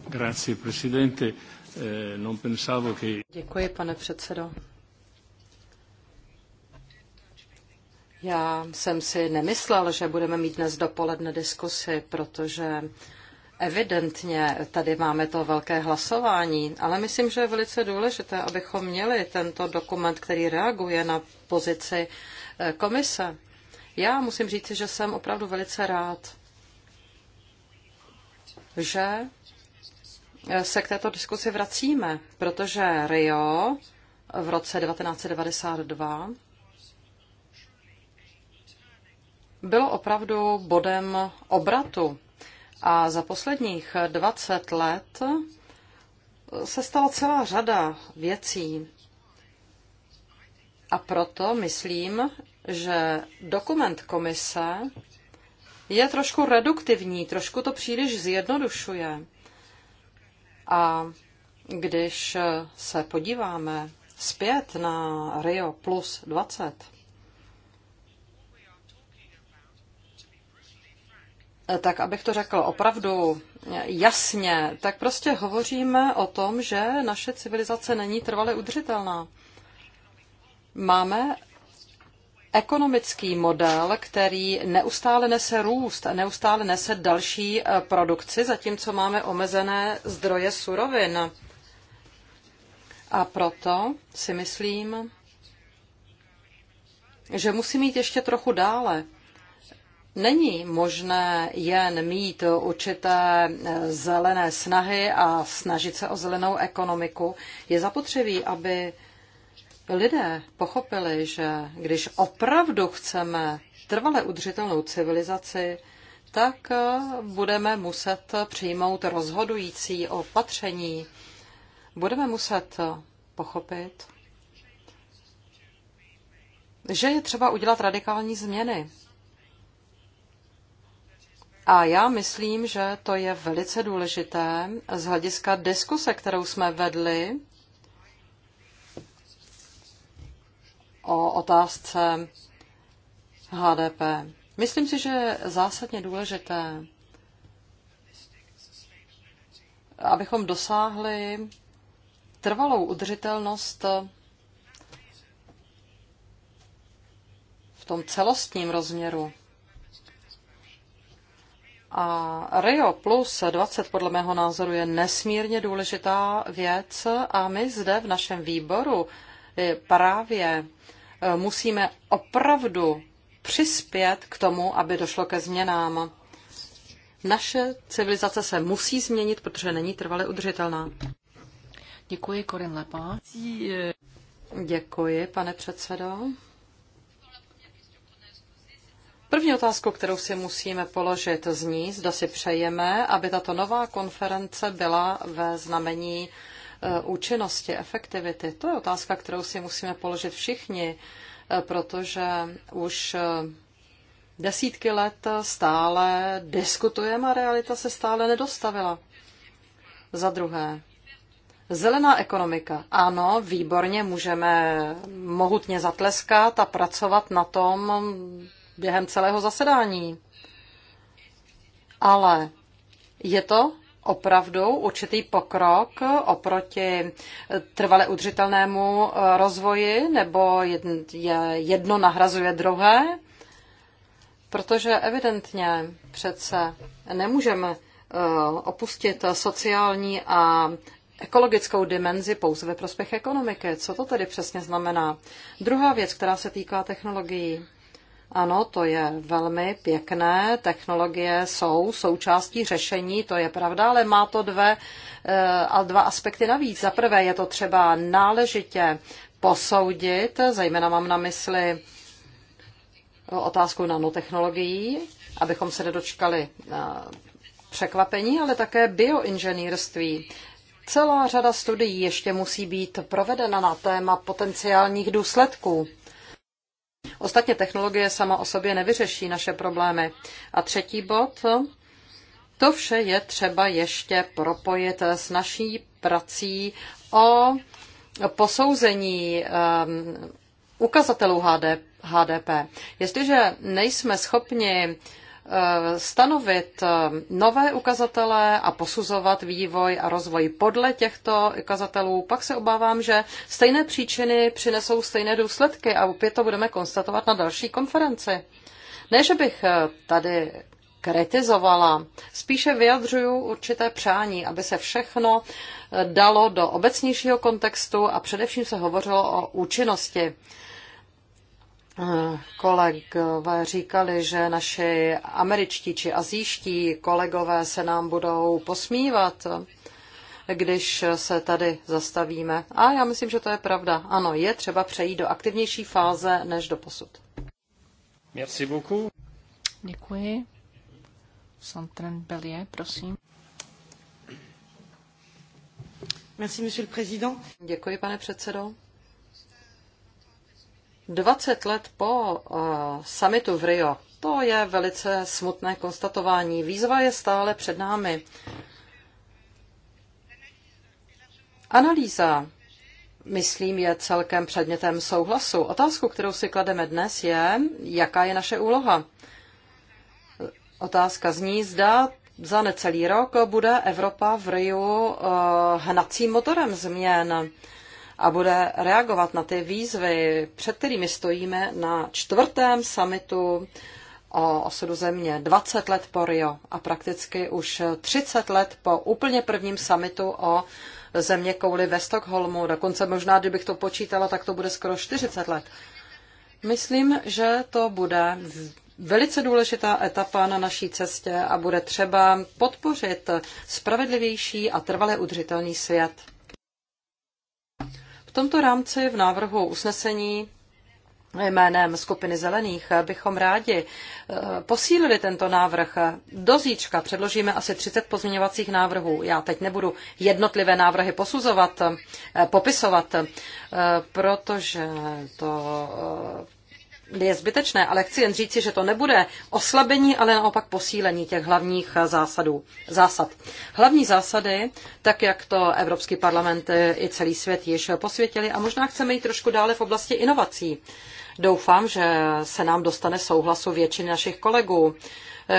Grazie, presidente. Děkuji, pane předsedo. Já jsem si nemyslel, že budeme mít dnes dopoledne diskusy, protože evidentně tady máme to velké hlasování, ale myslím, že je velice důležité, abychom měli tento dokument, který reaguje na pozici eh, komise. Já musím říct, že jsem opravdu velice rád, že eh, se k této diskusi vracíme, protože Rio v roce 1992 bylo opravdu bodem obratu. A za posledních 20 let se stala celá řada věcí. A proto myslím, že dokument komise je trošku reduktivní, trošku to příliš zjednodušuje. A když se podíváme zpět na Rio plus 20, Eh, tak abych to řekl opravdu eh, jasně, tak prostě hovoříme o tom, že naše civilizace není trvale udržitelná. Máme ekonomický model, který neustále nese růst a neustále nese další eh, produkci, zatímco máme omezené zdroje surovin. A proto si myslím, že musí mít ještě trochu dále. Není možné jen mít určité eh, zelené snahy a snažit se o zelenou ekonomiku. Je zapotřebí, aby lidé pochopili, že když opravdu chceme trvale udržitelnou civilizaci, tak eh, budeme muset přijmout rozhodující opatření. Budeme muset pochopit, že je třeba udělat radikální změny a já myslím, že to je velice důležité z hlediska diskuse, kterou jsme vedli o otázce HDP. Myslím si, že je zásadně důležité, abychom dosáhli trvalou udržitelnost v tom celostním rozměru. A Rio plus 20 podle mého názoru je nesmírně důležitá věc a my zde v našem výboru eh, právě eh, musíme opravdu přispět k tomu, aby došlo ke změnám. Naše civilizace se musí změnit, protože není trvale udržitelná. Děkuji, Korin Lepa. Eh. Děkuji, pane předsedo. První otázku, kterou si musíme položit, zní, zda si přejeme, aby tato nová konference byla ve znamení eh, účinnosti, efektivity. To je otázka, kterou si musíme položit všichni, eh, protože už eh, desítky let stále diskutujeme a realita se stále nedostavila. Za druhé, Zelená ekonomika. Ano, výborně, můžeme mohutně zatleskat a pracovat na tom během celého zasedání. Ale je to opravdu určitý pokrok oproti trvale udržitelnému eh, rozvoji, nebo jedno nahrazuje druhé? Protože evidentně přece nemůžeme eh, opustit sociální a ekologickou dimenzi pouze ve prospěch ekonomiky. Co to tedy přesně znamená? Druhá věc, která se týká technologií. Ano, to je velmi pěkné. Technologie jsou součástí řešení, to je pravda, ale má to dve, eh, a dva aspekty navíc. Za prvé je to třeba náležitě posoudit, zejména mám na mysli otázku nanotechnologií, abychom se nedočkali eh, překvapení, ale také bioinženýrství. Celá řada studií ještě musí být provedena na téma potenciálních důsledků Ostatně technologie sama o sobě nevyřeší naše problémy. A třetí bod, to vše je třeba ještě propojit s naší prací o posouzení um, ukazatelů HDP. HDP. Jestliže nejsme schopni Eh, stanovit eh, nové ukazatele a posuzovat vývoj a rozvoj podle těchto ukazatelů, pak se obávám, že stejné příčiny přinesou stejné důsledky a opět to budeme konstatovat na další konferenci. Ne, že bych eh, tady kritizovala, spíše vyjadřuju určité přání, aby se všechno dalo do obecnějšího kontextu a především se hovořilo o účinnosti kolegové říkali, že naši američtí či azijští kolegové se nám budou posmívat, když se tady zastavíme. A já myslím, že to je pravda. Ano, je třeba přejít do aktivnější fáze než do posud. Merci beaucoup. Děkuji. Santren Belie, prosím. Merci, monsieur le président. Děkuji, pane předsedo. 20 let po eh, summitu v Rio. To je velice smutné konstatování. Výzva je stále před námi. Analýza, myslím, je celkem předmětem souhlasu. Otázku, kterou si klademe dnes, je, jaká je naše úloha. Otázka zní, zda za necelý rok bude Evropa v Riu eh, hnacím motorem změn a bude reagovat na ty výzvy, před kterými stojíme na čtvrtém samitu o osudu země 20 let po Rio a prakticky už 30 let po úplně prvním samitu o země kouli ve Stockholmu. Dokonce možná, kdybych to počítala, tak to bude skoro 40 let. Myslím, že to bude velice důležitá etapa na naší cestě a bude třeba podpořit spravedlivější a trvale udržitelný svět. V tomto rámci v návrhu usnesení jménem skupiny zelených bychom rádi eh, posílili tento návrh. Do zítřka předložíme asi 30 pozměňovacích návrhů. Já teď nebudu jednotlivé návrhy posuzovat, eh, popisovat, eh, protože to je zbytečné, ale chci jen říci, že to nebude oslabení, ale naopak posílení těch hlavních zásadů, zásad. Hlavní zásady, tak jak to Evropský parlament i celý svět již posvětili a možná chceme jít trošku dále v oblasti inovací. Doufám, že se nám dostane souhlasu většiny našich kolegů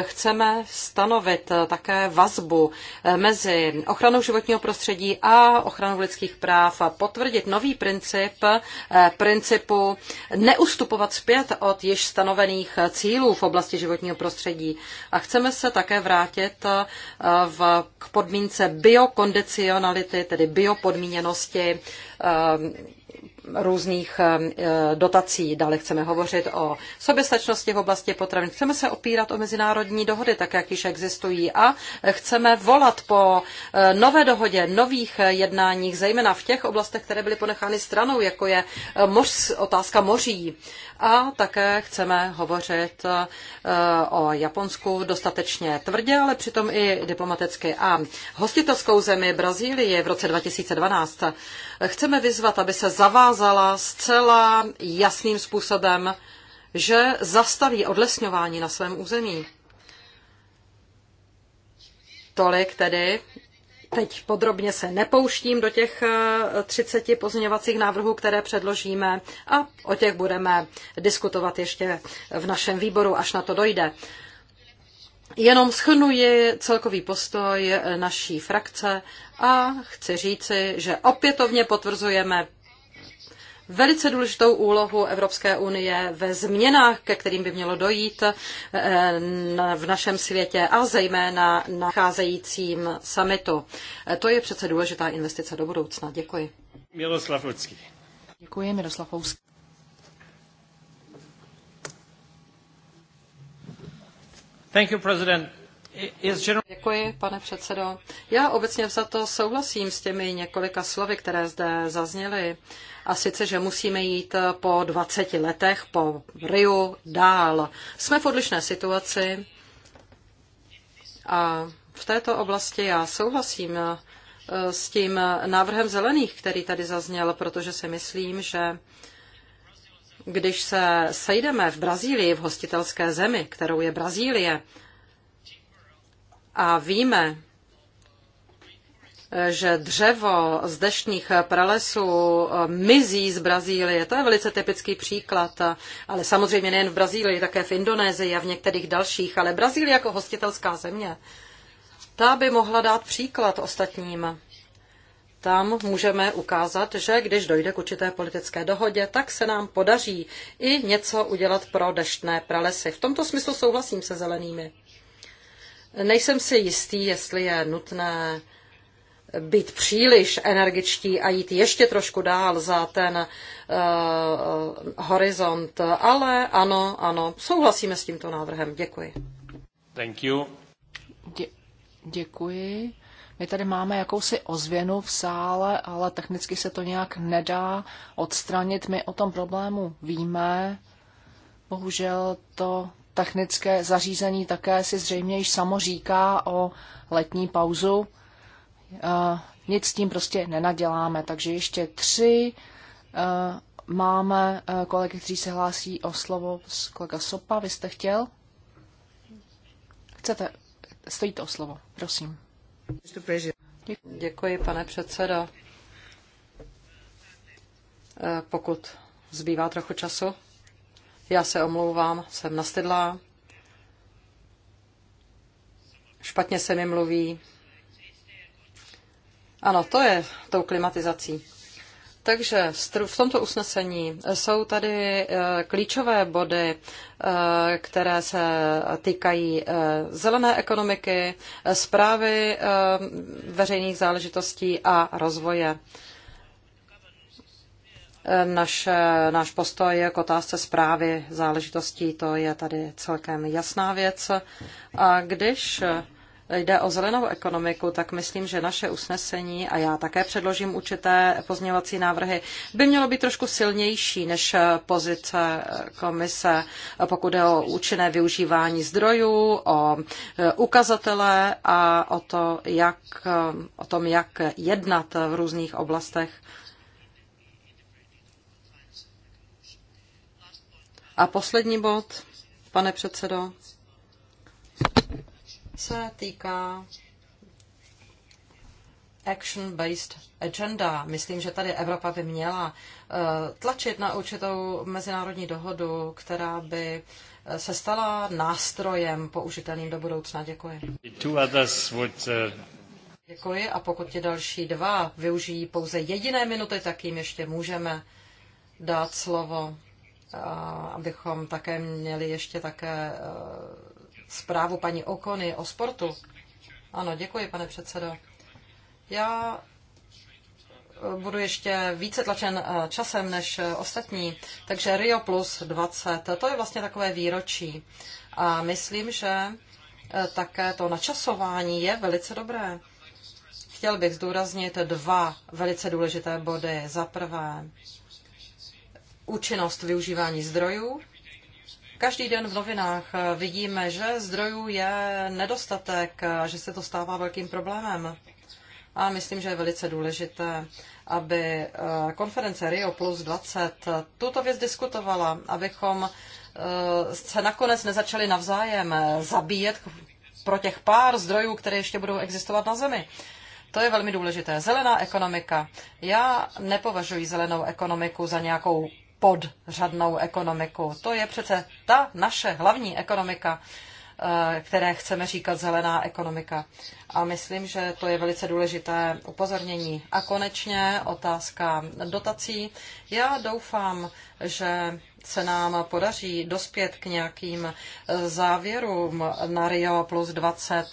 chceme stanovit také vazbu eh, mezi ochranou životního prostředí a ochranou lidských práv a potvrdit nový princip eh, principu neustupovat zpět od již stanovených cílů v oblasti životního prostředí. A chceme se také vrátit eh, v, k podmínce biokondicionality, tedy biopodmíněnosti různých eh, eh, dotací. Dále chceme hovořit o soběstačnosti v oblasti potravin. Chceme se opírat o mezinárodní dohody, tak jak již existují a chceme volat po eh, nové dohodě, nových jednáních, zejména v těch oblastech, které byly ponechány stranou, jako je moř, otázka moří. A také chceme hovořit o Japonsku dostatečně tvrdě, ale přitom i diplomaticky. A hostitelskou zemi Brazílii v roce 2012 chceme vyzvat, aby se zavázala zcela jasným způsobem, že zastaví odlesňování na svém území. Tolik tedy. Teď podrobně se nepouštím do těch 30 eh, pozměňovacích návrhů, které předložíme a o těch budeme diskutovat ještě v našem výboru, až na to dojde. Jenom schrnuji celkový postoj naší frakce a chci říci, že opětovně potvrzujeme velice důležitou úlohu Evropské unie ve změnách, ke kterým by mělo dojít eh, v našem světě a zejména na cházejícím summitu. Eh, to je přece důležitá investice do budoucna. Děkuji. Miroslav Děkuji, Miroslav Ouský. Thank you, President. Děkuji, pane předsedo. Já obecně za to souhlasím s těmi několika slovy, které zde zazněly. A sice, že musíme jít po 20 letech, po Riu dál. Jsme v odlišné situaci a v této oblasti já souhlasím eh, s tím návrhem zelených, který tady zazněl, protože si myslím, že když se sejdeme v Brazílii, v hostitelské zemi, kterou je Brazílie, a víme, že dřevo z deštních pralesů e, mizí z Brazílie. To je velice typický příklad, e, ale samozřejmě nejen v Brazílii, také v Indonésii a v některých dalších, ale Brazílie jako hostitelská země. Ta by mohla dát příklad ostatním tam můžeme ukázat, že když dojde k určité politické dohodě, tak se nám podaří i něco udělat pro deštné pralesy. V tomto smyslu souhlasím se zelenými. Nejsem si jistý, jestli je nutné být příliš energičtí a jít ještě trošku dál za ten uh, horizont. Ale ano, ano, souhlasíme s tímto návrhem. Děkuji. Thank you. Dě- děkuji. My tady máme jakousi ozvěnu v sále, ale technicky se to nějak nedá odstranit. My o tom problému víme. Bohužel to technické zařízení také si zřejmě již samo říká o letní pauzu. Eh, nic s tím prostě nenaděláme. Takže ještě tři eh, máme eh, kolegy, kteří se hlásí o slovo. Kolega Sopa, vy jste chtěl? Chcete, stojíte o slovo, prosím. Děkuji, pane předsedo. Eh, pokud zbývá trochu času, já se omlouvám, jsem nastydlá. Špatně se mi mluví. Ano, to je tou klimatizací. Takže v tomto usnesení eh, jsou tady eh, klíčové body, eh, které se týkají zelené ekonomiky, zprávy veřejných záležitostí a rozvoje. Naš, náš postoj k otázce zprávy záležitostí, to je tady celkem jasná věc. A když jde o zelenou ekonomiku, tak myslím, že naše usnesení, a já také předložím určité pozměňovací návrhy, by mělo být trošku silnější než pozice komise, pokud je o účinné využívání zdrojů, o e, ukazatele a o, to, jak, e, o tom, jak jednat v různých oblastech. A poslední bod, pane předsedo se týká action-based agenda. Myslím, že tady Evropa by měla eh, tlačit na určitou mezinárodní dohodu, která by eh, se stala nástrojem použitelným do budoucna. Děkuji. Eh, Děkuji a pokud ti další dva využijí pouze jediné minuty, tak jim ještě můžeme dát slovo, abychom také měli ještě také zprávu paní Okony o sportu. Ano, děkuji, pane předsedo. Já eh, budu ještě více tlačen eh, časem než eh, ostatní. Takže Rio plus 20, to je vlastně takové výročí. A myslím, že také to načasování je velice dobré. Chtěl bych zdůraznit dva velice důležité body. Za prvé, účinnost využívání zdrojů Každý den v novinách eh, vidíme, že zdrojů je nedostatek a že se to stává velkým problémem. A myslím, že je velice důležité, aby eh, konference Rio plus 20 eh, tuto věc diskutovala, abychom se nakonec nezačali navzájem zabíjet pro těch pár zdrojů, které ještě budou existovat na Zemi. To je velmi důležité. Zelená ekonomika. Já nepovažuji zelenou ekonomiku za nějakou podřadnou ekonomiku. To je přece ta naše hlavní ekonomika, eh, které chceme říkat zelená ekonomika. A myslím, že to je velice důležité upozornění. A konečně otázka dotací. Já doufám, že se nám podaří dospět k nějakým eh, závěrům na Rio plus 20.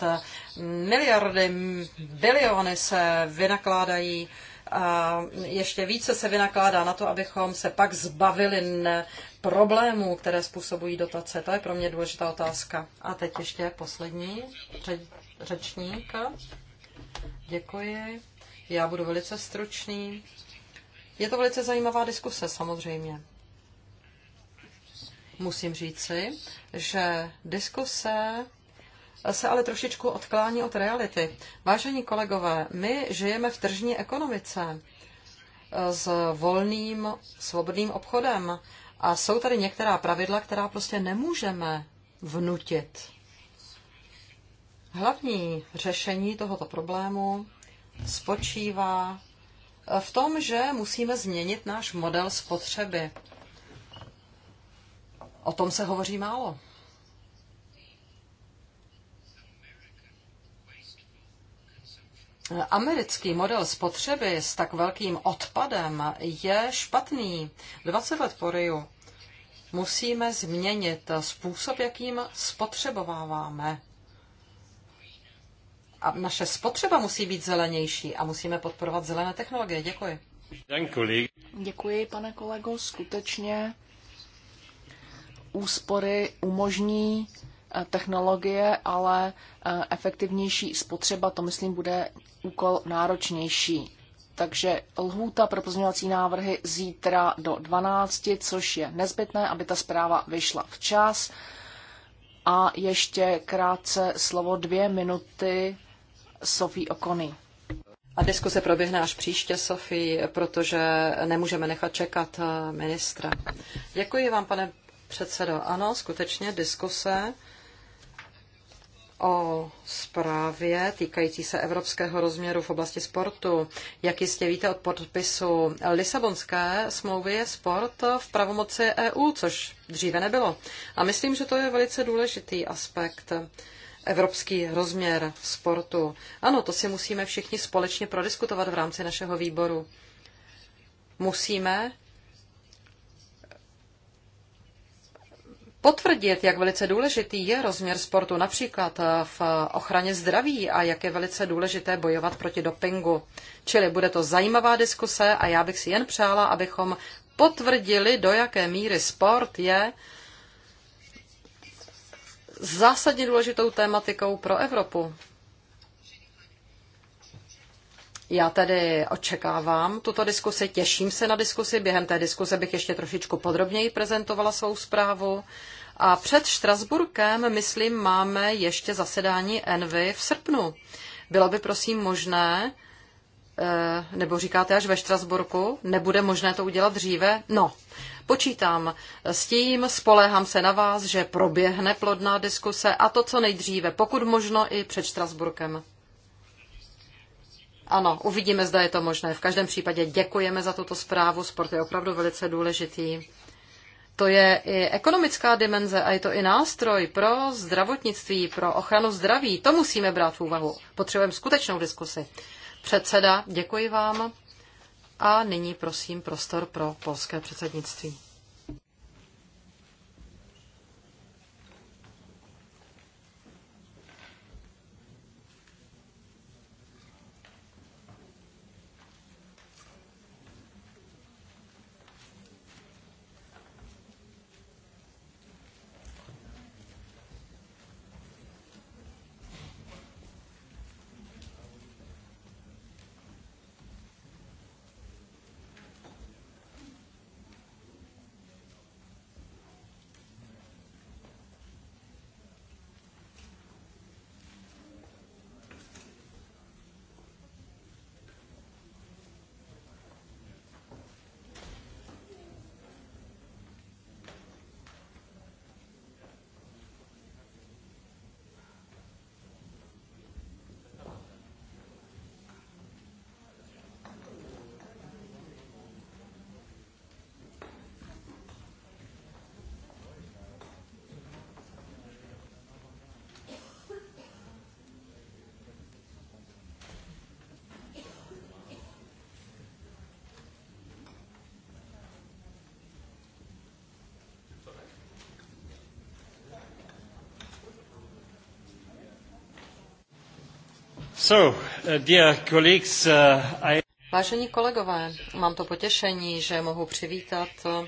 Miliardy, biliony se vynakládají a ještě více se vynakládá na to, abychom se pak zbavili problémů, které způsobují dotace. To je pro mě důležitá otázka. A teď ještě poslední řečník. Děkuji. Já budu velice stručný. Je to velice zajímavá diskuse, samozřejmě. Musím říci, že diskuse se ale trošičku odklání od reality. Vážení kolegové, my žijeme v tržní ekonomice eh, s volným, svobodným obchodem a jsou tady některá pravidla, která prostě nemůžeme vnutit. Hlavní řešení tohoto problému spočívá eh, v tom, že musíme změnit náš model spotřeby. O tom se hovoří málo. Americký model spotřeby s tak velkým odpadem je špatný. 20 let po Riu musíme změnit způsob, jakým spotřebováváme. A naše spotřeba musí být zelenější a musíme podporovat zelené technologie. Děkuji. Děkuji, pane kolego. Skutečně úspory umožní Eh, technologie, ale eh, efektivnější spotřeba, to myslím, bude úkol náročnější. Takže lhůta pro pozměňovací návrhy zítra do 12, což je nezbytné, aby ta zpráva vyšla včas. A ještě krátce slovo dvě minuty Sofí Okony. A diskuse proběhne až příště, Sofii, protože nemůžeme nechat čekat eh, ministra. Děkuji vám, pane předsedo. Ano, skutečně diskuse o zprávě týkající se evropského rozměru v oblasti sportu. Jak jistě víte od podpisu Lisabonské smlouvy je sport v pravomoci EU, což dříve nebylo. A myslím, že to je velice důležitý aspekt. Evropský rozměr sportu. Ano, to si musíme všichni společně prodiskutovat v rámci našeho výboru. Musíme potvrdit, jak velice důležitý je rozměr sportu například eh, v ochraně zdraví a jak je velice důležité bojovat proti dopingu. Čili bude to zajímavá diskuse a já bych si jen přála, abychom potvrdili, do jaké míry sport je zásadně důležitou tématikou pro Evropu. Já tedy očekávám tuto diskusi, těším se na diskusi. Během té diskuse bych ještě trošičku podrobněji prezentovala svou zprávu. A před Štrasburkem, myslím, máme ještě zasedání Envy v srpnu. Bylo by prosím možné, eh, nebo říkáte až ve Štrasburku, nebude možné to udělat dříve? No, počítám s tím, spoléhám se na vás, že proběhne plodná diskuse a to co nejdříve, pokud možno i před Štrasburkem. Ano, uvidíme, zda je to možné. V každém případě děkujeme za tuto zprávu. Sport je opravdu velice důležitý. To je i ekonomická dimenze a je to i nástroj pro zdravotnictví, pro ochranu zdraví. To musíme brát v úvahu. Potřebujeme skutečnou diskusi. Předseda, děkuji vám. A nyní prosím prostor pro polské předsednictví. So, uh, dear colleagues, uh, I... Vážení kolegové, mám to potěšení, že mohu přivítat uh,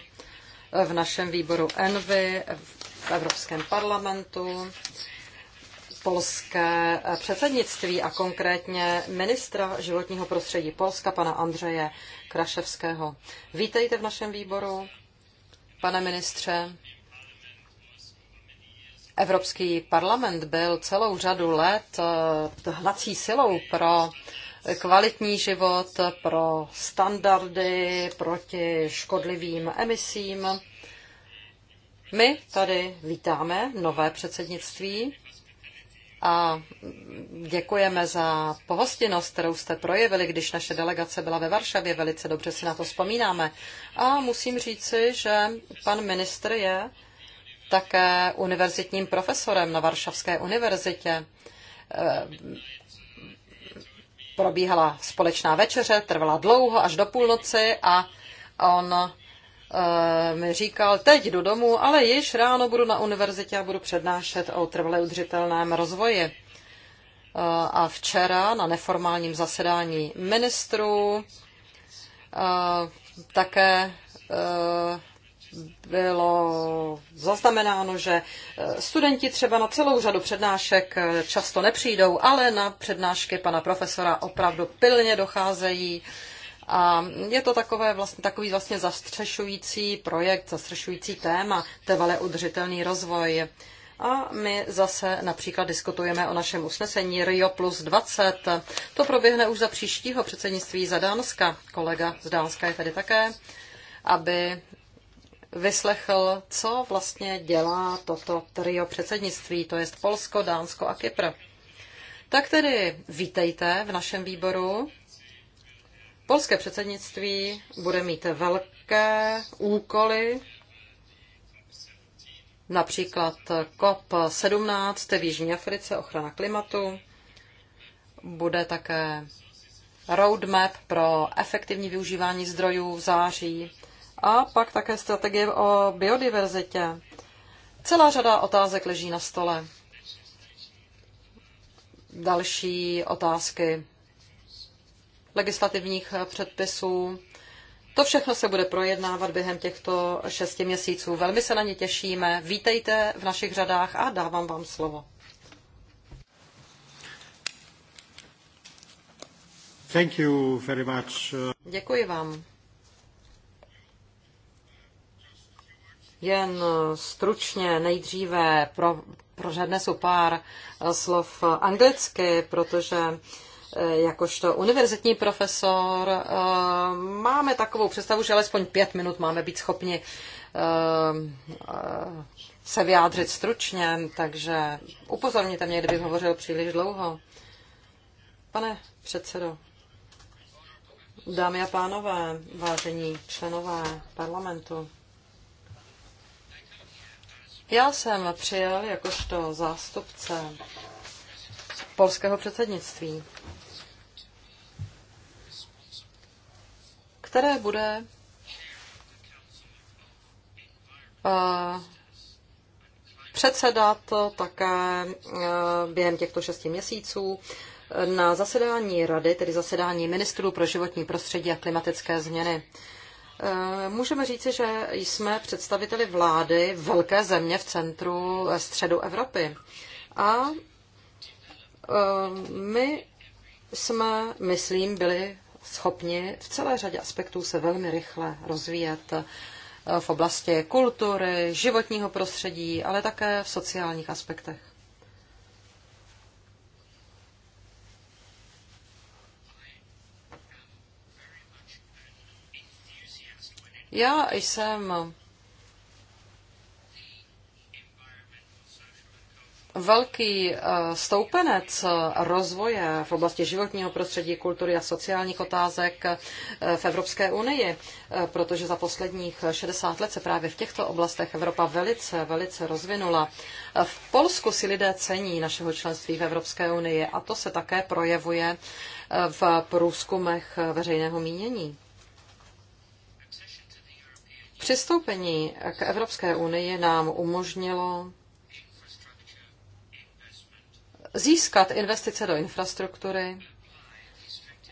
v našem výboru ENVY v Evropském parlamentu polské předsednictví a konkrétně ministra životního prostředí Polska, pana Andřeje Kraševského. Vítejte v našem výboru, pane ministře. Evropský parlament byl celou řadu let hlací eh, silou pro kvalitní život, pro standardy, proti škodlivým emisím. My tady vítáme nové předsednictví a děkujeme za pohostinnost, kterou jste projevili, když naše delegace byla ve Varšavě. Velice dobře si na to vzpomínáme. A musím říci, že pan ministr je také univerzitním profesorem na Varšavské univerzitě. Eh, probíhala společná večeře, trvala dlouho, až do půlnoci a on eh, mi říkal, teď jdu domů, ale již ráno budu na univerzitě a budu přednášet o trvale udržitelném rozvoji. Eh, a včera na neformálním zasedání ministrů také bylo zaznamenáno, že eh, studenti třeba na celou řadu přednášek eh, často nepřijdou, ale na přednášky pana profesora opravdu pilně docházejí. A je to takové vlastně, takový vlastně zastřešující projekt, zastřešující téma, trvale udržitelný rozvoj. A my zase například diskutujeme o našem usnesení Rio plus 20. To proběhne už za příštího předsednictví za Dánska. Kolega z Dánska je tady také, aby vyslechl, co vlastně dělá toto trio předsednictví, to je Polsko, Dánsko a Kypr. Tak tedy vítejte v našem výboru. Polské předsednictví bude mít velké úkoly, například COP17 v Jižní Africe, ochrana klimatu. Bude také roadmap pro efektivní využívání zdrojů v září a pak také strategie o biodiverzitě. Celá řada otázek leží na stole. Další otázky legislativních předpisů. To všechno se bude projednávat během těchto šesti měsíců. Velmi se na ně těšíme. Vítejte v našich řadách a dávám vám slovo. Thank you very much. Děkuji vám. Jen stručně nejdříve pro, pro jsou pár eh, slov eh, anglicky, protože eh, jakožto univerzitní profesor máme takovou představu, že alespoň pět minut máme být schopni se vyjádřit stručně, takže upozorněte mě, kdybych hovořil příliš dlouho. Pane předsedo, dámy a pánové, vážení členové parlamentu, já jsem přijel jakožto zástupce polského předsednictví, které bude eh, předsedat také eh, během těchto šesti měsíců na zasedání rady, tedy zasedání ministrů pro životní prostředí a klimatické změny. Eh, můžeme říci, že jsme představiteli vlády velké země v centru eh, středu Evropy. A eh, my jsme, myslím, byli schopni v celé řadě aspektů se velmi rychle rozvíjet v oblasti kultury, životního prostředí, ale také v sociálních aspektech. Já jsem velký eh, stoupenec rozvoje v oblasti životního prostředí, kultury a sociálních otázek eh, v Evropské unii, eh, protože za posledních 60 let se právě v těchto oblastech Evropa velice, velice rozvinula. V Polsku si lidé cení našeho členství v Evropské unii a to se také projevuje v průzkumech veřejného mínění. Přistoupení k Evropské unii nám umožnilo získat investice do infrastruktury,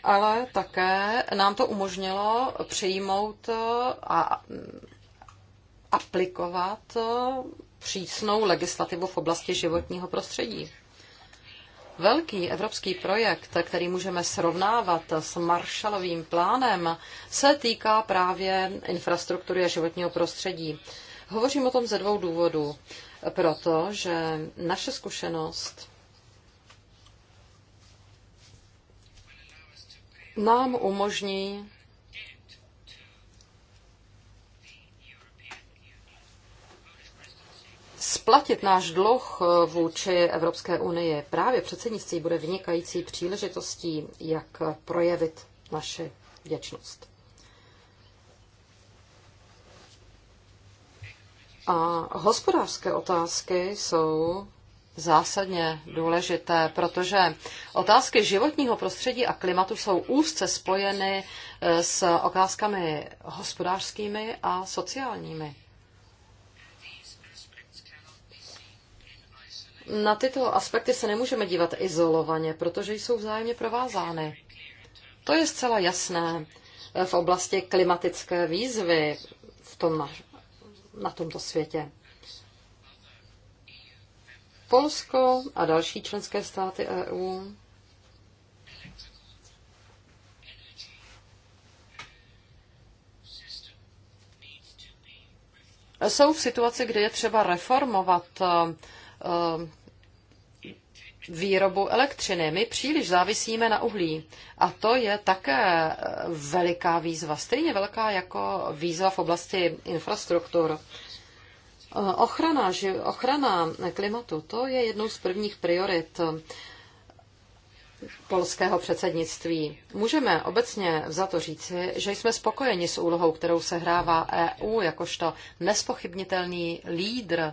ale také nám to umožnilo přijmout a aplikovat přísnou legislativu v oblasti životního prostředí velký evropský projekt, který můžeme srovnávat s Marshallovým plánem, se týká právě infrastruktury a životního prostředí. Hovořím o tom ze dvou důvodů. Proto, že naše zkušenost nám umožní splatit náš dluh eh, vůči Evropské unii. Právě předsednictví bude vynikající příležitostí, jak projevit naši vděčnost. A hospodářské otázky jsou zásadně důležité, protože otázky životního prostředí a klimatu jsou úzce spojeny eh, s otázkami hospodářskými a sociálními. na tyto aspekty se nemůžeme dívat izolovaně, protože jsou vzájemně provázány. To je zcela jasné v oblasti klimatické výzvy v tom, na tomto světě. Polsko a další členské státy EU jsou v situaci, kdy je třeba reformovat eh, výrobu elektřiny. My příliš závisíme na uhlí a to je také eh, veliká výzva, stejně velká jako výzva v oblasti infrastruktur. Eh, ochrana, ochrana klimatu, to je jednou z prvních priorit eh, polského předsednictví. Můžeme obecně za to říci, že jsme spokojeni s úlohou, kterou se hrává EU jakožto nespochybnitelný lídr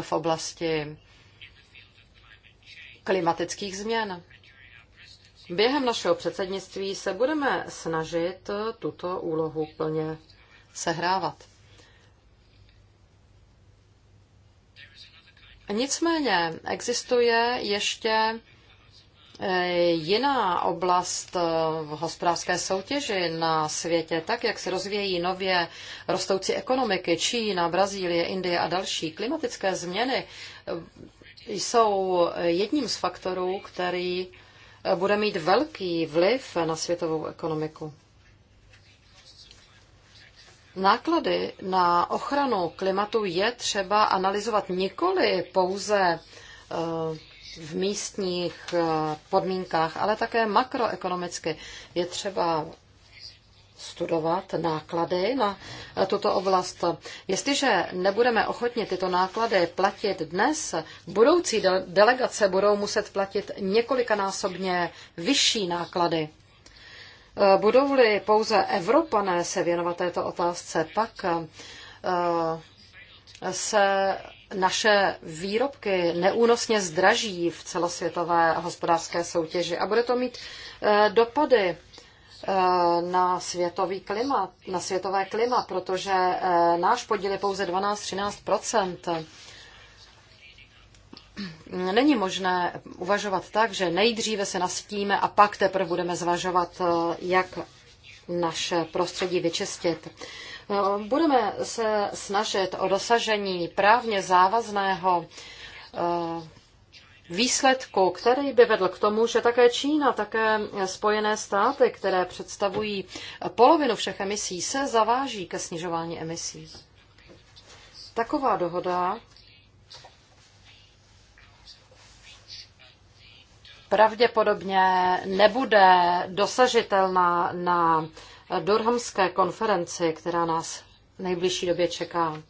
v oblasti klimatických změn. Během našeho předsednictví se budeme snažit tuto úlohu plně sehrávat. Nicméně existuje ještě eh, jiná oblast eh, v hospodářské soutěži na světě, tak jak se rozvíjí nově rostoucí ekonomiky Čína, Brazílie, Indie a další klimatické změny jsou jedním z faktorů, který eh, bude mít velký vliv na světovou ekonomiku. Náklady na ochranu klimatu je třeba analyzovat nikoli pouze eh, v místních eh, podmínkách, ale také makroekonomicky. Je třeba studovat náklady na tuto oblast. Jestliže nebudeme ochotni tyto náklady platit dnes, budoucí delegace budou muset platit několikanásobně vyšší náklady. Budou-li pouze Evropané se věnovat této otázce, pak eh, se naše výrobky neúnosně zdraží v celosvětové hospodářské soutěži a bude to mít eh, dopady Eh, na, světový klima, na světové klima, protože eh, náš podíl je pouze 12-13 Není možné uvažovat tak, že nejdříve se nastíme a pak teprve budeme zvažovat, eh, jak naše prostředí vyčistit. Budeme se snažit o dosažení právně závazného výsledku, který by vedl k tomu, že také Čína, také Spojené státy, které představují polovinu všech emisí, se zaváží ke snižování emisí. Taková dohoda pravděpodobně nebude dosažitelná na Durhamské konferenci, která nás v nejbližší době čeká.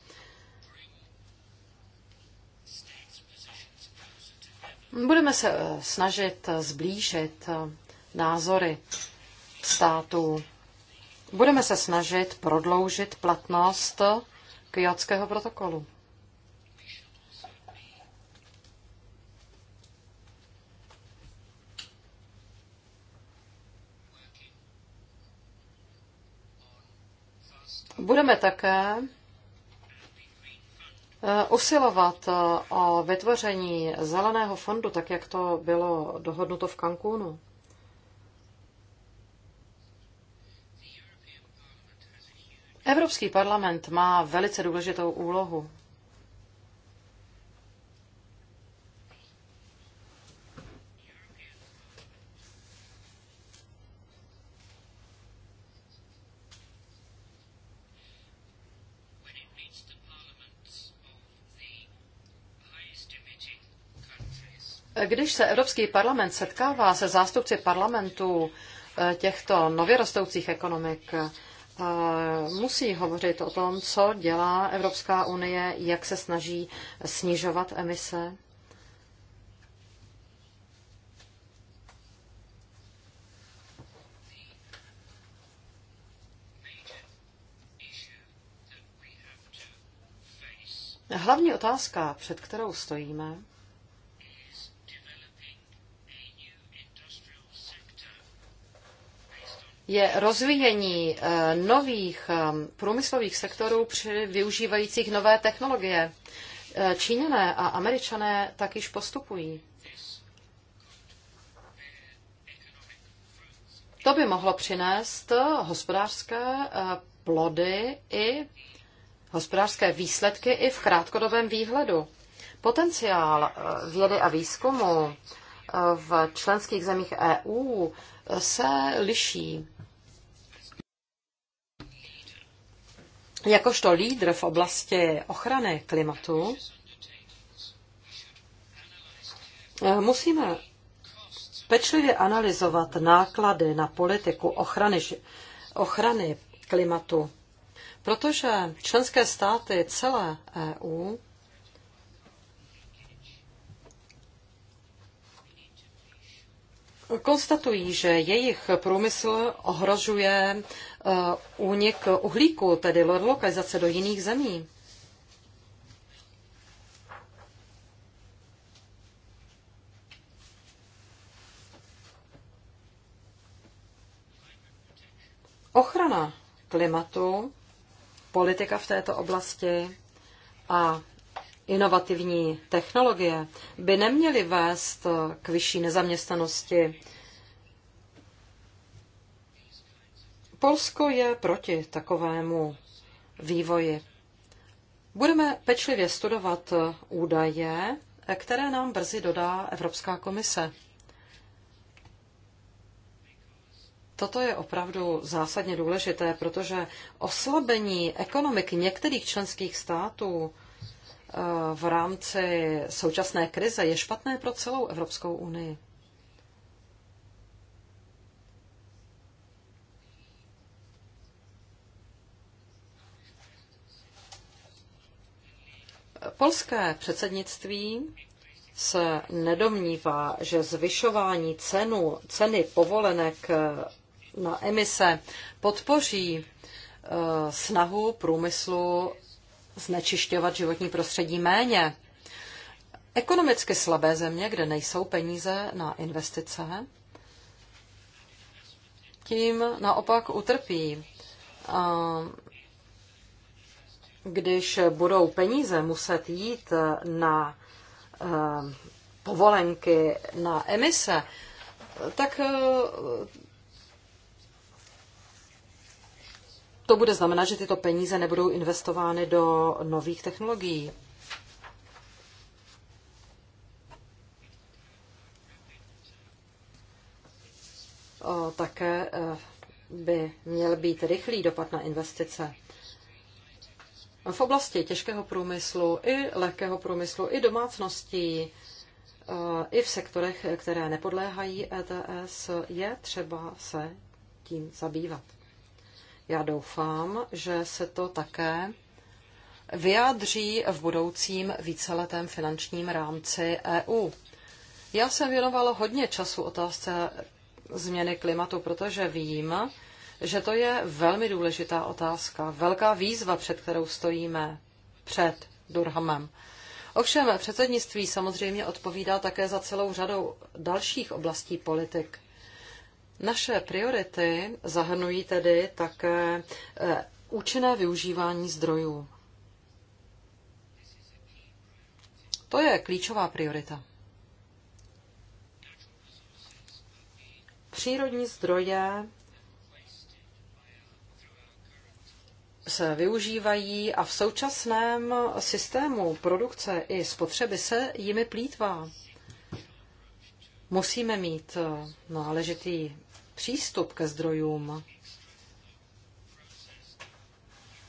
Budeme se eh, snažit eh, zblížit eh, názory států. Budeme se snažit prodloužit platnost Kyotského protokolu. Budeme také Eh, usilovat eh, o vytvoření zeleného fondu, tak jak to bylo dohodnuto v Cancúnu? Evropský parlament má velice důležitou úlohu Když se Evropský parlament setkává se zástupci parlamentů eh, těchto nově rostoucích ekonomik, eh, musí hovořit o tom, co dělá Evropská unie, jak se snaží snižovat emise. Hlavní otázka, před kterou stojíme, je rozvíjení eh, nových eh, průmyslových sektorů při využívajících nové technologie. Eh, Číňané a Američané tak již postupují. To by mohlo přinést hospodářské plody i hospodářské výsledky i v krátkodobém výhledu. Potenciál vědy a výzkumu v členských zemích EU se liší. Jakožto lídr v oblasti ochrany klimatu musíme pečlivě analyzovat náklady na politiku ochrany, ochrany klimatu, protože členské státy celé EU konstatují, že jejich průmysl ohrožuje eh, únik uhlíku, tedy lokalizace do jiných zemí. Ochrana klimatu, politika v této oblasti a inovativní technologie by neměly vést k vyšší nezaměstnanosti. Polsko je proti takovému vývoji. Budeme pečlivě studovat údaje, které nám brzy dodá Evropská komise. Toto je opravdu zásadně důležité, protože oslabení ekonomik některých členských států v rámci současné krize je špatné pro celou Evropskou unii. Polské předsednictví se nedomnívá, že zvyšování cenu, ceny povolenek eh, na emise podpoří eh, snahu průmyslu znečišťovat životní prostředí méně. Ekonomicky slabé země, kde nejsou peníze na investice, tím naopak utrpí. Když budou peníze muset jít na eh, povolenky, na emise, tak eh, to bude znamenat, že tyto peníze nebudou investovány do nových technologií. Také e, by měl být rychlý dopad na investice. V oblasti těžkého průmyslu i lehkého průmyslu i domácností e, i v sektorech, které nepodléhají ETS, je třeba se tím zabývat. Já doufám, že se to také vyjádří v budoucím víceletém finančním rámci EU. Já jsem věnovala hodně času otázce změny klimatu, protože vím, že to je velmi důležitá otázka, velká výzva, před kterou stojíme před Durhamem. Ovšem předsednictví samozřejmě odpovídá také za celou řadou dalších oblastí politik. Naše priority zahrnují tedy také eh, účinné využívání zdrojů. To je klíčová priorita. Přírodní zdroje se využívají a v současném systému produkce i spotřeby se jimi plítvá. Musíme mít eh, náležitý přístup ke zdrojům.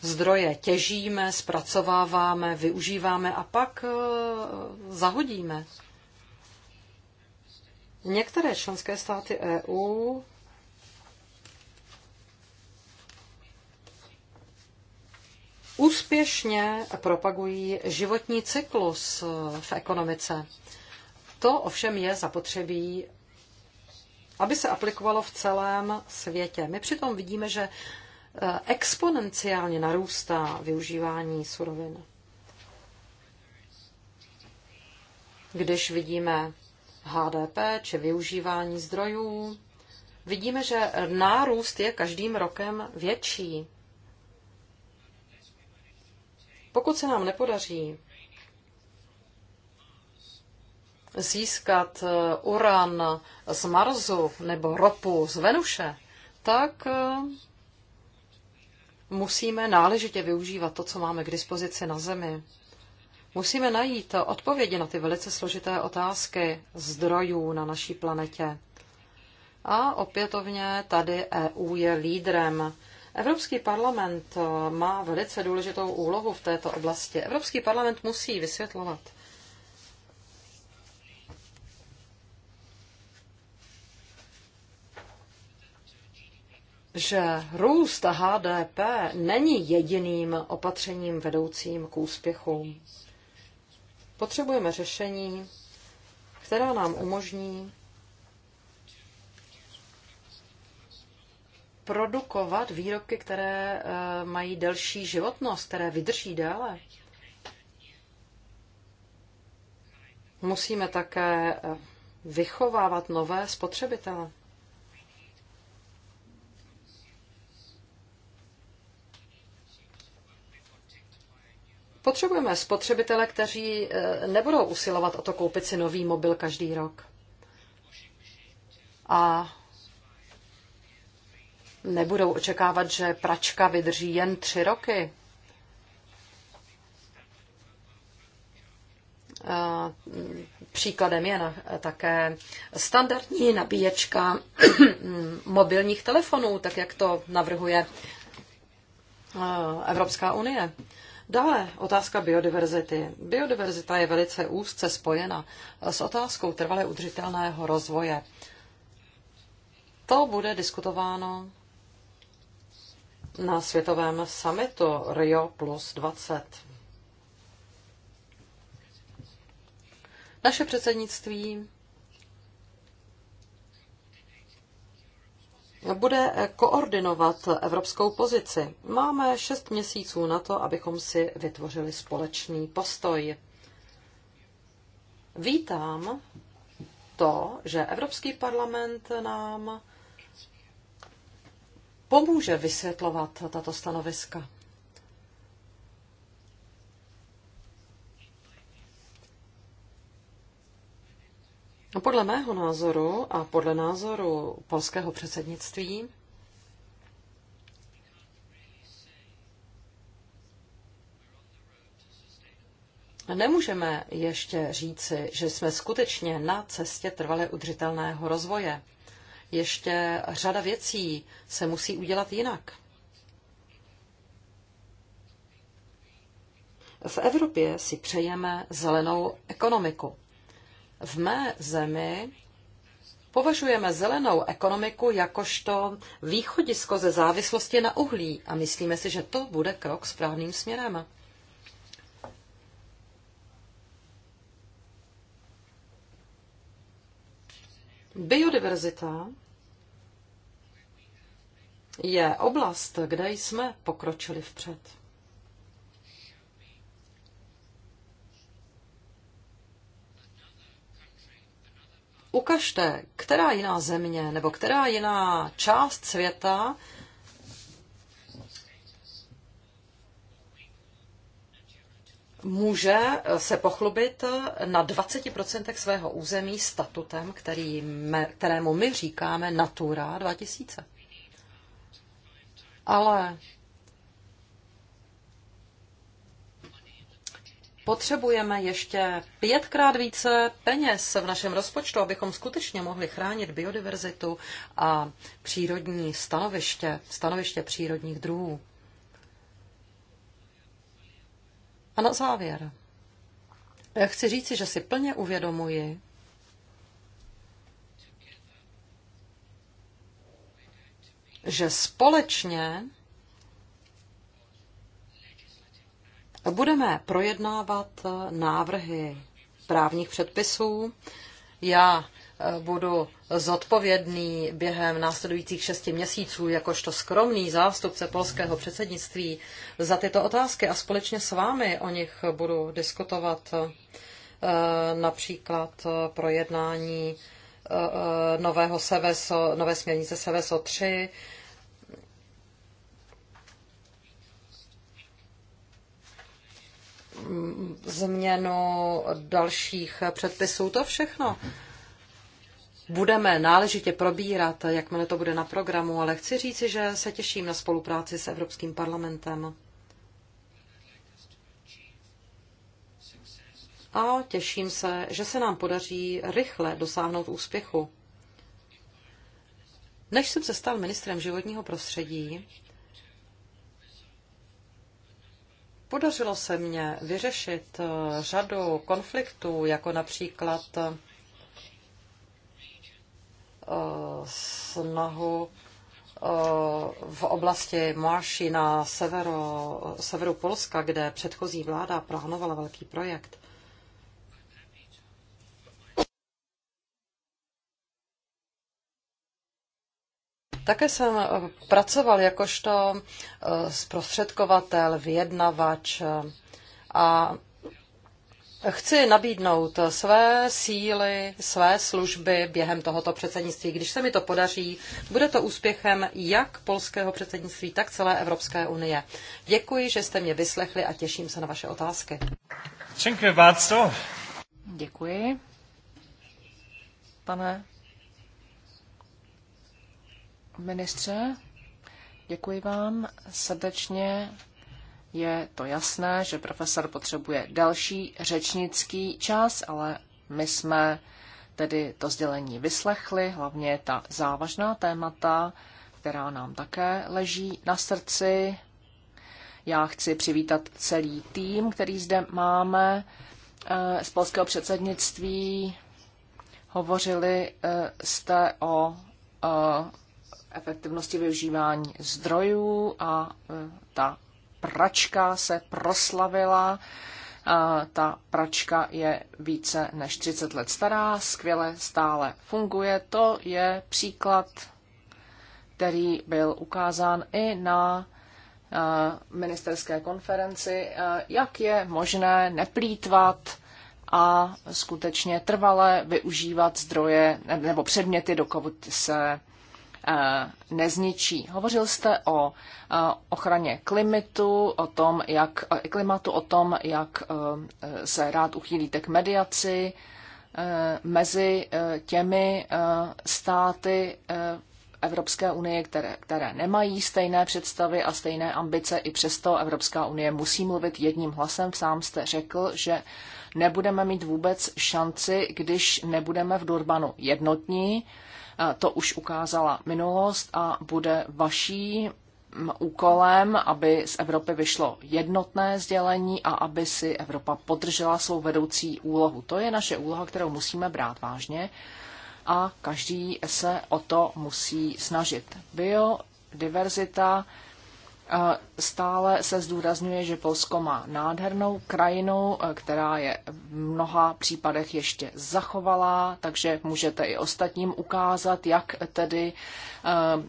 Zdroje těžíme, zpracováváme, využíváme a pak eh, zahodíme. Některé členské státy EU úspěšně propagují životní cyklus eh, v ekonomice. To ovšem je zapotřebí aby se aplikovalo v celém světě. My přitom vidíme, že eh, exponenciálně narůstá využívání surovin. Když vidíme HDP či využívání zdrojů, vidíme, že nárůst je každým rokem větší. Pokud se nám nepodaří získat eh, uran z Marsu nebo ropu z Venuše, tak eh, musíme náležitě využívat to, co máme k dispozici na Zemi. Musíme najít odpovědi na ty velice složité otázky zdrojů na naší planetě. A opětovně tady EU je lídrem. Evropský parlament eh, má velice důležitou úlohu v této oblasti. Evropský parlament musí vysvětlovat že růst HDP není jediným opatřením vedoucím k úspěchu. Potřebujeme řešení, která nám umožní produkovat výrobky, které eh, mají delší životnost, které vydrží déle. Musíme také eh, vychovávat nové spotřebitele. Potřebujeme spotřebitele, kteří eh, nebudou usilovat o to koupit si nový mobil každý rok. A nebudou očekávat, že pračka vydrží jen tři roky. Eh, příkladem je také standardní nabíječka [clears throat] mobilních telefonů, tak jak to navrhuje eh, Evropská unie. Dále otázka biodiverzity. Biodiverzita je velice úzce spojena s otázkou trvale udržitelného rozvoje. To bude diskutováno na světovém summitu Rio plus 20. Naše předsednictví bude koordinovat evropskou pozici. Máme šest měsíců na to, abychom si vytvořili společný postoj. Vítám to, že Evropský parlament nám pomůže vysvětlovat tato stanoviska. No, podle mého názoru a podle názoru polského předsednictví Nemůžeme ještě říci, že jsme skutečně na cestě trvale udržitelného rozvoje. Ještě řada věcí se musí udělat jinak. V Evropě si přejeme zelenou ekonomiku. V mé zemi považujeme zelenou ekonomiku jakožto východisko ze závislosti na uhlí a myslíme si, že to bude krok správným směrem. Biodiverzita je oblast, kde jsme pokročili vpřed. ukažte, která jiná země nebo která jiná část světa může se pochlubit na 20% svého území statutem, který, kterému my říkáme Natura 2000. Ale potřebujeme ještě pětkrát více peněz v našem rozpočtu, abychom skutečně mohli chránit biodiverzitu a přírodní stanoviště, stanoviště přírodních druhů. A na závěr. Já chci říci, že si plně uvědomuji, že společně Budeme projednávat eh, návrhy právních předpisů. Já eh, budu zodpovědný během následujících šesti měsíců jakožto skromný zástupce polského předsednictví za tyto otázky a společně s vámi o nich budu diskutovat eh, například projednání nového SEVESO, nové směrnice SEVESO 3, změnu dalších předpisů. To všechno budeme náležitě probírat, jakmile to bude na programu, ale chci říci, že se těším na spolupráci s Evropským parlamentem. A těším se, že se nám podaří rychle dosáhnout úspěchu. Než jsem se stal ministrem životního prostředí, Podařilo se mně vyřešit eh, řadu konfliktů, jako například eh, snahu eh, v oblasti Marši na severo, severu Polska, kde předchozí vláda plánovala velký projekt. Také jsem eh, pracoval jakožto eh, zprostředkovatel, vyjednavač eh, a Chci nabídnout své síly, své služby během tohoto předsednictví. Když se mi to podaří, bude to úspěchem jak polského předsednictví, tak celé Evropské unie. Děkuji, že jste mě vyslechli a těším se na vaše otázky. Děkuji. Děkuji. Pane ministře. Děkuji vám srdečně. Je to jasné, že profesor potřebuje další řečnický čas, ale my jsme tedy to sdělení vyslechli, hlavně ta závažná témata, která nám také leží na srdci. Já chci přivítat celý tým, který zde máme eh, z polského předsednictví. Hovořili eh, jste o eh, efektivnosti využívání zdrojů a e, ta pračka se proslavila. E, ta pračka je více než 30 let stará, skvěle stále funguje. To je příklad, který byl ukázán i na e, ministerské konferenci, jak je možné neplítvat a skutečně trvale využívat zdroje nebo předměty, dokud se Eh, nezničí. Hovořil jste o eh, ochraně eh, klimatu, o tom, jak, klimatu, o tom, jak se rád uchýlíte k mediaci mezi těmi státy Evropské unie, které, které nemají stejné představy a stejné ambice, i přesto Evropská unie musí mluvit jedním hlasem. Sám jste řekl, že nebudeme mít vůbec šanci, když nebudeme v Durbanu jednotní. Eh, to už ukázala minulost a bude vaší mm, úkolem, aby z Evropy vyšlo jednotné sdělení a aby si Evropa podržela svou vedoucí úlohu. To je naše úloha, kterou musíme brát vážně a každý se o to musí snažit. Biodiverzita Stále se zdůrazňuje, že Polsko má nádhernou krajinu, eh, která je v mnoha případech ještě zachovalá, takže můžete i ostatním ukázat, jak tedy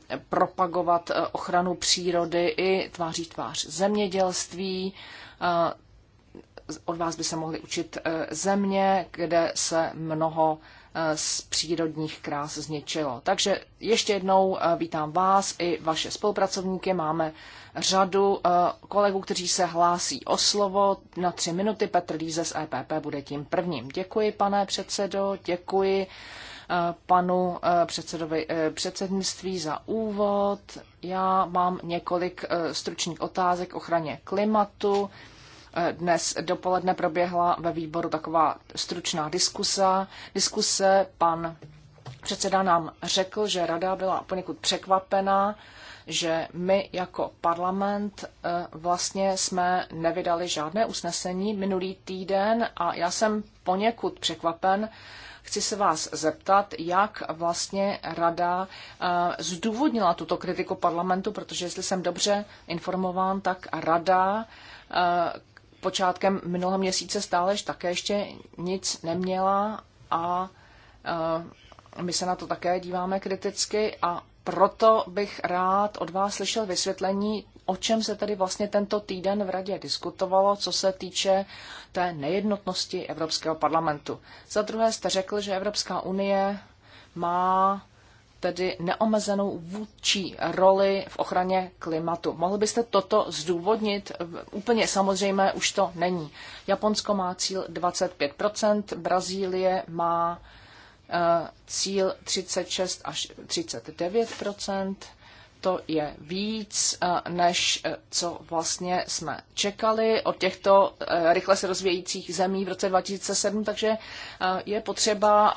eh, propagovat eh, ochranu přírody i tváří tvář zemědělství. Od vás by se mohly učit země, kde se mnoho z přírodních krás zničilo. Takže ještě jednou vítám vás i vaše spolupracovníky. Máme řadu eh, kolegů, kteří se hlásí o slovo. Na tři minuty Petr Líze z EPP bude tím prvním. Děkuji, pane předsedo, děkuji eh, panu eh, předsedovi předsednictví za úvod. Já mám několik stručných otázek o ochraně klimatu. Dnes dopoledne proběhla ve výboru taková stručná diskusa. Diskuse pan předseda nám řekl, že rada byla poněkud překvapená že my jako parlament eh, vlastně jsme nevydali žádné usnesení minulý týden a já jsem poněkud překvapen. Chci se vás zeptat, jak vlastně rada eh, zdůvodnila tuto kritiku parlamentu, protože jestli jsem dobře informován, tak rada eh, počátkem minulého měsíce stále také ještě nic neměla a my se na to také díváme kriticky a proto bych rád od vás slyšel vysvětlení, o čem se tedy vlastně tento týden v Radě diskutovalo, co se týče té nejednotnosti Evropského parlamentu. Za druhé jste řekl, že Evropská unie má tedy neomezenou vůdčí roli v ochraně klimatu. Mohl byste toto zdůvodnit? Úplně samozřejmé už to není. Japonsko má cíl 25%, Brazílie má Eh, cíl 36 až 39 to je víc, eh, než eh, co vlastně jsme čekali od těchto rychle se rozvíjejících zemí v roce 2007, takže je potřeba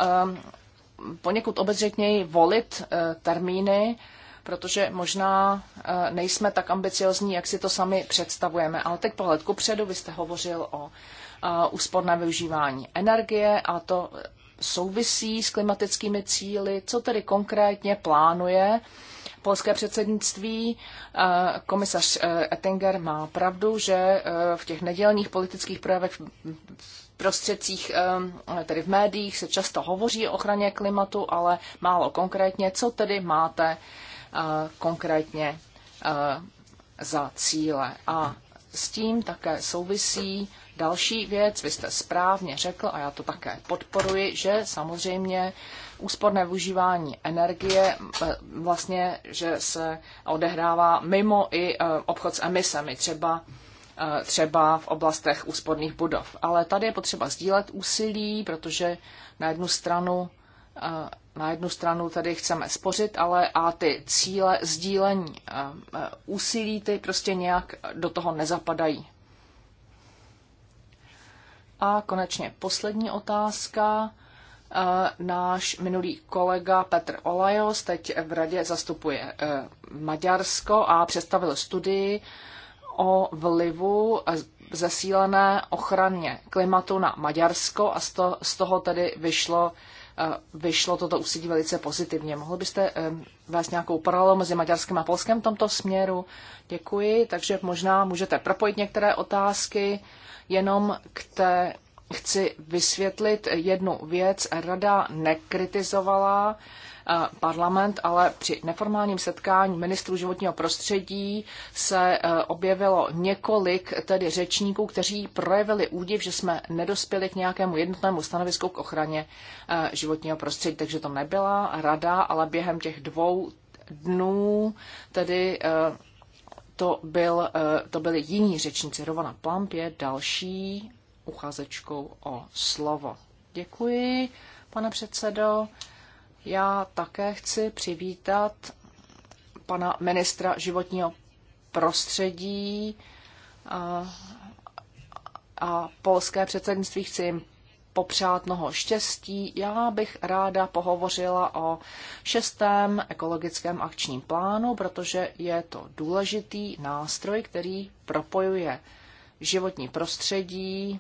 poněkud obezřetněji volit termíny, protože možná nejsme tak ambiciozní, jak si to sami představujeme. Ale teď pohled kupředu, vy jste hovořil o úsporné využívání energie a to souvisí s klimatickými cíly, co tedy konkrétně plánuje polské předsednictví. Eh, komisař eh, Ettinger má pravdu, že eh, v těch nedělních politických projevech prostředcích, tedy v médiích, se často hovoří o ochraně klimatu, ale málo konkrétně. Co tedy máte konkrétně za cíle? A s tím také souvisí Další věc, vy jste správně řekl, a já to také podporuji, že samozřejmě úsporné využívání energie eh, vlastně, že se odehrává mimo i eh, obchod s emisemi, třeba eh, třeba v oblastech úsporných budov. Ale tady je potřeba sdílet úsilí, protože na jednu stranu na jednu stranu tady chceme spořit, ale a ty cíle sdílení úsilí, ty prostě nějak do toho nezapadají. A konečně poslední otázka. Eh, náš minulý kolega Petr Olajos teď v radě zastupuje eh, Maďarsko a představil studii o vlivu eh, zesílené ochraně klimatu na Maďarsko a z toho tedy vyšlo, vyšlo toto úsilí velice pozitivně. Mohl byste vést nějakou paralelu mezi Maďarskem a Polskem v tomto směru? Děkuji, takže možná můžete propojit některé otázky Jenom k té chci vysvětlit jednu věc. Rada nekritizovala eh, parlament, ale při neformálním setkání ministrů životního prostředí se eh, objevilo několik tedy řečníků, kteří projevili údiv, že jsme nedospěli k nějakému jednotnému stanovisku k ochraně eh, životního prostředí. Takže to nebyla rada, ale během těch dvou dnů tedy to, byl, eh, to byli jiní řečníci. Rovana Plamp je další uchazečkou o slovo. Děkuji, pane předsedo. Já také chci přivítat pana ministra životního prostředí a, eh, a polské předsednictví. Chci jim popřát mnoho štěstí. Já bych ráda pohovořila o šestém ekologickém akčním plánu, protože je to důležitý nástroj, který propojuje životní prostředí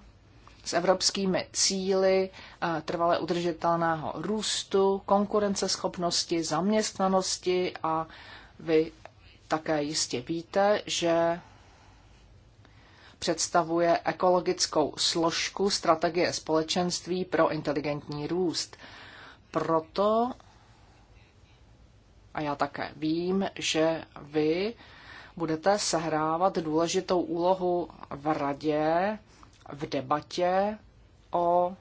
s evropskými cíly eh, trvale udržitelného růstu, konkurenceschopnosti, zaměstnanosti a vy také jistě víte, že představuje ekologickou složku strategie společenství pro inteligentní růst. Proto, a já také vím, že vy budete sehrávat důležitou úlohu v radě, v debatě o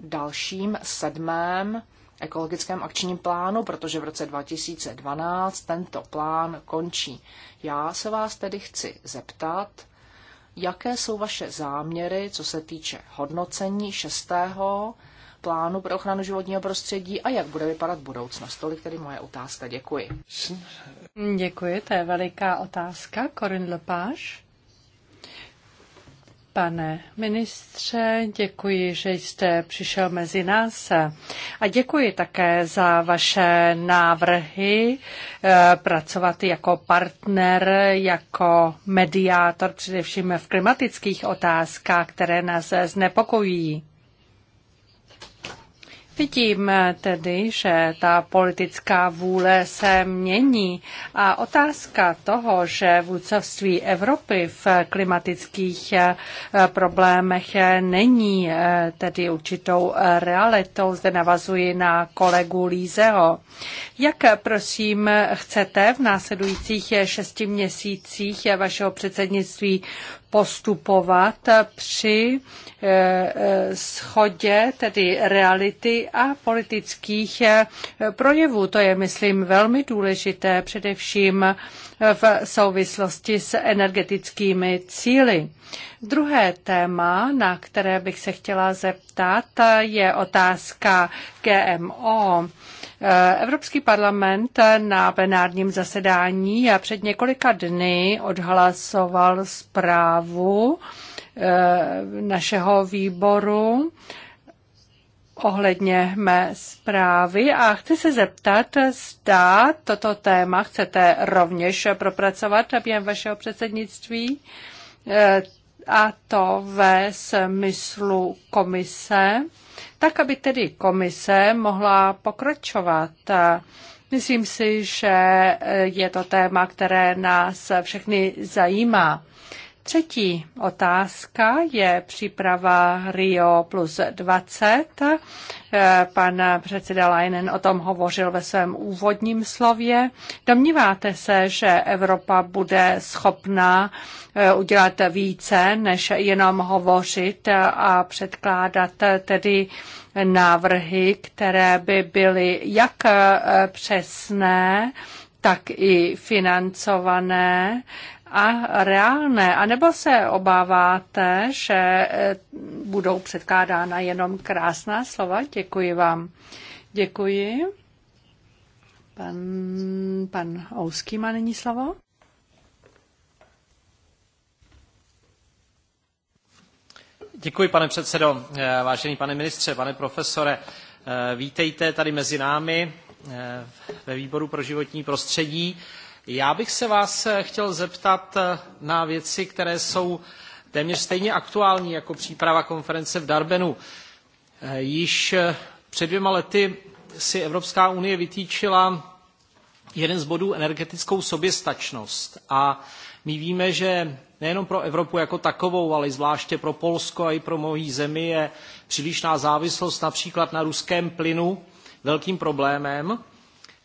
dalším sedmém ekologickém akčním plánu, protože v roce 2012 tento plán končí. Já se vás tedy chci zeptat, jaké jsou vaše záměry, co se týče hodnocení šestého plánu pro ochranu životního prostředí a jak bude vypadat budoucnost. Tolik tedy moje otázka. Děkuji. Děkuji, to je veliká otázka. Corinne Lepage. Pane ministře, děkuji, že jste přišel mezi nás a děkuji také za vaše návrhy eh, pracovat jako partner, jako mediátor, především v klimatických otázkách, které nás znepokojí. Vidím eh, tedy, že ta politická vůle se mění a otázka toho, že vůdcovství Evropy v klimatických eh, problémech není eh, tedy určitou realitou. Zde navazuji na kolegu Lízeho. Jak prosím chcete v následujících šesti měsících vašeho předsednictví postupovat při eh, eh, schodě tedy reality a politických eh, projevů. To je, myslím, velmi důležité, především v souvislosti s energetickými cíly. Druhé téma, na které bych se chtěla zeptat, je otázka GMO. Evropský parlament na plenárním zasedání před několika dny odhlasoval zprávu eh, našeho výboru ohledně mé zprávy a chci se zeptat, zda toto téma chcete rovněž propracovat během vašeho předsednictví eh, a to ve smyslu komise tak aby tedy komise mohla pokračovat. Myslím si, že je to téma, které nás všechny zajímá. Třetí otázka je příprava Rio plus 20. Eh, pan předseda Leinen o tom hovořil ve svém úvodním slově. Domníváte se, že Evropa bude schopná eh, udělat více, než jenom hovořit a předkládat eh, tedy návrhy, které by byly jak přesné, tak i financované a reálné? A nebo se obáváte, že eh, budou předkládána jenom krásná slova? Děkuji vám. Děkuji. Pan, pan Ouský má nyní slovo. Děkuji, pane předsedo. Eh, vážený pane ministře, pane profesore, eh, vítejte tady mezi námi ve výboru pro životní prostředí. Já bych se vás eh, chtěl zeptat eh, na věci, které jsou téměř stejně aktuální jako příprava konference v Darbenu. Eh, již před dvěma lety si Evropská unie vytýčila jeden z bodů energetickou soběstačnost. A my víme, že nejenom pro Evropu jako takovou, ale i zvláště pro Polsko a i pro mojí zemi je přílišná závislost například na ruském plynu velkým problémem.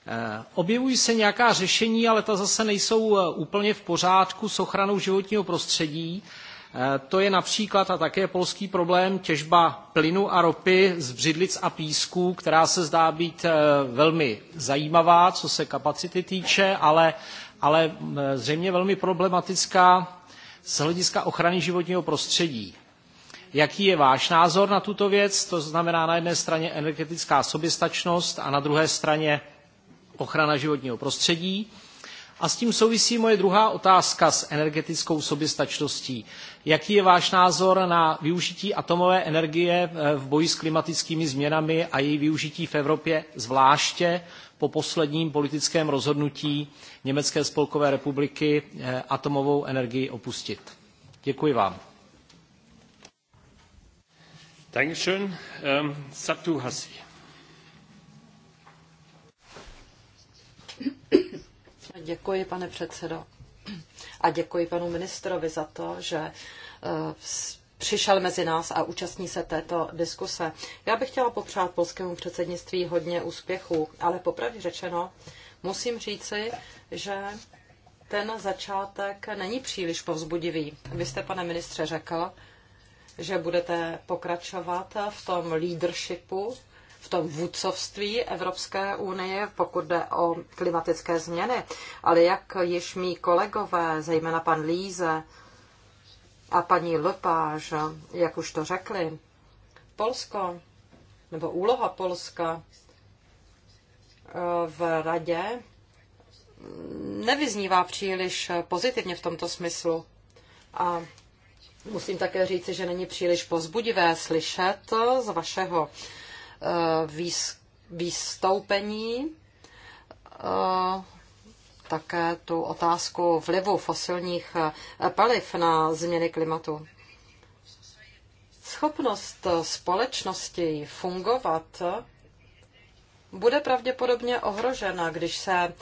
Eh, objevují se nějaká řešení, ale ta zase nejsou eh, úplně v pořádku s ochranou životního prostředí. Eh, to je například a také polský problém těžba plynu a ropy z břidlic a písku, která se zdá být velmi zajímavá, co se kapacity týče, ale, ale zřejmě velmi problematická z hlediska ochrany životního prostředí. Jaký je váš názor na tuto věc? To znamená na jedné straně energetická soběstačnost a na druhé straně ochrana životního prostředí. A s tím souvisí moje druhá otázka s energetickou soběstačností. Jaký je váš názor na využití atomové energie eh, v boji s klimatickými změnami a její využití v Evropě, zvláště po posledním politickém rozhodnutí Německé spolkové republiky eh, atomovou energii opustit? Děkuji vám. Dankeschön. Um, ähm, Satu Hassi. Děkuji, pane předsedo. A děkuji panu ministrovi za to, že eh, přišel mezi nás a účastní se této diskuse. Já bych chtěla popřát polskému předsednictví hodně úspěchů, ale popravdě řečeno, musím říci, že ten začátek není příliš povzbudivý. Vy jste, pane ministře, řekl, že budete pokračovat v tom leadershipu, v tom vůdcovství Evropské unie, pokud jde o klimatické změny. Ale jak již mý kolegové, zejména pan Líze a paní Lepáž, jak už to řekli, Polsko, nebo úloha Polska eh, v radě nevyznívá příliš pozitivně v tomto smyslu. A musím také říci, že není příliš pozbudivé slyšet z vašeho Eh, výstoupení, eh, také tu otázku vlivu fosilních eh, paliv na změny klimatu. Schopnost společnosti fungovat bude pravděpodobně ohrožena, když se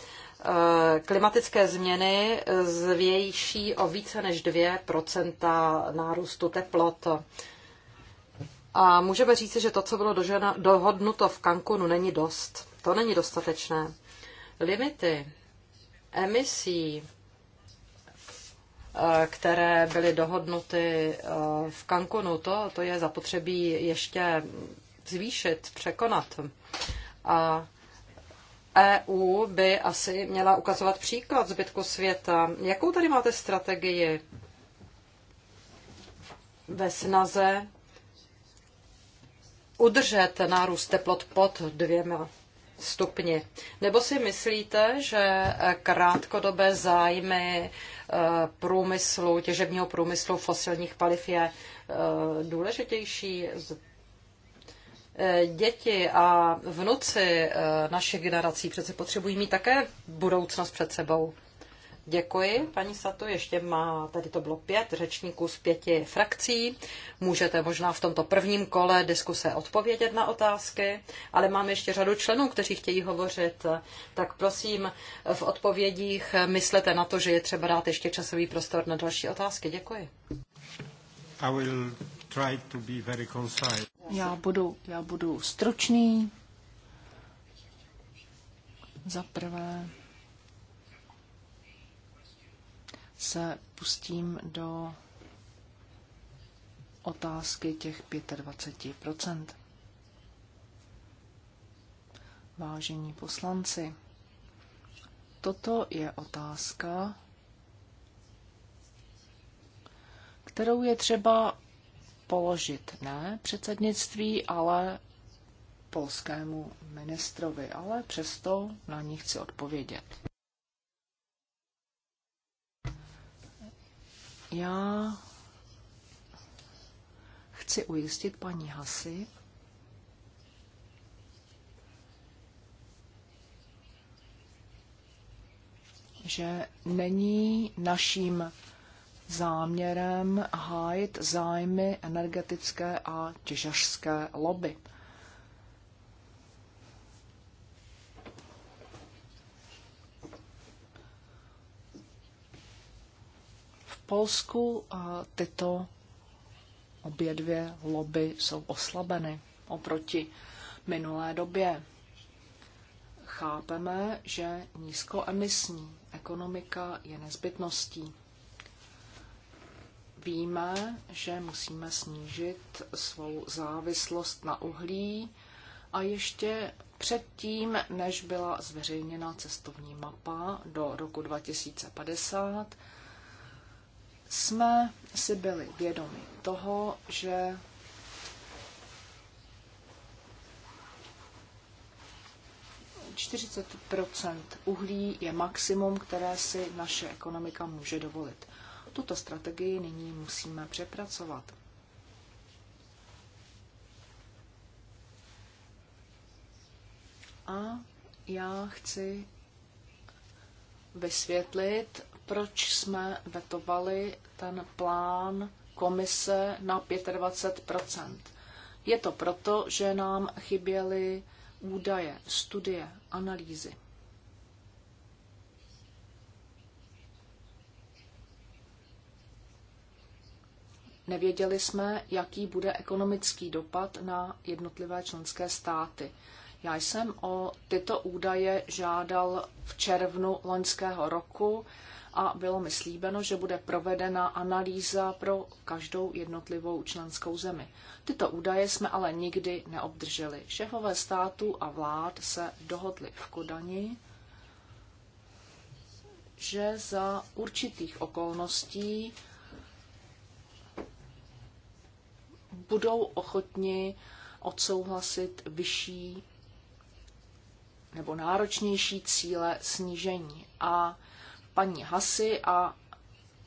klimatické změny zvější o více než 2 nárůstu teplot. A můžeme říci, že to, co bylo dožena, dohodnuto v Cancunu, není dost. To není dostatečné. Limity emisí, eh, které byly dohodnuty eh, v Cancunu, to, to je zapotřebí ještě zvýšit, překonat. A EU by asi měla ukazovat příklad zbytku světa. Jakou tady máte strategii ve snaze udržet nárůst teplot pod dvěma stupni. Nebo si myslíte, že krátkodobé zájmy eh, průmyslu, těžebního průmyslu fosilních paliv je eh, důležitější? Eh, děti a vnuci našich generací přece potřebují mít také budoucnost před sebou. Děkuji, paní Sato. Ještě má, tady to bylo pět řečníků z pěti frakcí. Můžete možná v tomto prvním kole diskuse odpovědět na otázky, ale mám ještě řadu členů, kteří chtějí hovořit. Tak prosím, v odpovědích myslete na to, že je třeba dát ještě časový prostor na další otázky. Děkuji. I will try to be very concise. Já budu, já budu stručný. Za prvé, se pustím do otázky těch 25 Vážení poslanci, toto je otázka, kterou je třeba položit ne předsednictví, ale polskému ministrovi, ale přesto na ní chci odpovědět. Já chci ujistit paní Hasy, že není naším záměrem hájit zájmy energetické a těžařské lobby. Polsku tyto obě dvě lobby jsou oslabeny oproti minulé době. Chápeme, že nízkoemisní ekonomika je nezbytností. Víme, že musíme snížit svou závislost na uhlí a ještě předtím, než byla zveřejněna cestovní mapa do roku 2050, jsme si byli vědomi toho, že Čtyřicet uhlí je maximum, které si naše ekonomika může dovolit. Tuto strategii nyní musíme přepracovat. A já chci vysvětlit proč jsme vetovali ten plán komise na 25 Je to proto, že nám chyběly údaje, studie, analýzy. Nevěděli jsme, jaký bude ekonomický dopad na jednotlivé členské státy. Já jsem o tyto údaje žádal v červnu loňského roku a bylo mi slíbeno, že bude provedena analýza pro každou jednotlivou členskou zemi. Tyto údaje jsme ale nikdy neobdrželi. Šéfové států a vlád se dohodli v Kodani, že za určitých okolností budou ochotni odsouhlasit vyšší nebo náročnější cíle snížení. A paní Hasi a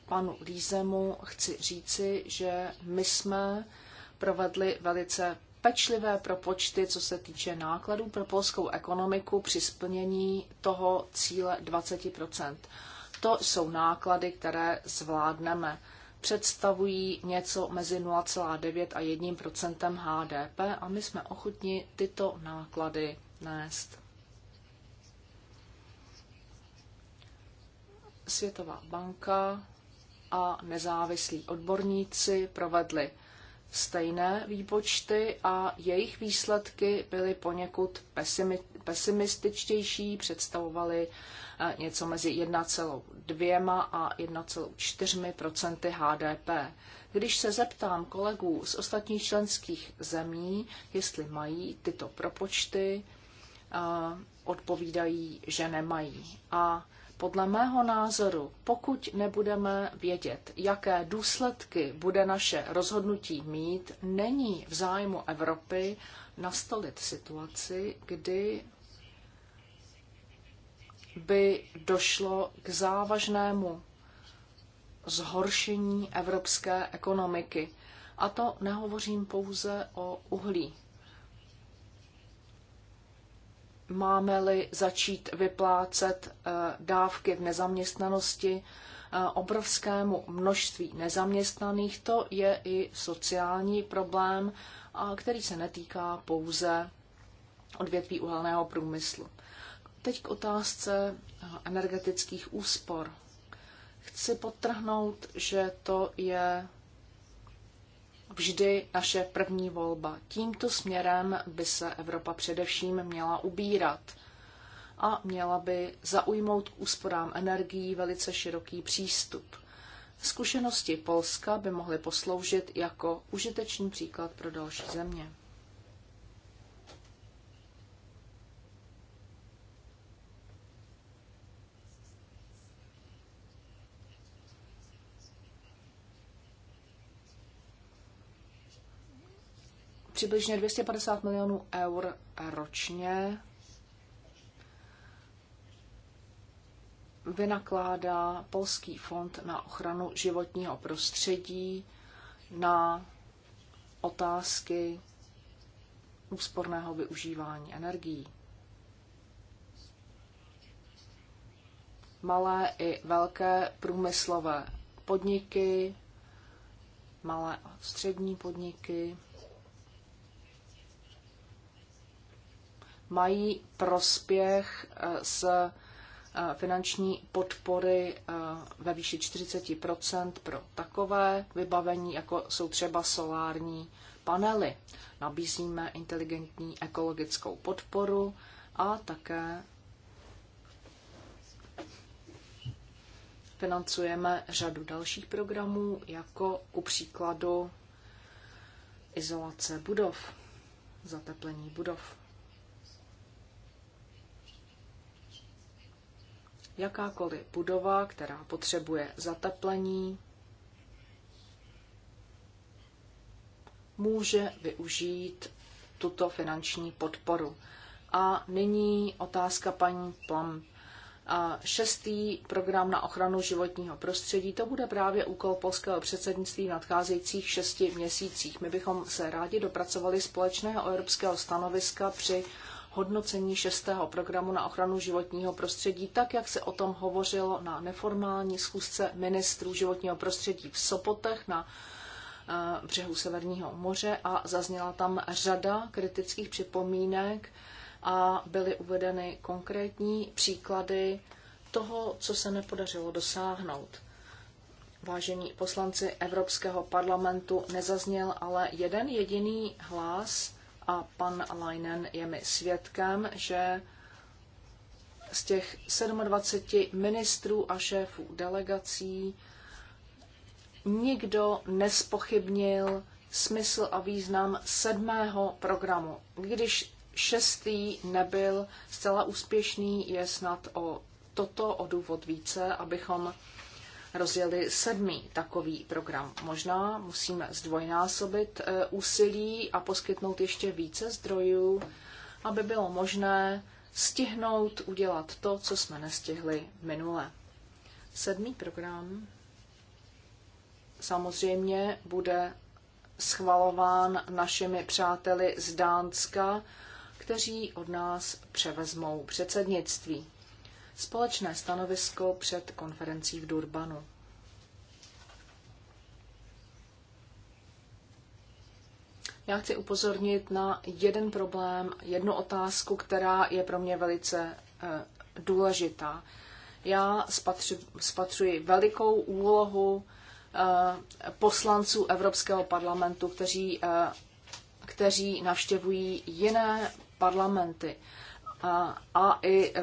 panu Lízemu chci říci, že my jsme provedli velice pečlivé propočty, co se týče nákladů pro polskou ekonomiku při splnění toho cíle 20 To jsou náklady, které zvládneme. Představují něco mezi 0,9 a 1 HDP a my jsme ochotni tyto náklady nést. Světová banka a nezávislí odborníci provedli stejné výpočty a jejich výsledky byly poněkud pesimističtější, představovaly eh, něco mezi 1,2 a 1,4 procenty HDP. Když se zeptám kolegů z ostatních členských zemí, jestli mají tyto propočty, eh, odpovídají, že nemají. A podle mého názoru, pokud nebudeme vědět, jaké důsledky bude naše rozhodnutí mít, není v zájmu Evropy nastolit situaci, kdy by došlo k závažnému zhoršení evropské ekonomiky. A to nehovořím pouze o uhlí máme-li začít vyplácet eh, dávky v nezaměstnanosti eh, obrovskému množství nezaměstnaných, to je i sociální problém, který se netýká pouze odvětví uhelného průmyslu. Teď k otázce eh, energetických úspor. Chci potrhnout, že to je vždy naše první volba. Tímto směrem by se Evropa především měla ubírat a měla by zaujmout k úsporám energií velice široký přístup. Zkušenosti Polska by mohly posloužit jako užitečný příklad pro další země. přibližně 250 milionů eur ročně vynakládá Polský fond na ochranu životního prostředí na otázky úsporného využívání energií. Malé i velké průmyslové podniky, malé a střední podniky, mají prospěch eh, z eh, finanční podpory eh, ve výši 40 pro takové vybavení, jako jsou třeba solární panely. Nabízíme inteligentní ekologickou podporu a také financujeme řadu dalších programů, jako ku příkladu izolace budov, zateplení budov. Jakákoliv budova, která potřebuje zateplení, může využít tuto finanční podporu. A nyní otázka paní Plam. A šestý program na ochranu životního prostředí, to bude právě úkol polského předsednictví v nadcházejících šesti měsících. My bychom se rádi dopracovali společného evropského stanoviska při hodnocení šestého programu na ochranu životního prostředí, tak jak se o tom hovořilo na neformální schůzce ministrů životního prostředí v Sopotech na eh, břehu Severního moře a zazněla tam řada kritických připomínek a byly uvedeny konkrétní příklady toho, co se nepodařilo dosáhnout. Vážení poslanci Evropského parlamentu nezazněl ale jeden jediný hlas a pan Leinen je mi svědkem, že z těch 27 ministrů a šéfů delegací nikdo nespochybnil smysl a význam sedmého programu. Když šestý nebyl zcela úspěšný, je snad o toto o důvod více, abychom rozjeli sedmý takový program. Možná musíme zdvojnásobit eh, úsilí a poskytnout ještě více zdrojů, aby bylo možné stihnout udělat to, co jsme nestihli minule. Sedmý program samozřejmě bude schvalován našimi přáteli z Dánska, kteří od nás převezmou předsednictví společné stanovisko před konferencí v Durbanu. Já chci upozornit na jeden problém, jednu otázku, která je pro mě velice eh, důležitá. Já spatři, spatřuji velikou úlohu eh, poslanců Evropského parlamentu, kteří, eh, kteří navštěvují jiné parlamenty a, a i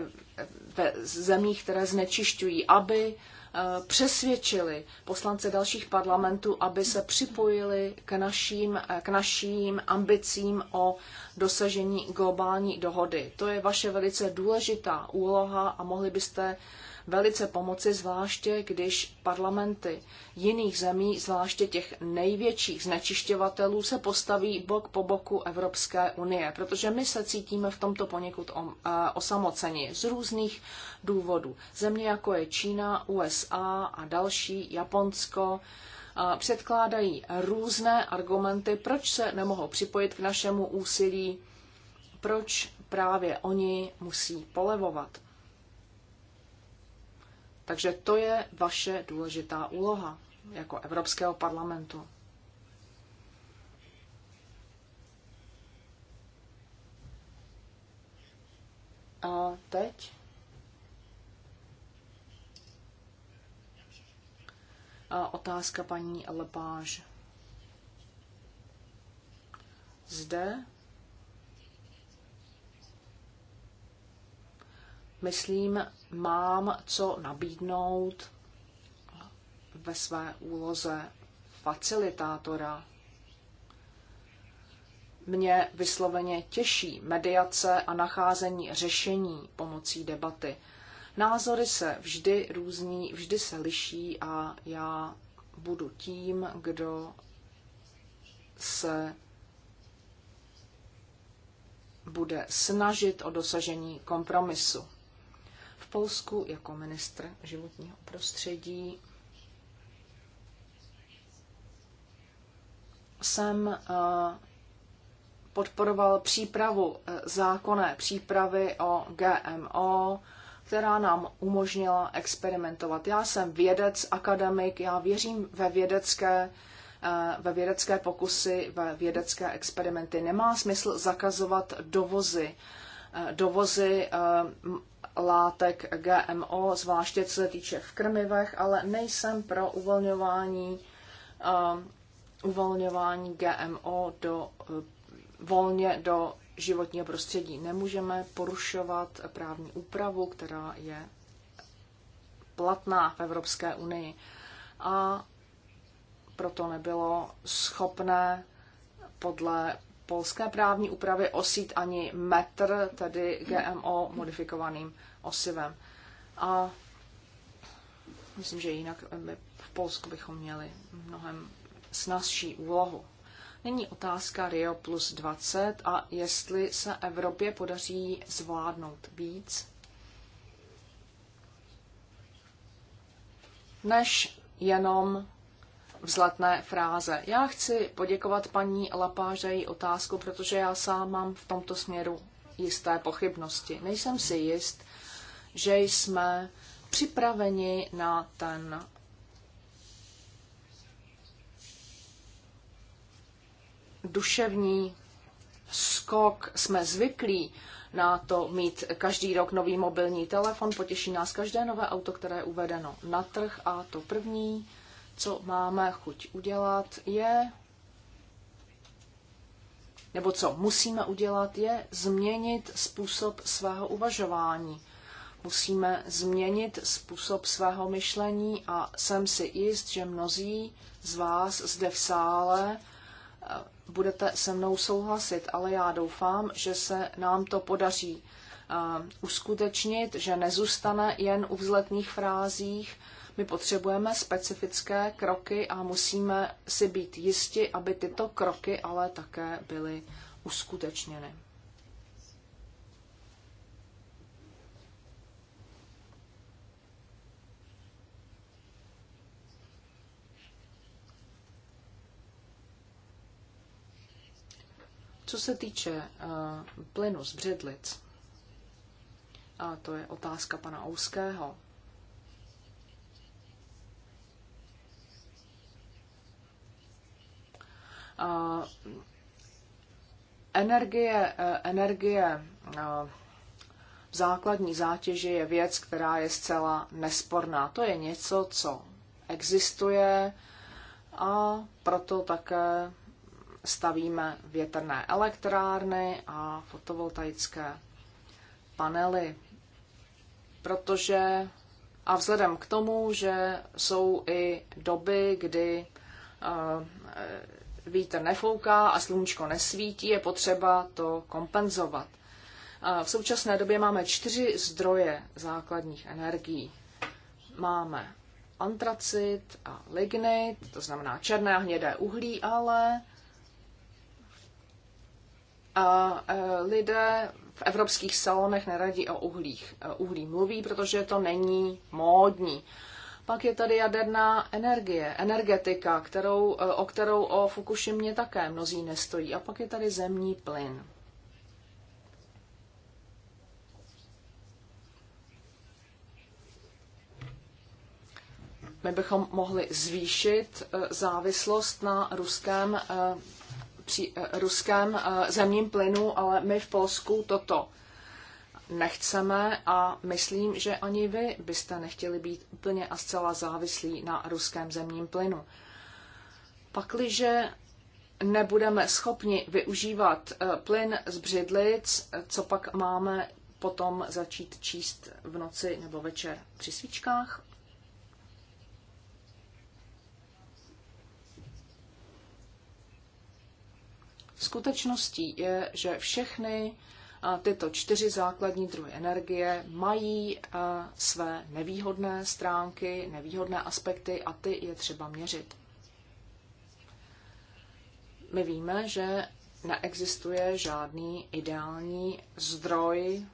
ve zemích, které znečišťují, aby eh, přesvědčili poslance dalších parlamentů, aby se připojili k našim, eh, k našim ambicím o dosažení globální dohody. To je vaše velice důležitá úloha a mohli byste velice pomoci, zvláště když parlamenty jiných zemí, zvláště těch největších znečišťovatelů, se postaví bok po boku Evropské unie, protože my se cítíme v tomto poněkud eh, osamoceni z různých důvodů. Země jako je Čína, USA a další, Japonsko, eh, předkládají různé argumenty, proč se nemohou připojit k našemu úsilí, proč právě oni musí polevovat. Takže to je vaše důležitá úloha jako Evropského parlamentu. A teď? A otázka paní Lepáž. Zde myslím, mám co nabídnout ve své úloze facilitátora. Mě vysloveně těší mediace a nacházení řešení pomocí debaty. Názory se vždy různí, vždy se liší a já budu tím, kdo se bude snažit o dosažení kompromisu. Polsku jako ministr životního prostředí jsem eh, podporoval přípravu eh, zákonné přípravy o GMO, která nám umožnila experimentovat. Já jsem vědec, akademik, já věřím ve vědecké, eh, ve vědecké pokusy, ve vědecké experimenty. Nemá smysl zakazovat dovozy dovozy látek GMO, zvláště co se týče v krmivech, ale nejsem pro uvolňování, uh, uvolňování GMO do, eh, volně do životního prostředí. Nemůžeme porušovat právní úpravu, která je platná v Evropské unii. A proto nebylo schopné podle polské právní úpravy osít ani metr, tedy GMO modifikovaným osivem. A myslím, že jinak my v Polsku bychom měli mnohem snazší úlohu. Není otázka Rio plus 20 a jestli se Evropě podaří zvládnout víc, než jenom vzletné fráze. Já chci poděkovat paní Lapá za její otázku, protože já sám mám v tomto směru jisté pochybnosti. Nejsem si jist, že jsme připraveni na ten duševní skok. Jsme zvyklí na to mít každý rok nový mobilní telefon, potěší nás každé nové auto, které je uvedeno na trh a to první, co máme chuť udělat, je, nebo co musíme udělat, je změnit způsob svého uvažování. Musíme změnit způsob svého myšlení a jsem si jist, že mnozí z vás zde v sále eh, budete se mnou souhlasit, ale já doufám, že se nám to podaří eh, uskutečnit, že nezůstane jen u vzletných frázích, my potřebujeme specifické kroky a musíme si být jisti, aby tyto kroky ale také byly uskutečněny. Co se týče uh, plynu z břidlic, a to je otázka pana Ouského, Eh, energie, eh, energie v eh, základní zátěži je věc, která je zcela nesporná. To je něco, co existuje a proto také stavíme větrné elektrárny a fotovoltaické panely, protože a vzhledem k tomu, že jsou i doby, kdy vítr nefouká a slunčko nesvítí, je potřeba to kompenzovat. V současné době máme čtyři zdroje základních energií. Máme antracit a lignit, to znamená černé a hnědé uhlí, ale a e, lidé v evropských salonech neradí o uhlích. E, uhlí mluví, protože to není módní. Pak je tady jaderná energie, energetika, kterou, eh, o kterou o Fukushimě také mnozí nestojí. A pak je tady zemní plyn. My bychom mohli zvýšit eh, závislost na ruském, eh, ruském zemním plynu, ale my v Polsku toto nechceme a myslím, že ani vy byste nechtěli být úplně a zcela závislí na ruském zemním plynu. Pakliže nebudeme schopni využívat eh, plyn z břidlic, eh, co pak máme potom začít číst v noci nebo večer při svíčkách? Skutečností je, že všechny tyto čtyři základní druhy energie mají eh, své nevýhodné stránky, nevýhodné aspekty a ty je třeba měřit. My víme, že neexistuje žádný ideální zdroj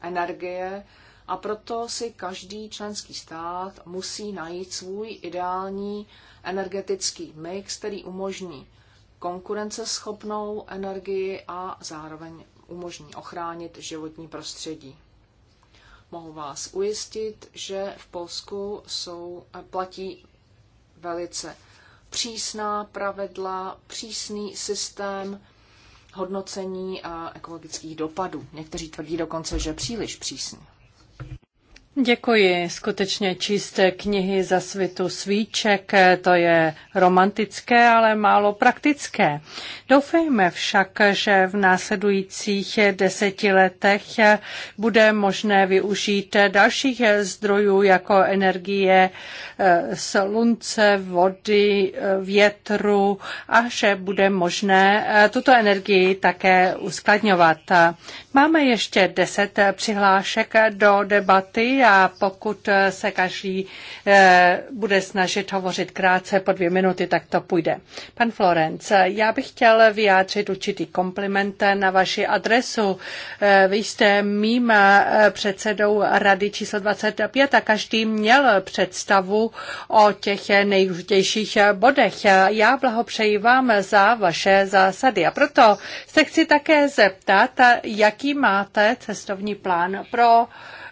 energie a proto si každý členský stát musí najít svůj ideální energetický mix, který umožní konkurenceschopnou energii a zároveň umožní ochránit životní prostředí. Mohu vás ujistit, že v Polsku jsou, eh, platí velice přísná pravidla, přísný systém hodnocení a ekologických dopadů. Někteří tvrdí dokonce, že příliš přísný. Děkuji. Skutečně číst knihy za svitu svíček, to je romantické, ale málo praktické. Doufejme však, že v následujících deseti letech bude možné využít dalších zdrojů jako energie slunce, vody, větru a že bude možné tuto energii také uskladňovat. Máme ještě deset přihlášek do debaty a Pokud se každý eh, bude snažit hovořit krátce po dvě minuty, tak to půjde. Pan Florenc, já bych chtěl vyjádřit určitý kompliment na vaši adresu. Eh, vy jste mým eh, předsedou rady číslo 25 a každý měl představu o těch nejdůležitějších bodech. Já blahopřeji vám za vaše zásady a proto se chci také zeptat, jaký máte cestovní plán pro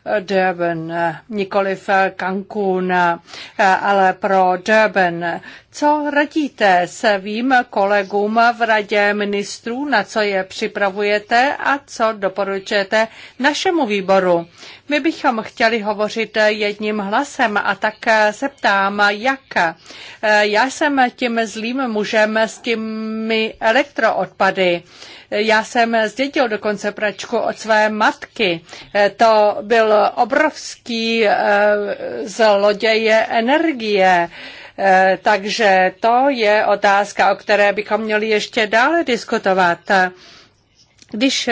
Durban, nikoliv Cancún, ale pro Durban. Co radíte svým kolegům v radě ministrů, na co je připravujete a co doporučujete našemu výboru? My bychom chtěli hovořit jedním hlasem a tak se ptám, jak. Já jsem tím zlým mužem s těmi elektroodpady. Já jsem zdědil dokonce pračku od své matky. E, to byl obrovský e, zloděj energie. E, takže to je otázka, o které bychom měli ještě dále diskutovat. Když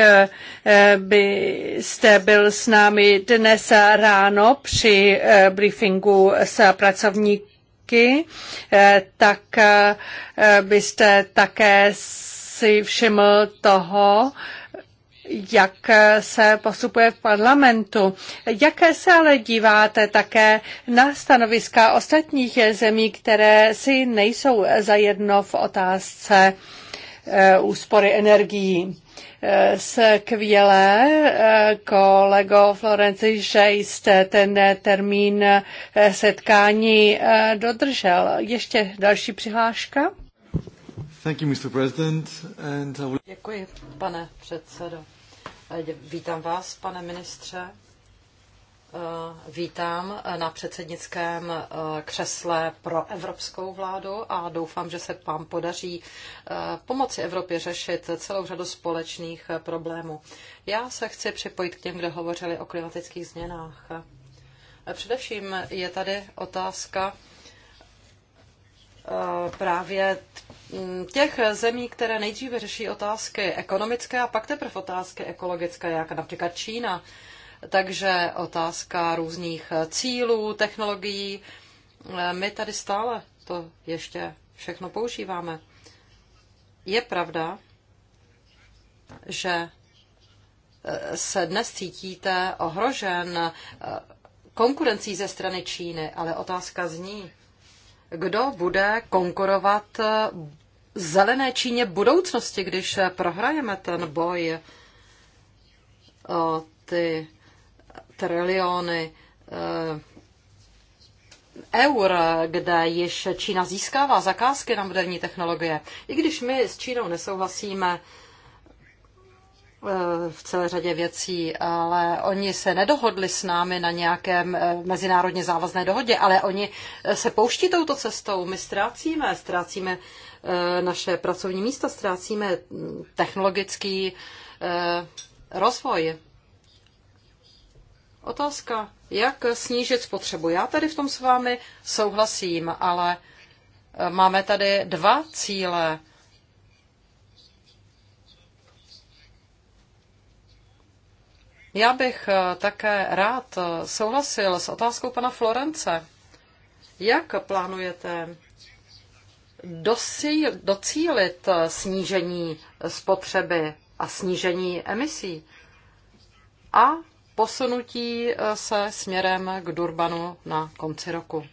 byste byl s námi dnes ráno při briefingu s pracovníky, tak byste také si všiml toho, jak se postupuje v parlamentu. Jaké se ale díváte také na stanoviska ostatních zemí, které si nejsou zajedno v otázce eh, úspory energií? skvělé, eh, kolego Florenci, že jste ten termín eh, setkání dodržel. Ještě další přihláška? Děkuji, pane předsedo. Vítám vás, pane ministře. Eh, vítám eh, na předsednickém eh, křesle pro evropskou vládu a doufám, že se vám podaří pomoci Evropě řešit celou řadu společných problémů. Já se chci připojit k těm, kdo hovořili o klimatických změnách. Především je tady otázka Eh, právě těch zemí, které nejdříve řeší otázky ekonomické a pak teprve otázky ekologické, jak například Čína. Takže otázka různých cílů, technologií. Eh, my tady stále to ještě všechno používáme. Je pravda, že eh, se dnes cítíte ohrožen konkurencí ze strany Číny, ale otázka zní, kdo bude konkurovat zelené Číně budoucnosti, když prohrajeme ten boj o ty triliony eh, eur, kde již Čína získává zakázky na moderní technologie. I když my s Čínou nesouhlasíme v celé řadě věcí, ale oni se nedohodli s námi na nějakém eh, mezinárodně závazné dohodě, ale oni eh, se pouští touto cestou. My ztrácíme, ztrácíme eh, naše pracovní místa, ztrácíme mm, technologický rozvoj. Otázka, jak snížit spotřebu. Já tady v tom s vámi souhlasím, ale máme tady dva cíle Já bych eh, také rád eh, souhlasil s otázkou pana Florence. Jak plánujete docílit eh, snížení spotřeby a snížení emisí a posunutí se směrem k Durbanu na konci roku?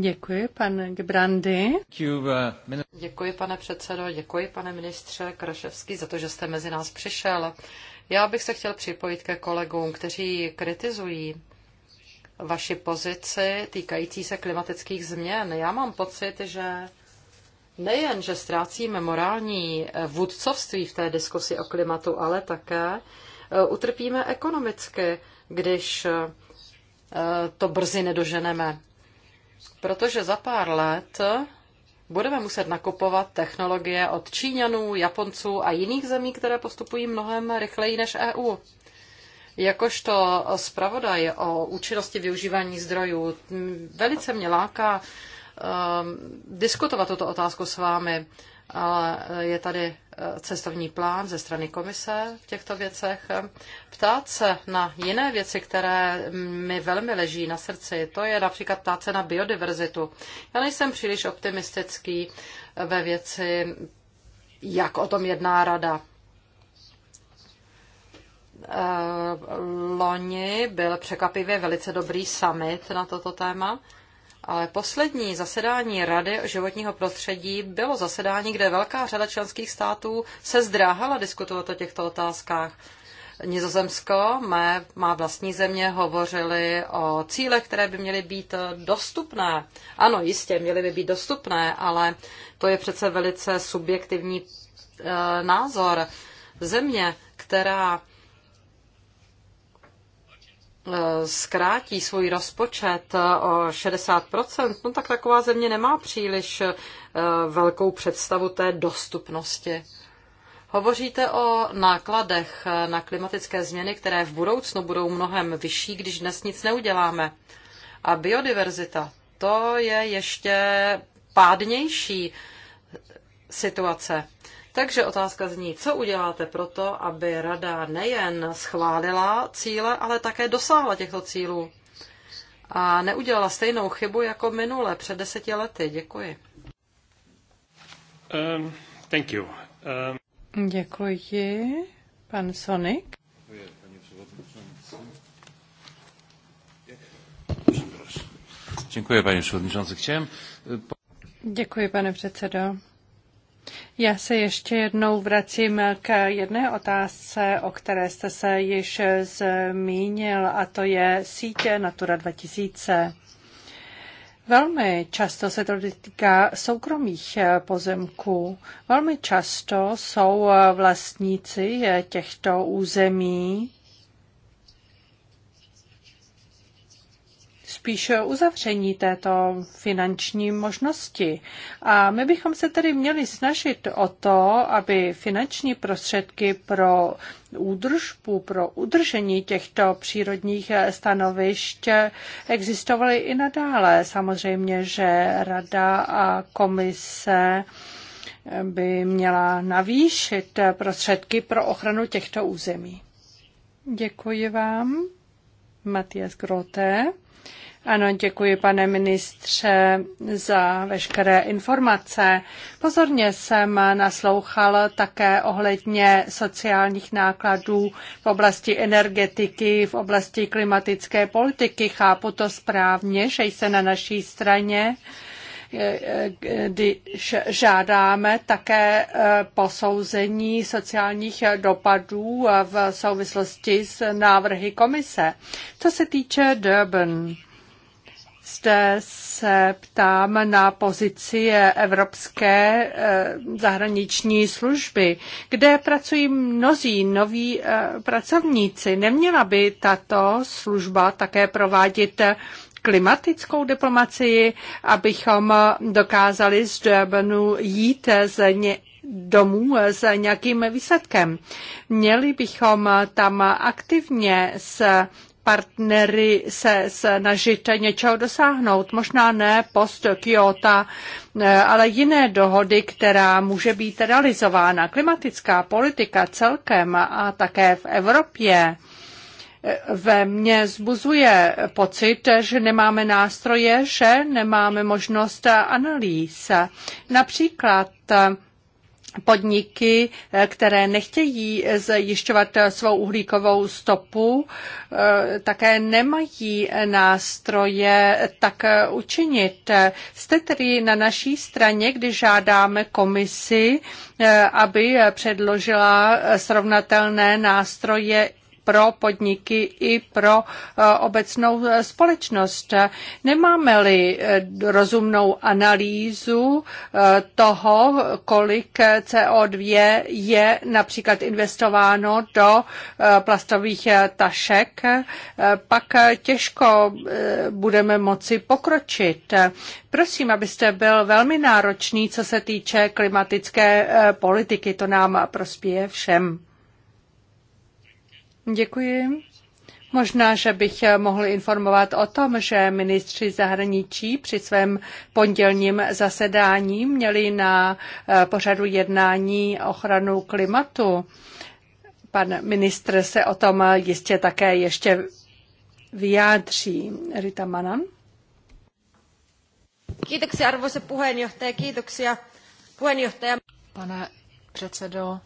Děkuji, pane Gebrandy. Děkuji, pane předsedo, děkuji, pane ministře Kraševský, za to, že jste mezi nás přišel. Já bych se chtěl připojit ke kolegům, kteří kritizují vaši pozici týkající se klimatických změn. Já mám pocit, že nejen, že ztrácíme morální vůdcovství v té diskusi o klimatu, ale také eh, utrpíme ekonomicky, když eh, to brzy nedoženeme protože za pár let budeme muset nakupovat technologie od Číňanů, Japonců a jiných zemí, které postupují mnohem rychleji než EU. Jakožto zpravodaj o účinnosti využívání zdrojů velice mě láká um, diskutovat tuto otázku s vámi ale eh, je tady eh, cestovní plán ze strany komise v těchto věcech. Ptát se na jiné věci, které mi velmi leží na srdci, to je například ptát se na biodiverzitu. Já nejsem příliš optimistický eh, ve věci, jak o tom jedná rada. Loni byl překvapivě velice dobrý summit na toto téma ale poslední zasedání Rady životního prostředí bylo zasedání, kde velká řada členských států se zdráhala diskutovat o těchto otázkách. Nizozemsko, mé, má vlastní země, hovořili o cílech, které by měly být dostupné. Ano, jistě, měly by být dostupné, ale to je přece velice subjektivní e, názor. Země, která Eh, zkrátí svůj rozpočet eh, o 60%, no tak taková země nemá příliš eh, velkou představu té dostupnosti. Hovoříte o nákladech na klimatické změny, které v budoucnu budou mnohem vyšší, když dnes nic neuděláme. A biodiverzita, to je ještě pádnější situace. Takže otázka zní, co uděláte proto, aby rada nejen schválila cíle, ale také dosáhla těchto cílů a neudělala stejnou chybu jako minule před deseti lety. Děkuji. Um, thank you. Um... Děkuji. Pan Sonik. Děkuji, paní předsedající. Chciałem... Děkuji, pane předsedo. Já se ještě jednou vracím k jedné otázce, o které jste se již zmínil, a to je sítě Natura 2000. Velmi často se to týká soukromých pozemků. Velmi často jsou vlastníci těchto území spíš uzavření této finanční možnosti. A my bychom se tedy měli snažit o to, aby finanční prostředky pro údržbu, pro udržení těchto přírodních stanovišť existovaly i nadále. Samozřejmě, že rada a komise by měla navýšit prostředky pro ochranu těchto území. Děkuji vám, Matias Grote. Ano, děkuji, pane ministře, za veškeré informace. Pozorně jsem naslouchal také ohledně sociálních nákladů v oblasti energetiky, v oblasti klimatické politiky. Chápu to správně, že jste na naší straně když žádáme také eh, posouzení sociálních dopadů v souvislosti s návrhy komise. Co se týče Durban, zde se ptám na pozici eh, Evropské eh, zahraniční služby, kde pracují mnozí noví eh, pracovníci. Neměla by tato služba také provádět klimatickou diplomacii, abychom dokázali z Durbanu jít z ně, domů s nějakým výsledkem. Měli bychom tam aktivně s partnery se snažit něčeho dosáhnout. Možná ne post Kyoto, eh, ale jiné dohody, která může být realizována. Klimatická politika celkem a také v Evropě eh, ve mně zbuzuje pocit, že nemáme nástroje, že nemáme možnost analýz. Například eh, podniky, eh, které nechtějí zjišťovat eh, svou uhlíkovou stopu, eh, také nemají nástroje tak učinit. Jste tedy na naší straně, když žádáme komisi, aby předložila srovnatelné nástroje pro podniky i pro eh, obecnou eh, společnost. Nemáme-li eh, rozumnou analýzu toho, kolik CO2 je například investováno do plastových tašek, pak těžko budeme moci pokročit. Prosím, abyste byl velmi náročný, co se týče klimatické politiky. To nám prospěje všem. Děkuji. Možná, že bych mohl informovat o tom, že ministři zahraničí při svém pondělním zasedání měli na eh, pořadu jednání ochranu klimatu. Pan ministr se o tom jistě také ještě vyjádří. Rita Manan. Kiitoksia arvoisa puheenjohtaja, kiitoksia puheenjohtaja. Pane předsedo,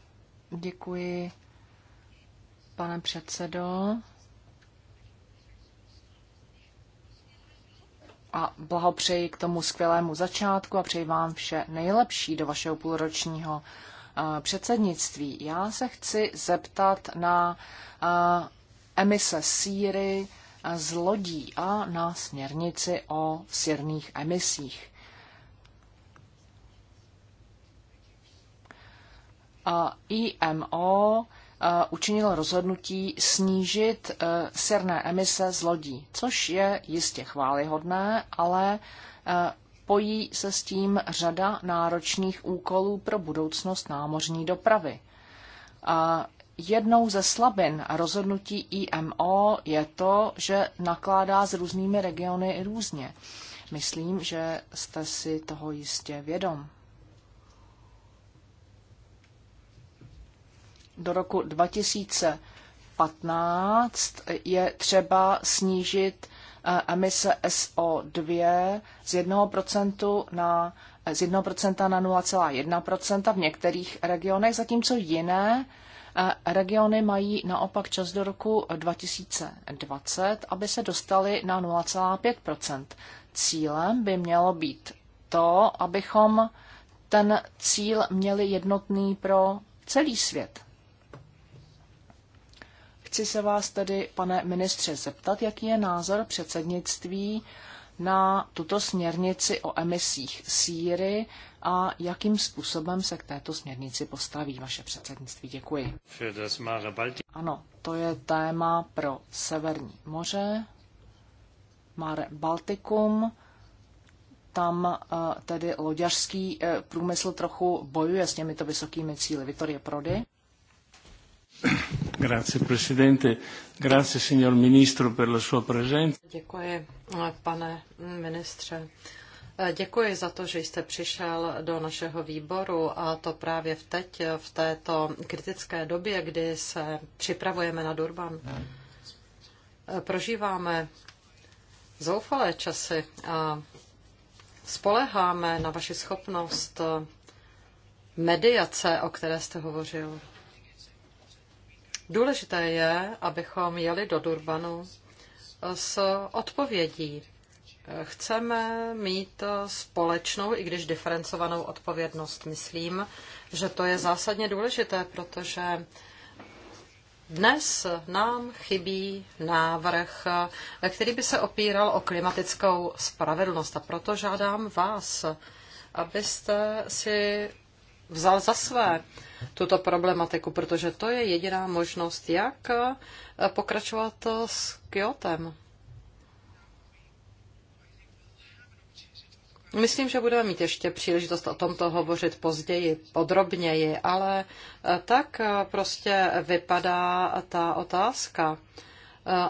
děkuji pane předsedo. A blahopřeji k tomu skvělému začátku a přeji vám vše nejlepší do vašeho půlročního eh, předsednictví. Já se chci zeptat na eh, emise síry eh, z lodí a na směrnici o sírných emisích. IMO Eh, učinil rozhodnutí snížit eh, serné emise z lodí, což je jistě chválihodné, ale eh, pojí se s tím řada náročných úkolů pro budoucnost námořní dopravy. Jednou ze slabin rozhodnutí IMO je to, že nakládá s různými regiony různě. Myslím, že jste si toho jistě vědom. do roku 2015 je třeba snížit eh, emise SO2 z 1% na z 1% na 0,1% v některých regionech, zatímco jiné eh, regiony mají naopak čas do roku 2020, aby se dostali na 0,5%. Cílem by mělo být to, abychom ten cíl měli jednotný pro celý svět. Chci se vás tedy, pane ministře, zeptat, jaký je názor předsednictví na tuto směrnici o emisích síry a jakým způsobem se k této směrnici postaví vaše předsednictví. Děkuji. Ano, to je téma pro Severní moře, Mare Baltikum. Tam eh, tedy loďařský eh, průmysl trochu bojuje s těmito vysokými cíly. Vitorie Prody. Grazie Presidente, grazie signor Ministro per la sua presenza. Děkuji, pane ministře. Děkuji za to, že jste přišel do našeho výboru a to právě v teď, v této kritické době, kdy se připravujeme na Durban. Prožíváme zoufalé časy a spoleháme na vaši schopnost mediace, o které jste hovořil. Důležité je, abychom jeli do Durbanu s odpovědí. Chceme mít společnou, i když diferencovanou odpovědnost. Myslím, že to je zásadně důležité, protože dnes nám chybí návrh, který by se opíral o klimatickou spravedlnost. A proto žádám vás, abyste si vzal za své tuto problematiku, protože to je jediná možnost, jak eh, pokračovat eh, s Kyotem. Myslím, že budeme mít ještě příležitost o tomto hovořit později, podrobněji, ale eh, tak prostě vypadá ta otázka.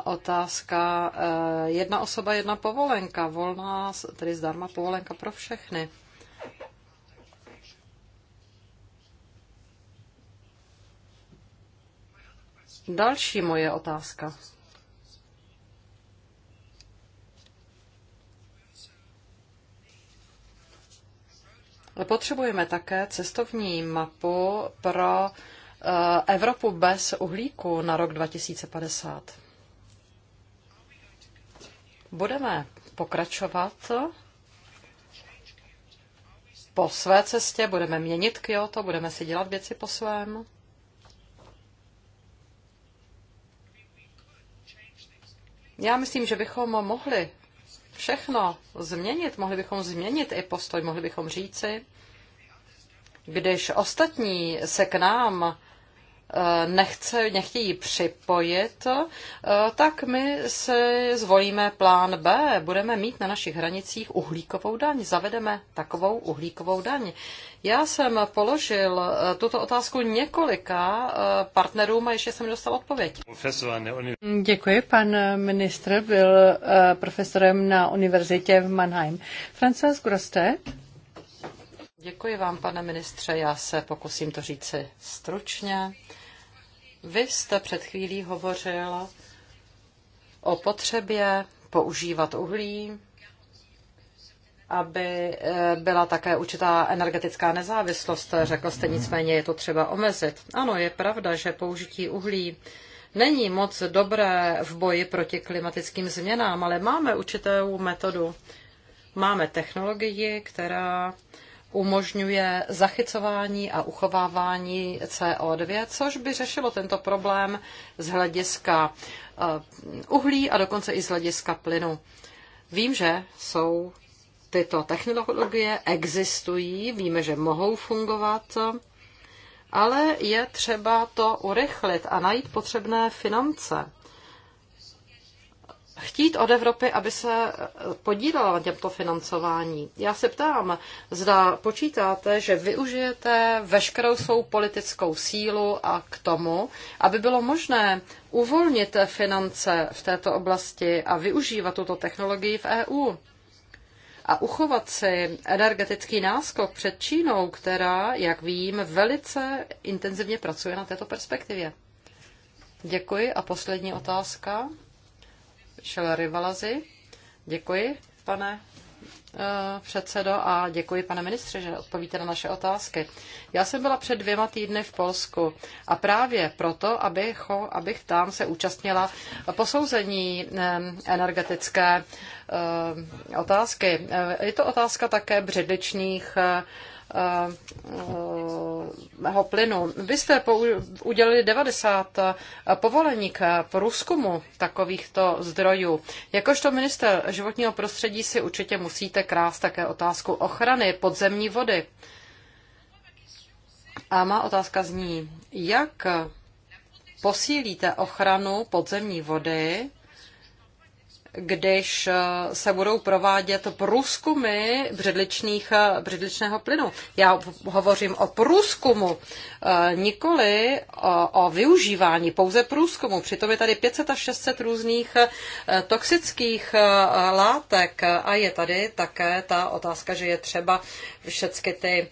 Otázka jedna osoba, jedna povolenka, volná, tedy zdarma povolenka pro všechny. Další moje otázka. Potřebujeme také cestovní mapu pro eh, Evropu bez uhlíku na rok 2050. Budeme pokračovat po své cestě, budeme měnit Kyoto, budeme si dělat věci po svém. Já myslím, že bychom mohli všechno změnit, mohli bychom změnit i postoj, mohli bychom říci, když ostatní se k nám Eh, nechce, nechtějí připojit, eh, tak my si zvolíme plán B. Budeme mít na našich hranicích uhlíkovou daň. Zavedeme takovou uhlíkovou daň. Já jsem položil eh, tuto otázku několika partnerům a ještě jsem dostal odpověď. Děkuji. Pan ministr byl profesorem na univerzitě v Mannheim. Francois Groste. Děkuji vám, pane ministře. Já se pokusím to říci stručně. Vy jste před chvílí hovořil o potřebě používat uhlí, aby eh, byla také určitá energetická nezávislost. Řekl jste nicméně, je to třeba omezit. Ano, je pravda, že použití uhlí není moc dobré v boji proti klimatickým změnám, ale máme určitou metodu. Máme technologii, která umožňuje zachycování a uchovávání CO2, což by řešilo tento problém z hlediska eh, uhlí a dokonce i z hlediska plynu. Vím, že jsou tyto technologie, existují, víme, že mohou fungovat, ale je třeba to urychlit a najít potřebné finance chtít od Evropy, aby se e, podílela na těmto financování. Já se ptám, zda počítáte, že využijete veškerou svou politickou sílu a k tomu, aby bylo možné uvolnit finance v této oblasti a využívat tuto technologii v EU a uchovat si energetický náskok před Čínou, která, jak vím, velice intenzivně pracuje na této perspektivě. Děkuji a poslední otázka. Šelery Valazy. Děkuji, pane eh, předsedo, a děkuji, pane ministře, že odpovíte na naše otázky. Já jsem byla před dvěma týdny v Polsku a právě proto, abych, abych tam se účastnila posouzení eh, energetické eh, otázky. Je to otázka také břidličných uh, plynu. Vy jste udělili 90 eh, povolení k průzkumu takovýchto zdrojů. Jakožto minister životního prostředí si určitě musíte krást také otázku ochrany podzemní vody. A má otázka zní, jak posílíte ochranu podzemní vody když eh, se budou provádět průzkumy břidličných, eh, břidličného plynu. Já hovořím o průzkumu, eh, nikoli o, o využívání, pouze průzkumu. Přitom je tady 500 až 600 různých toxických látek a je tady také ta otázka, že je třeba všechny ty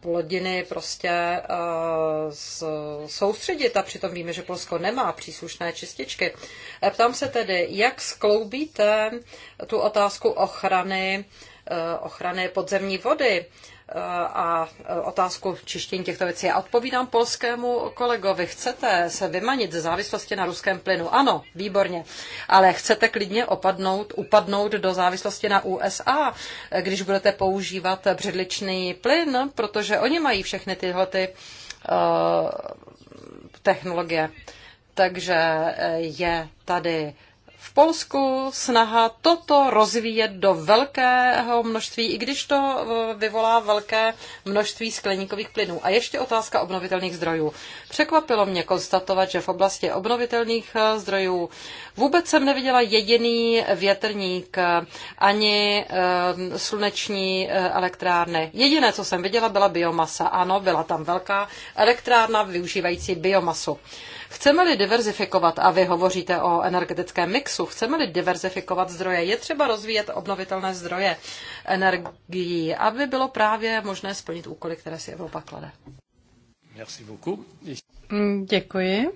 plodiny prostě eh, soustředit a přitom víme, že Polsko nemá příslušné čističky. Eh, ptám se tedy, jak skloubíte tu otázku ochrany, eh, ochrany podzemní vody a otázku čištění těchto věcí. Já odpovídám polskému kolegovi. Chcete se vymanit ze závislosti na ruském plynu? Ano, výborně. Ale chcete klidně opadnout, upadnout do závislosti na USA, když budete používat předličný plyn, protože oni mají všechny tyhle ty, uh, technologie. Takže eh, je tady v Polsku snaha toto rozvíjet do velkého množství, i když to eh, vyvolá velké množství skleníkových plynů. A ještě otázka obnovitelných zdrojů. Překvapilo mě konstatovat, že v oblasti obnovitelných eh, zdrojů vůbec jsem neviděla jediný větrník ani eh, sluneční elektrárny. Jediné, co jsem viděla, byla biomasa. Ano, byla tam velká elektrárna využívající biomasu. Chceme-li diverzifikovat, a vy hovoříte o energetickém mixu, chceme-li diverzifikovat zdroje, je třeba rozvíjet obnovitelné zdroje energií, aby bylo právě možné splnit úkoly, které si Evropa klade. Merci beaucoup. Mm, děkuji.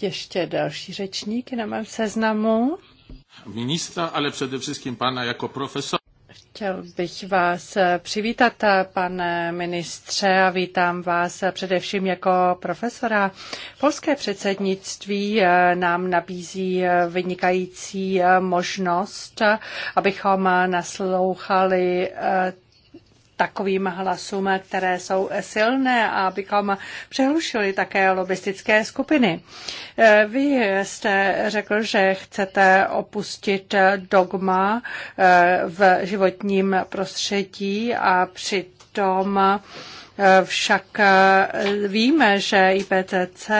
Ještě další řečník na mém seznamu. Ministra, ale především pana jako profesor. Chtěl bych vás přivítat, pane ministře, a vítám vás především jako profesora. Polské předsednictví nám nabízí vynikající možnost, abychom naslouchali takovým hlasům, které jsou silné a abychom přehlušili také lobistické skupiny. E, vy jste řekl, že chcete opustit dogma e, v životním prostředí a přitom e, však víme, že IPCC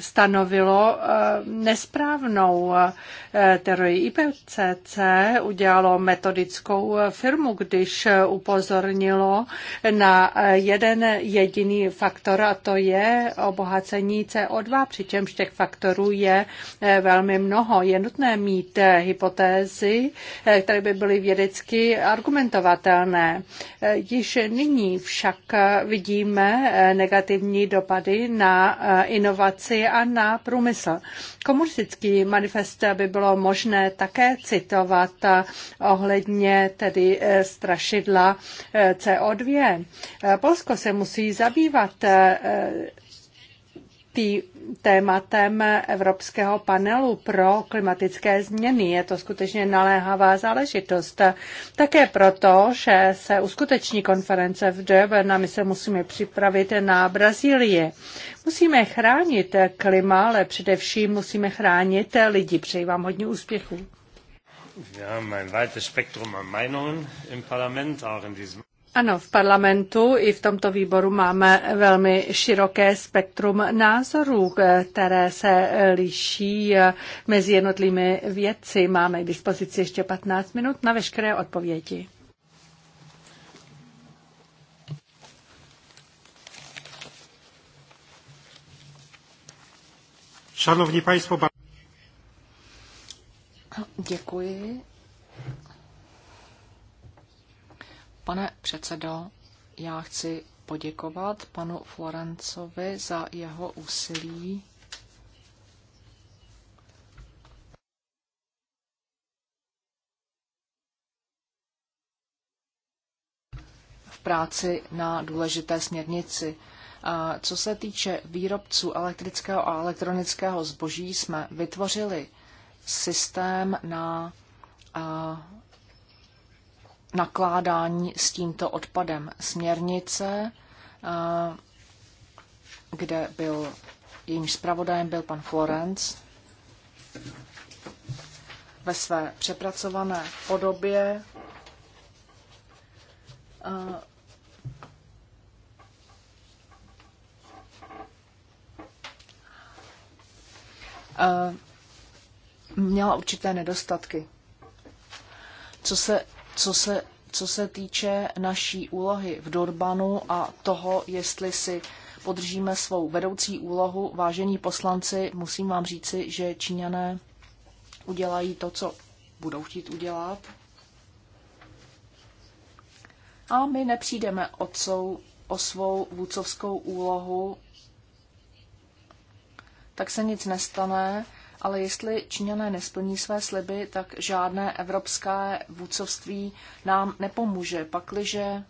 stanovilo eh, nesprávnou. Eh, teorii IPCC udělalo metodickou eh, firmu, když upozornilo na jeden jediný faktor, a to je obohacení CO2, přičemž těch faktorů je velmi mnoho. Je nutné mít hypotézy, které by byly vědecky argumentovatelné. Již nyní však vidíme negativní dopady na inovaci a na průmysl. Komunistický manifest by bylo možné také citovat ohledně tedy eh, strašidla eh, CO2. Eh, Polsko se musí zabývat ty tématem Evropského panelu pro klimatické změny. Je to skutečně naléhavá záležitost. Také proto, že se uskuteční konference v Durban a my se musíme připravit na Brazílii. Musíme chránit klima, ale především musíme chránit lidi. Přeji vám hodně úspěchů. weites Spektrum an Meinungen im Parlament, auch in diesem ano, v parlamentu i v tomto výboru máme velmi široké spektrum názorů, které se liší mezi jednotlivými věci. Máme k dispozici ještě 15 minut na veškeré odpovědi. Szanowni Państwo, Děkuji Pane předsedo, já chci poděkovat panu Florencovi za jeho úsilí práci na důležité směrnici. Co se týče výrobců elektrického a elektronického zboží, jsme vytvořili systém na nakládání s tímto odpadem směrnice, eh, kde byl, jejímž zpravodajem byl pan Florence, ve své přepracované podobě eh, eh, měla určité nedostatky. Co se co se, co se týče naší úlohy v Durbanu a toho, jestli si podržíme svou vedoucí úlohu, vážení poslanci, musím vám říci, že Číňané udělají to, co budou chtít udělat. A my nepřijdeme o, svou, o svou vůcovskou úlohu, tak se nic nestane ale jestli Číňané nesplní své sliby, tak žádné evropské vůdcovství nám nepomůže. Pakliže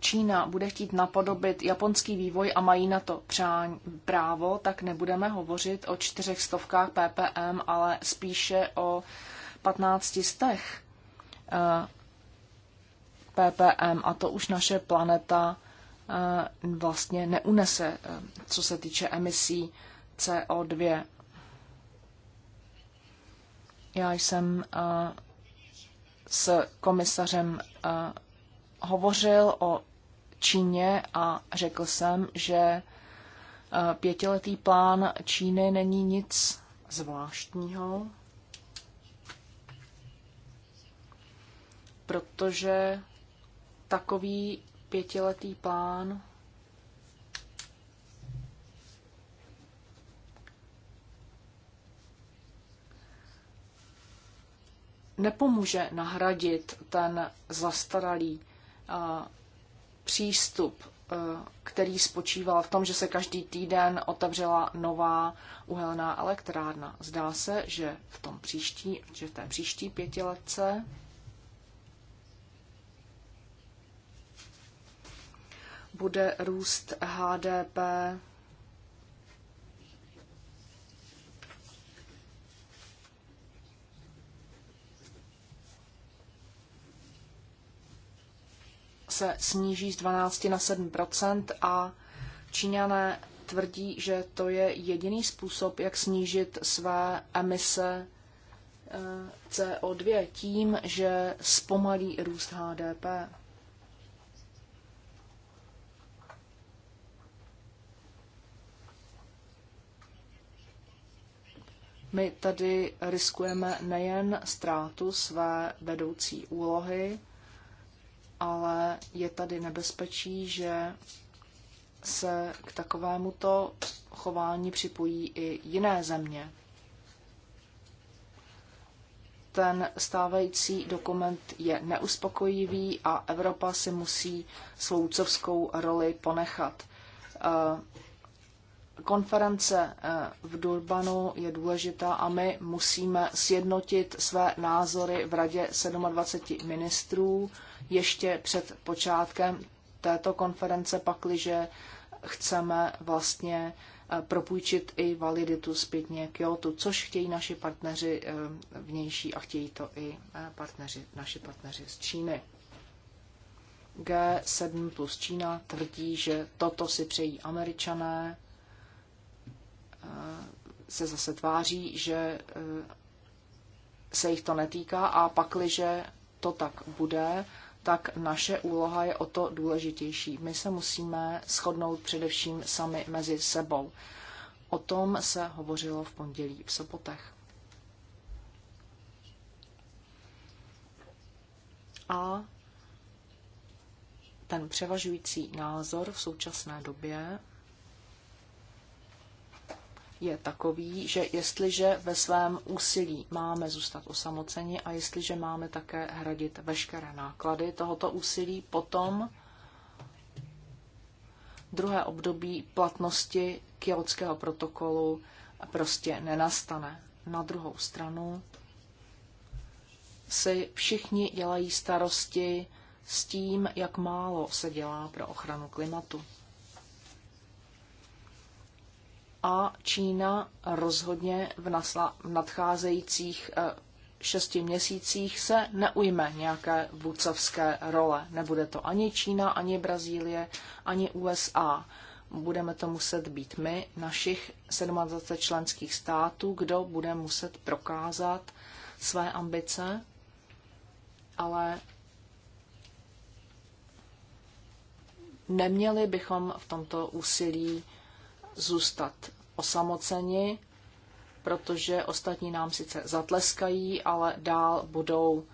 Čína bude chtít napodobit japonský vývoj a mají na to přání, právo, tak nebudeme hovořit o čtyřech stovkách ppm, ale spíše o 15 stech eh, ppm a to už naše planeta eh, vlastně neunese, eh, co se týče emisí CO2. Já jsem eh, s komisařem eh, hovořil o Číně a řekl jsem, že eh, pětiletý plán Číny není nic zvláštního, protože takový pětiletý plán nepomůže nahradit ten zastaralý eh, přístup, eh, který spočíval v tom, že se každý týden otevřela nová uhelná elektrárna. Zdá se, že v tom příští, že v té příští pětiletce bude růst HDP se sníží z 12 na 7 a Číňané tvrdí, že to je jediný způsob, jak snížit své emise eh, CO2 tím, že zpomalí růst HDP. My tady riskujeme nejen ztrátu své vedoucí úlohy, ale je tady nebezpečí, že se k takovémuto chování připojí i jiné země. Ten stávající dokument je neuspokojivý a Evropa si musí svoucovskou roli ponechat. Eh, konference eh, v Durbanu je důležitá a my musíme sjednotit své názory v Radě 27 ministrů ještě před počátkem této konference, pakliže chceme vlastně eh, propůjčit i validitu zpětně Kyoto, což chtějí naši partneři eh, vnější a chtějí to i eh, partneři, naši partneři z Číny. G7 plus Čína tvrdí, že toto si přejí američané, se zase tváří, že se jich to netýká a pakliže to tak bude, tak naše úloha je o to důležitější. My se musíme shodnout především sami mezi sebou. O tom se hovořilo v pondělí v sobotech. A ten převažující názor v současné době je takový, že jestliže ve svém úsilí máme zůstat osamoceni a jestliže máme také hradit veškeré náklady tohoto úsilí, potom druhé období platnosti kyotského protokolu prostě nenastane. Na druhou stranu si všichni dělají starosti s tím, jak málo se dělá pro ochranu klimatu a Čína rozhodně v, nadcházejících eh, šesti měsících se neujme nějaké vůcovské role. Nebude to ani Čína, ani Brazílie, ani USA. Budeme to muset být my, našich 27 členských států, kdo bude muset prokázat své ambice, ale neměli bychom v tomto úsilí zůstat osamoceni, protože ostatní nám sice zatleskají, ale dál budou uh,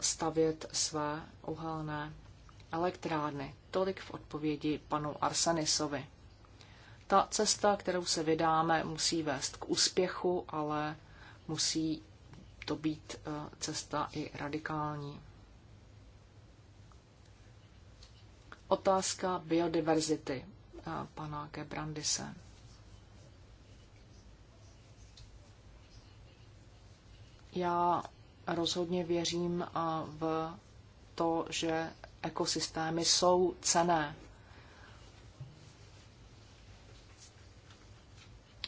stavět své uhelné elektrárny. Tolik v odpovědi panu Arsenisovi. Ta cesta, kterou se vydáme, musí vést k úspěchu, ale musí to být uh, cesta i radikální. Otázka biodiverzity uh, pana Gebrandise. Já rozhodně věřím v to, že ekosystémy jsou cené.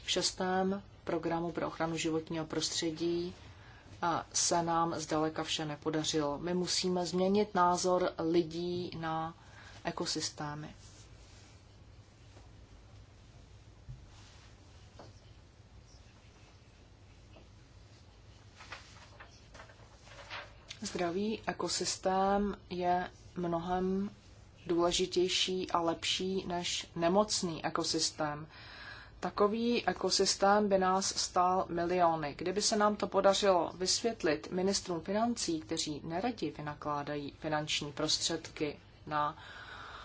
V šestém programu pro ochranu životního prostředí se nám zdaleka vše nepodařilo. My musíme změnit názor lidí na ekosystémy. Zdravý ekosystém je mnohem důležitější a lepší než nemocný ekosystém. Takový ekosystém by nás stál miliony. Kdyby se nám to podařilo vysvětlit ministrům financí, kteří neradi vynakládají finanční prostředky na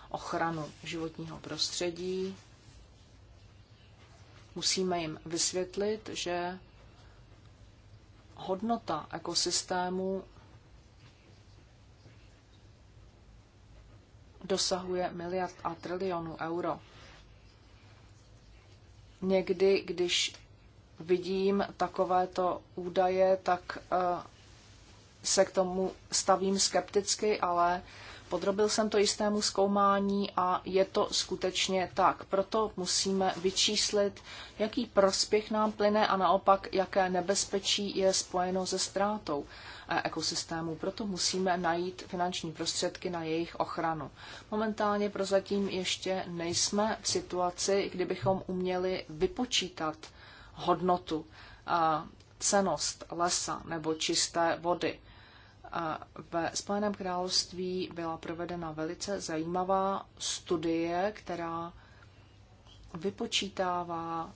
ochranu životního prostředí, musíme jim vysvětlit, že hodnota ekosystému dosahuje miliard a trilionů euro. Někdy, když vidím takovéto údaje, tak eh, se k tomu stavím skepticky, ale podrobil jsem to jistému zkoumání a je to skutečně tak. Proto musíme vyčíslit, jaký prospěch nám plyne a naopak, jaké nebezpečí je spojeno se ztrátou ekosystémů, proto musíme najít finanční prostředky na jejich ochranu. Momentálně prozatím ještě nejsme v situaci, kdybychom uměli vypočítat hodnotu, cenost lesa nebo čisté vody. Ve Spojeném království byla provedena velice zajímavá studie, která vypočítává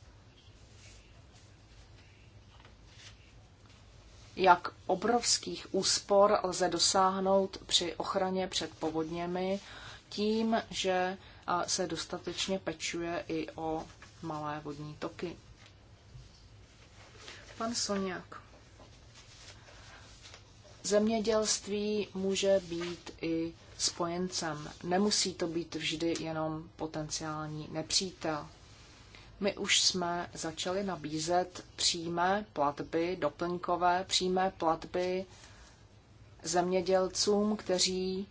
jak obrovských úspor lze dosáhnout při ochraně před povodněmi tím, že se dostatečně pečuje i o malé vodní toky. Pan Soniak. Zemědělství může být i spojencem. Nemusí to být vždy jenom potenciální nepřítel. My už jsme začali nabízet přímé platby, doplňkové přímé platby zemědělcům, kteří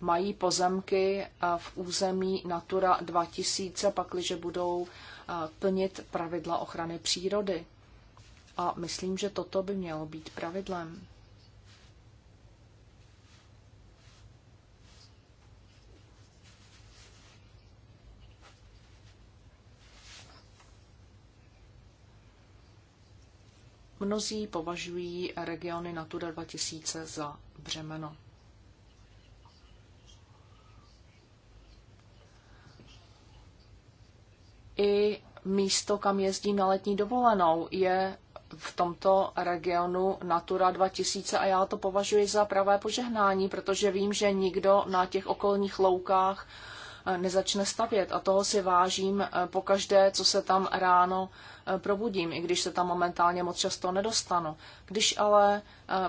mají pozemky v území Natura 2000, pakliže budou plnit pravidla ochrany přírody. A myslím, že toto by mělo být pravidlem. Mnozí považují regiony Natura 2000 za břemeno. I místo, kam jezdím na letní dovolenou, je v tomto regionu Natura 2000 a já to považuji za pravé požehnání, protože vím, že nikdo na těch okolních loukách Eh, nezačne stavět. A toho si vážím eh, po každé, co se tam ráno eh, probudím, i když se tam momentálně moc často nedostanu. Když ale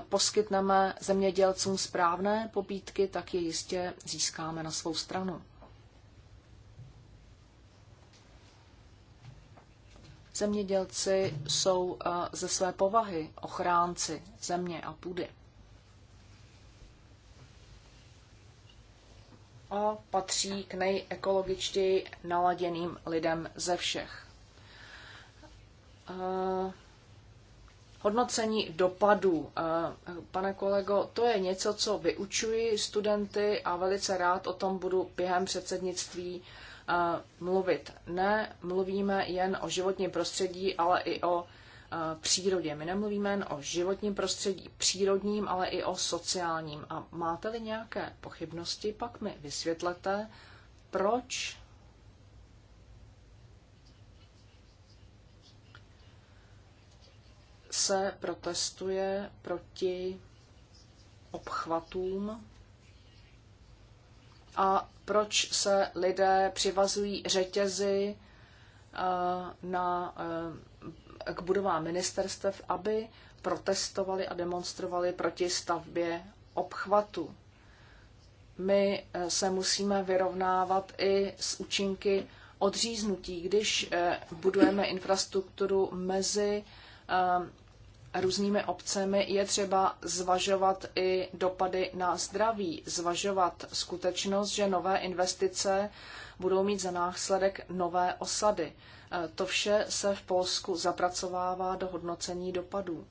poskytneme zemědělcům správné pobídky, tak je jistě získáme na svou stranu. Zemědělci jsou ze své povahy ochránci země a půdy. a patří k nejekologičtěji naladěným lidem ze všech. Eh, hodnocení dopadů. Eh, pane kolego, to je něco, co vyučuji studenty a velice rád o tom budu během předsednictví eh, mluvit. Ne, mluvíme jen o životním prostředí, ale i o Eh, přírodě. My nemluvíme jen o životním prostředí přírodním, ale i o sociálním. A máte-li nějaké pochybnosti, pak mi vysvětlete, proč se protestuje proti obchvatům a proč se lidé přivazují řetězy eh, na eh, k budovám ministerstev, aby protestovali a demonstrovali proti stavbě obchvatu. My eh, se musíme vyrovnávat i s účinky odříznutí, když eh, budujeme infrastrukturu mezi eh, různými obcemi, je třeba zvažovat i dopady na zdraví, zvažovat skutečnost, že nové investice budou mít za následek nové osady. To vše se v Polsku zapracovává do hodnocení dopadů.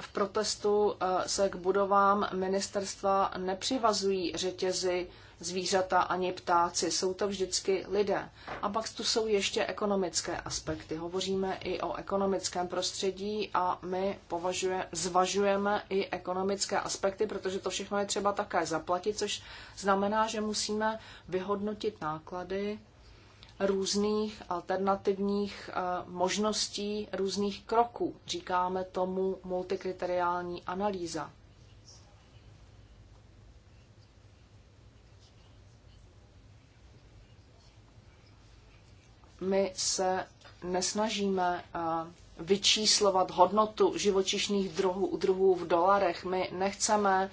V protestu se k budovám ministerstva nepřivazují řetězy zvířata ani ptáci, jsou to vždycky lidé. A pak tu jsou ještě ekonomické aspekty. Hovoříme i o ekonomickém prostředí a my považuje, zvažujeme i ekonomické aspekty, protože to všechno je třeba také zaplatit, což znamená, že musíme vyhodnotit náklady různých alternativních eh, možností, různých kroků. Říkáme tomu multikriteriální analýza. my se nesnažíme eh, vyčíslovat hodnotu živočišných druhů, druhů v dolarech. My nechceme,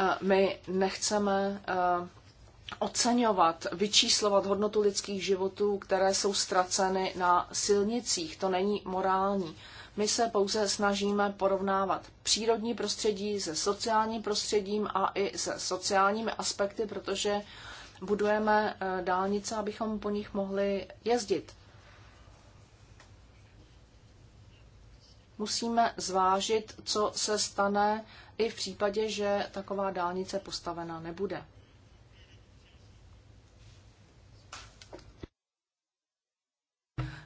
eh, my nechceme eh, oceňovat, vyčíslovat hodnotu lidských životů, které jsou ztraceny na silnicích. To není morální. My se pouze snažíme porovnávat přírodní prostředí se sociálním prostředím a i se sociálními aspekty, protože budujeme eh, dálnice, abychom po nich mohli jezdit. Musíme zvážit, co se stane i v případě, že taková dálnice postavena nebude.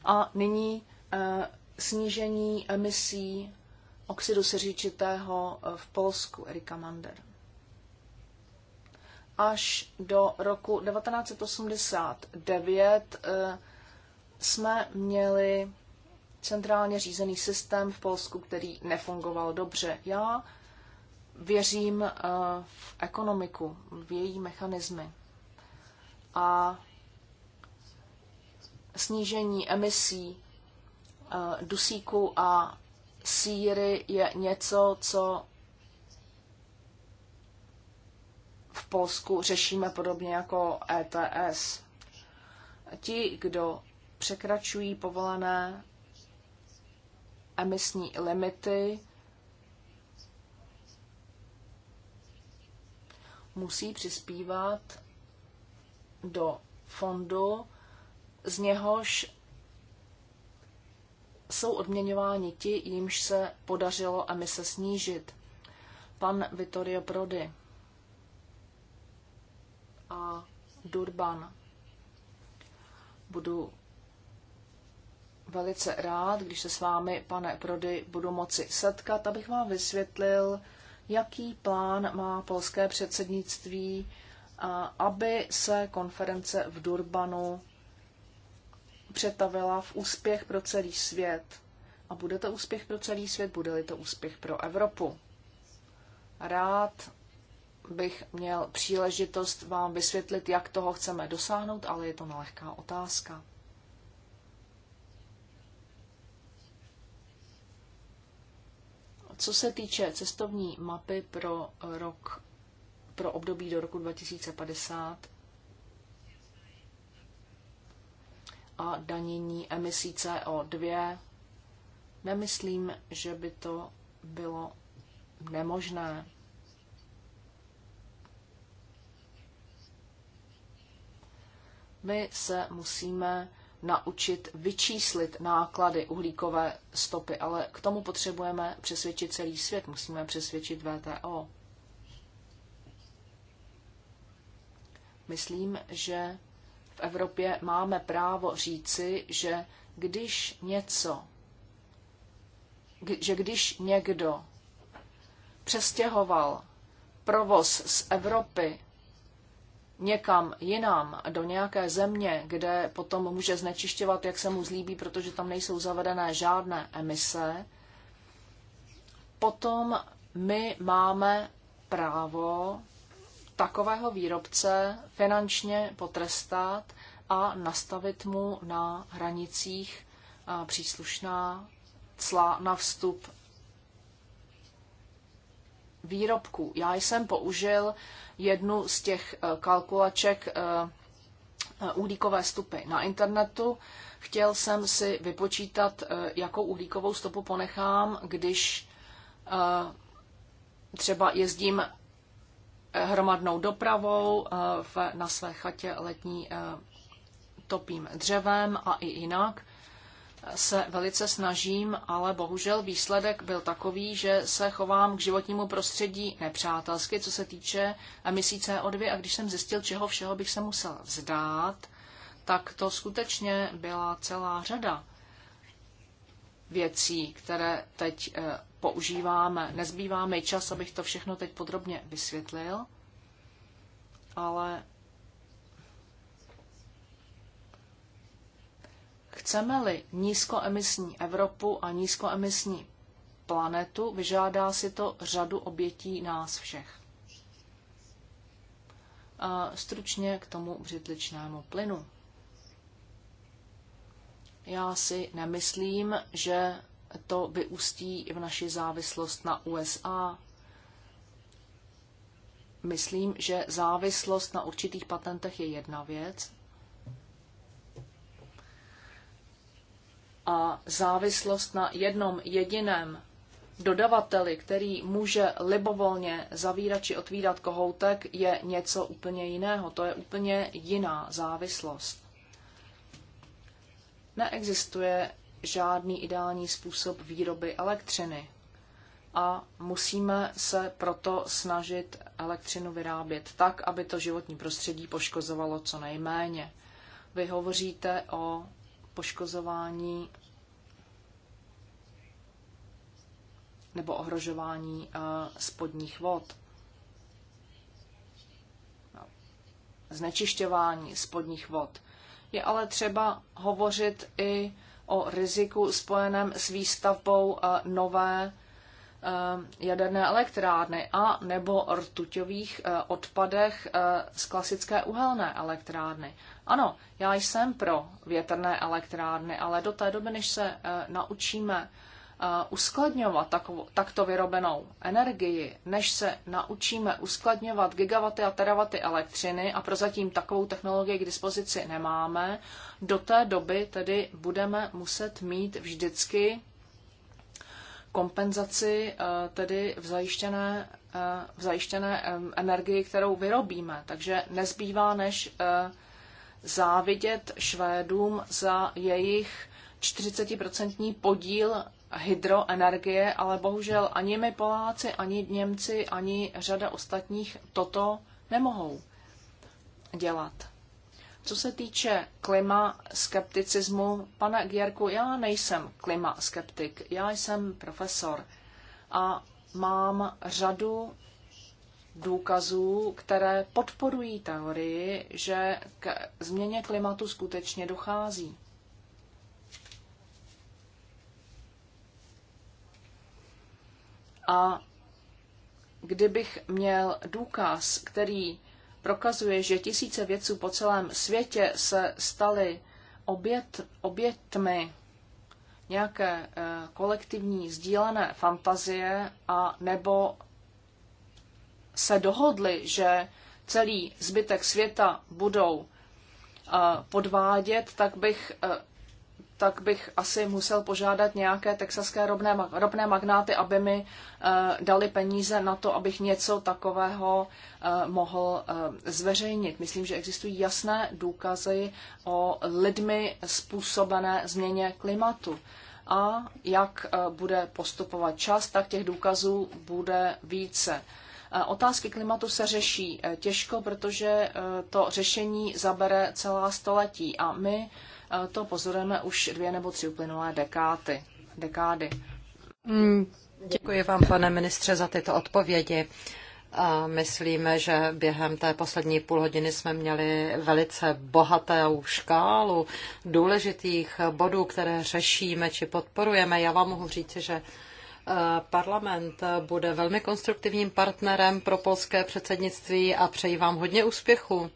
A nyní eh, snížení emisí oxidu seříčitého eh, v Polsku, Erika Mander až do roku 1989 eh, jsme měli centrálně řízený systém v Polsku, který nefungoval dobře. Já věřím eh, v ekonomiku, v její mechanismy. A snížení emisí eh, dusíku a síry je něco, co v Polsku řešíme podobně jako ETS. Ti, kdo překračují povolené emisní limity, musí přispívat do fondu, z něhož jsou odměňováni ti, jimž se podařilo emise snížit. Pan Vittorio Prodi. Durban. Budu velice rád, když se s vámi, pane Prody, budu moci setkat, abych vám vysvětlil, jaký plán má polské předsednictví, aby se konference v Durbanu přetavila v úspěch pro celý svět. A bude to úspěch pro celý svět, bude-li to úspěch pro Evropu. Rád bych měl příležitost vám vysvětlit, jak toho chceme dosáhnout, ale je to nelehká otázka. Co se týče cestovní mapy pro, rok, pro období do roku 2050 a danění emisí CO2, nemyslím, že by to bylo nemožné. My se musíme naučit vyčíslit náklady uhlíkové stopy, ale k tomu potřebujeme přesvědčit celý svět, musíme přesvědčit VTO. Myslím, že v Evropě máme právo říci, že když něco, že když někdo přestěhoval provoz z Evropy někam jinam, do nějaké země, kde potom může znečišťovat, jak se mu zlíbí, protože tam nejsou zavedené žádné emise, potom my máme právo takového výrobce finančně potrestat a nastavit mu na hranicích příslušná cla na vstup výrobků. Já jsem použil jednu z těch eh, kalkulaček eh, eh, uhlíkové stopy na internetu. Chtěl jsem si vypočítat, jakou uhlíkovou stopu ponechám, když třeba jezdím hromadnou dopravou, na své chatě letní topím dřevem a i jinak se velice snažím, ale bohužel výsledek byl takový, že se chovám k životnímu prostředí nepřátelsky, co se týče emisí CO2 a když jsem zjistil, čeho všeho bych se musel vzdát, tak to skutečně byla celá řada věcí, které teď eh, používáme. Nezbývá mi čas, abych to všechno teď podrobně vysvětlil, ale Chceme-li nízkoemisní Evropu a nízkoemisní planetu, vyžádá si to řadu obětí nás všech. A stručně k tomu břitličnému plynu. Já si nemyslím, že to vyústí v naši závislost na USA. Myslím, že závislost na určitých patentech je jedna věc, a závislost na jednom jediném dodavateli, který může libovolně zavírat či otvírat kohoutek, je něco úplně jiného. To je úplně jiná závislost. Neexistuje žádný ideální způsob výroby elektřiny a musíme se proto snažit elektřinu vyrábět tak, aby to životní prostředí poškozovalo co nejméně. Vy hovoříte o poškozování nebo ohrožování eh, spodních vod. No. Znečišťování spodních vod. Je ale třeba hovořit i o riziku spojeném s výstavbou eh, nové Eh, jaderné elektrárny a nebo rtuťových eh, odpadech eh, z klasické uhelné elektrárny. Ano, já jsem pro větrné elektrárny, ale do té doby, než se naučíme uskladňovat takto vyrobenou energii, než se naučíme uskladňovat gigawaty a teravaty elektřiny a prozatím takovou technologii k dispozici nemáme, do té doby tedy budeme muset mít vždycky kompenzaci eh, tedy v zajištěné, eh, v zajištěné energii, kterou vyrobíme. Takže nezbývá než eh, závidět Švédům za jejich 40% podíl hydroenergie, ale bohužel ani my Poláci, ani Němci, ani řada ostatních toto nemohou dělat. Co se týče klima skepticismu, pane Gierku, já nejsem klima skeptik, já jsem profesor a mám řadu důkazů, které podporují teorii, že k změně klimatu skutečně dochází. A kdybych měl důkaz, který prokazuje, že tisíce vědců po celém světě se staly obět, obětmi nějaké eh, kolektivní sdílené fantazie a nebo se dohodli, že celý zbytek světa budou eh, podvádět, tak bych eh, tak bych asi musel požádat nějaké texaské ropné, ropné magnáty, aby mi eh, dali peníze na to, abych něco takového eh, mohl eh, zveřejnit. Myslím, že existují jasné důkazy o lidmi způsobené změně klimatu. A jak bude postupovat čas, tak těch důkazů bude více. Otázky klimatu se řeší těžko, protože to řešení zabere celá století a my to pozorujeme už dvě nebo tři uplynulé dekády. dekády. Hmm, děkuji vám, pane ministře, za tyto odpovědi. A myslíme, že během té poslední půl hodiny jsme měli velice bohatou škálu důležitých bodů, které řešíme či podporujeme. Já vám mohu říct, že Eh, parlament bude velmi konstruktivním partnerem pro polské předsednictví a přeji vám hodně úspěchu.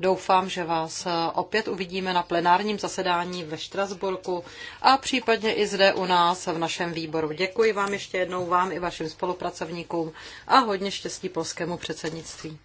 Doufám, že vás eh, opět uvidíme na plenárním zasedání ve Štrasburku a případně i zde u nás v našem výboru. Děkuji vám ještě jednou, vám i vašim spolupracovníkům a hodně štěstí polskému předsednictví.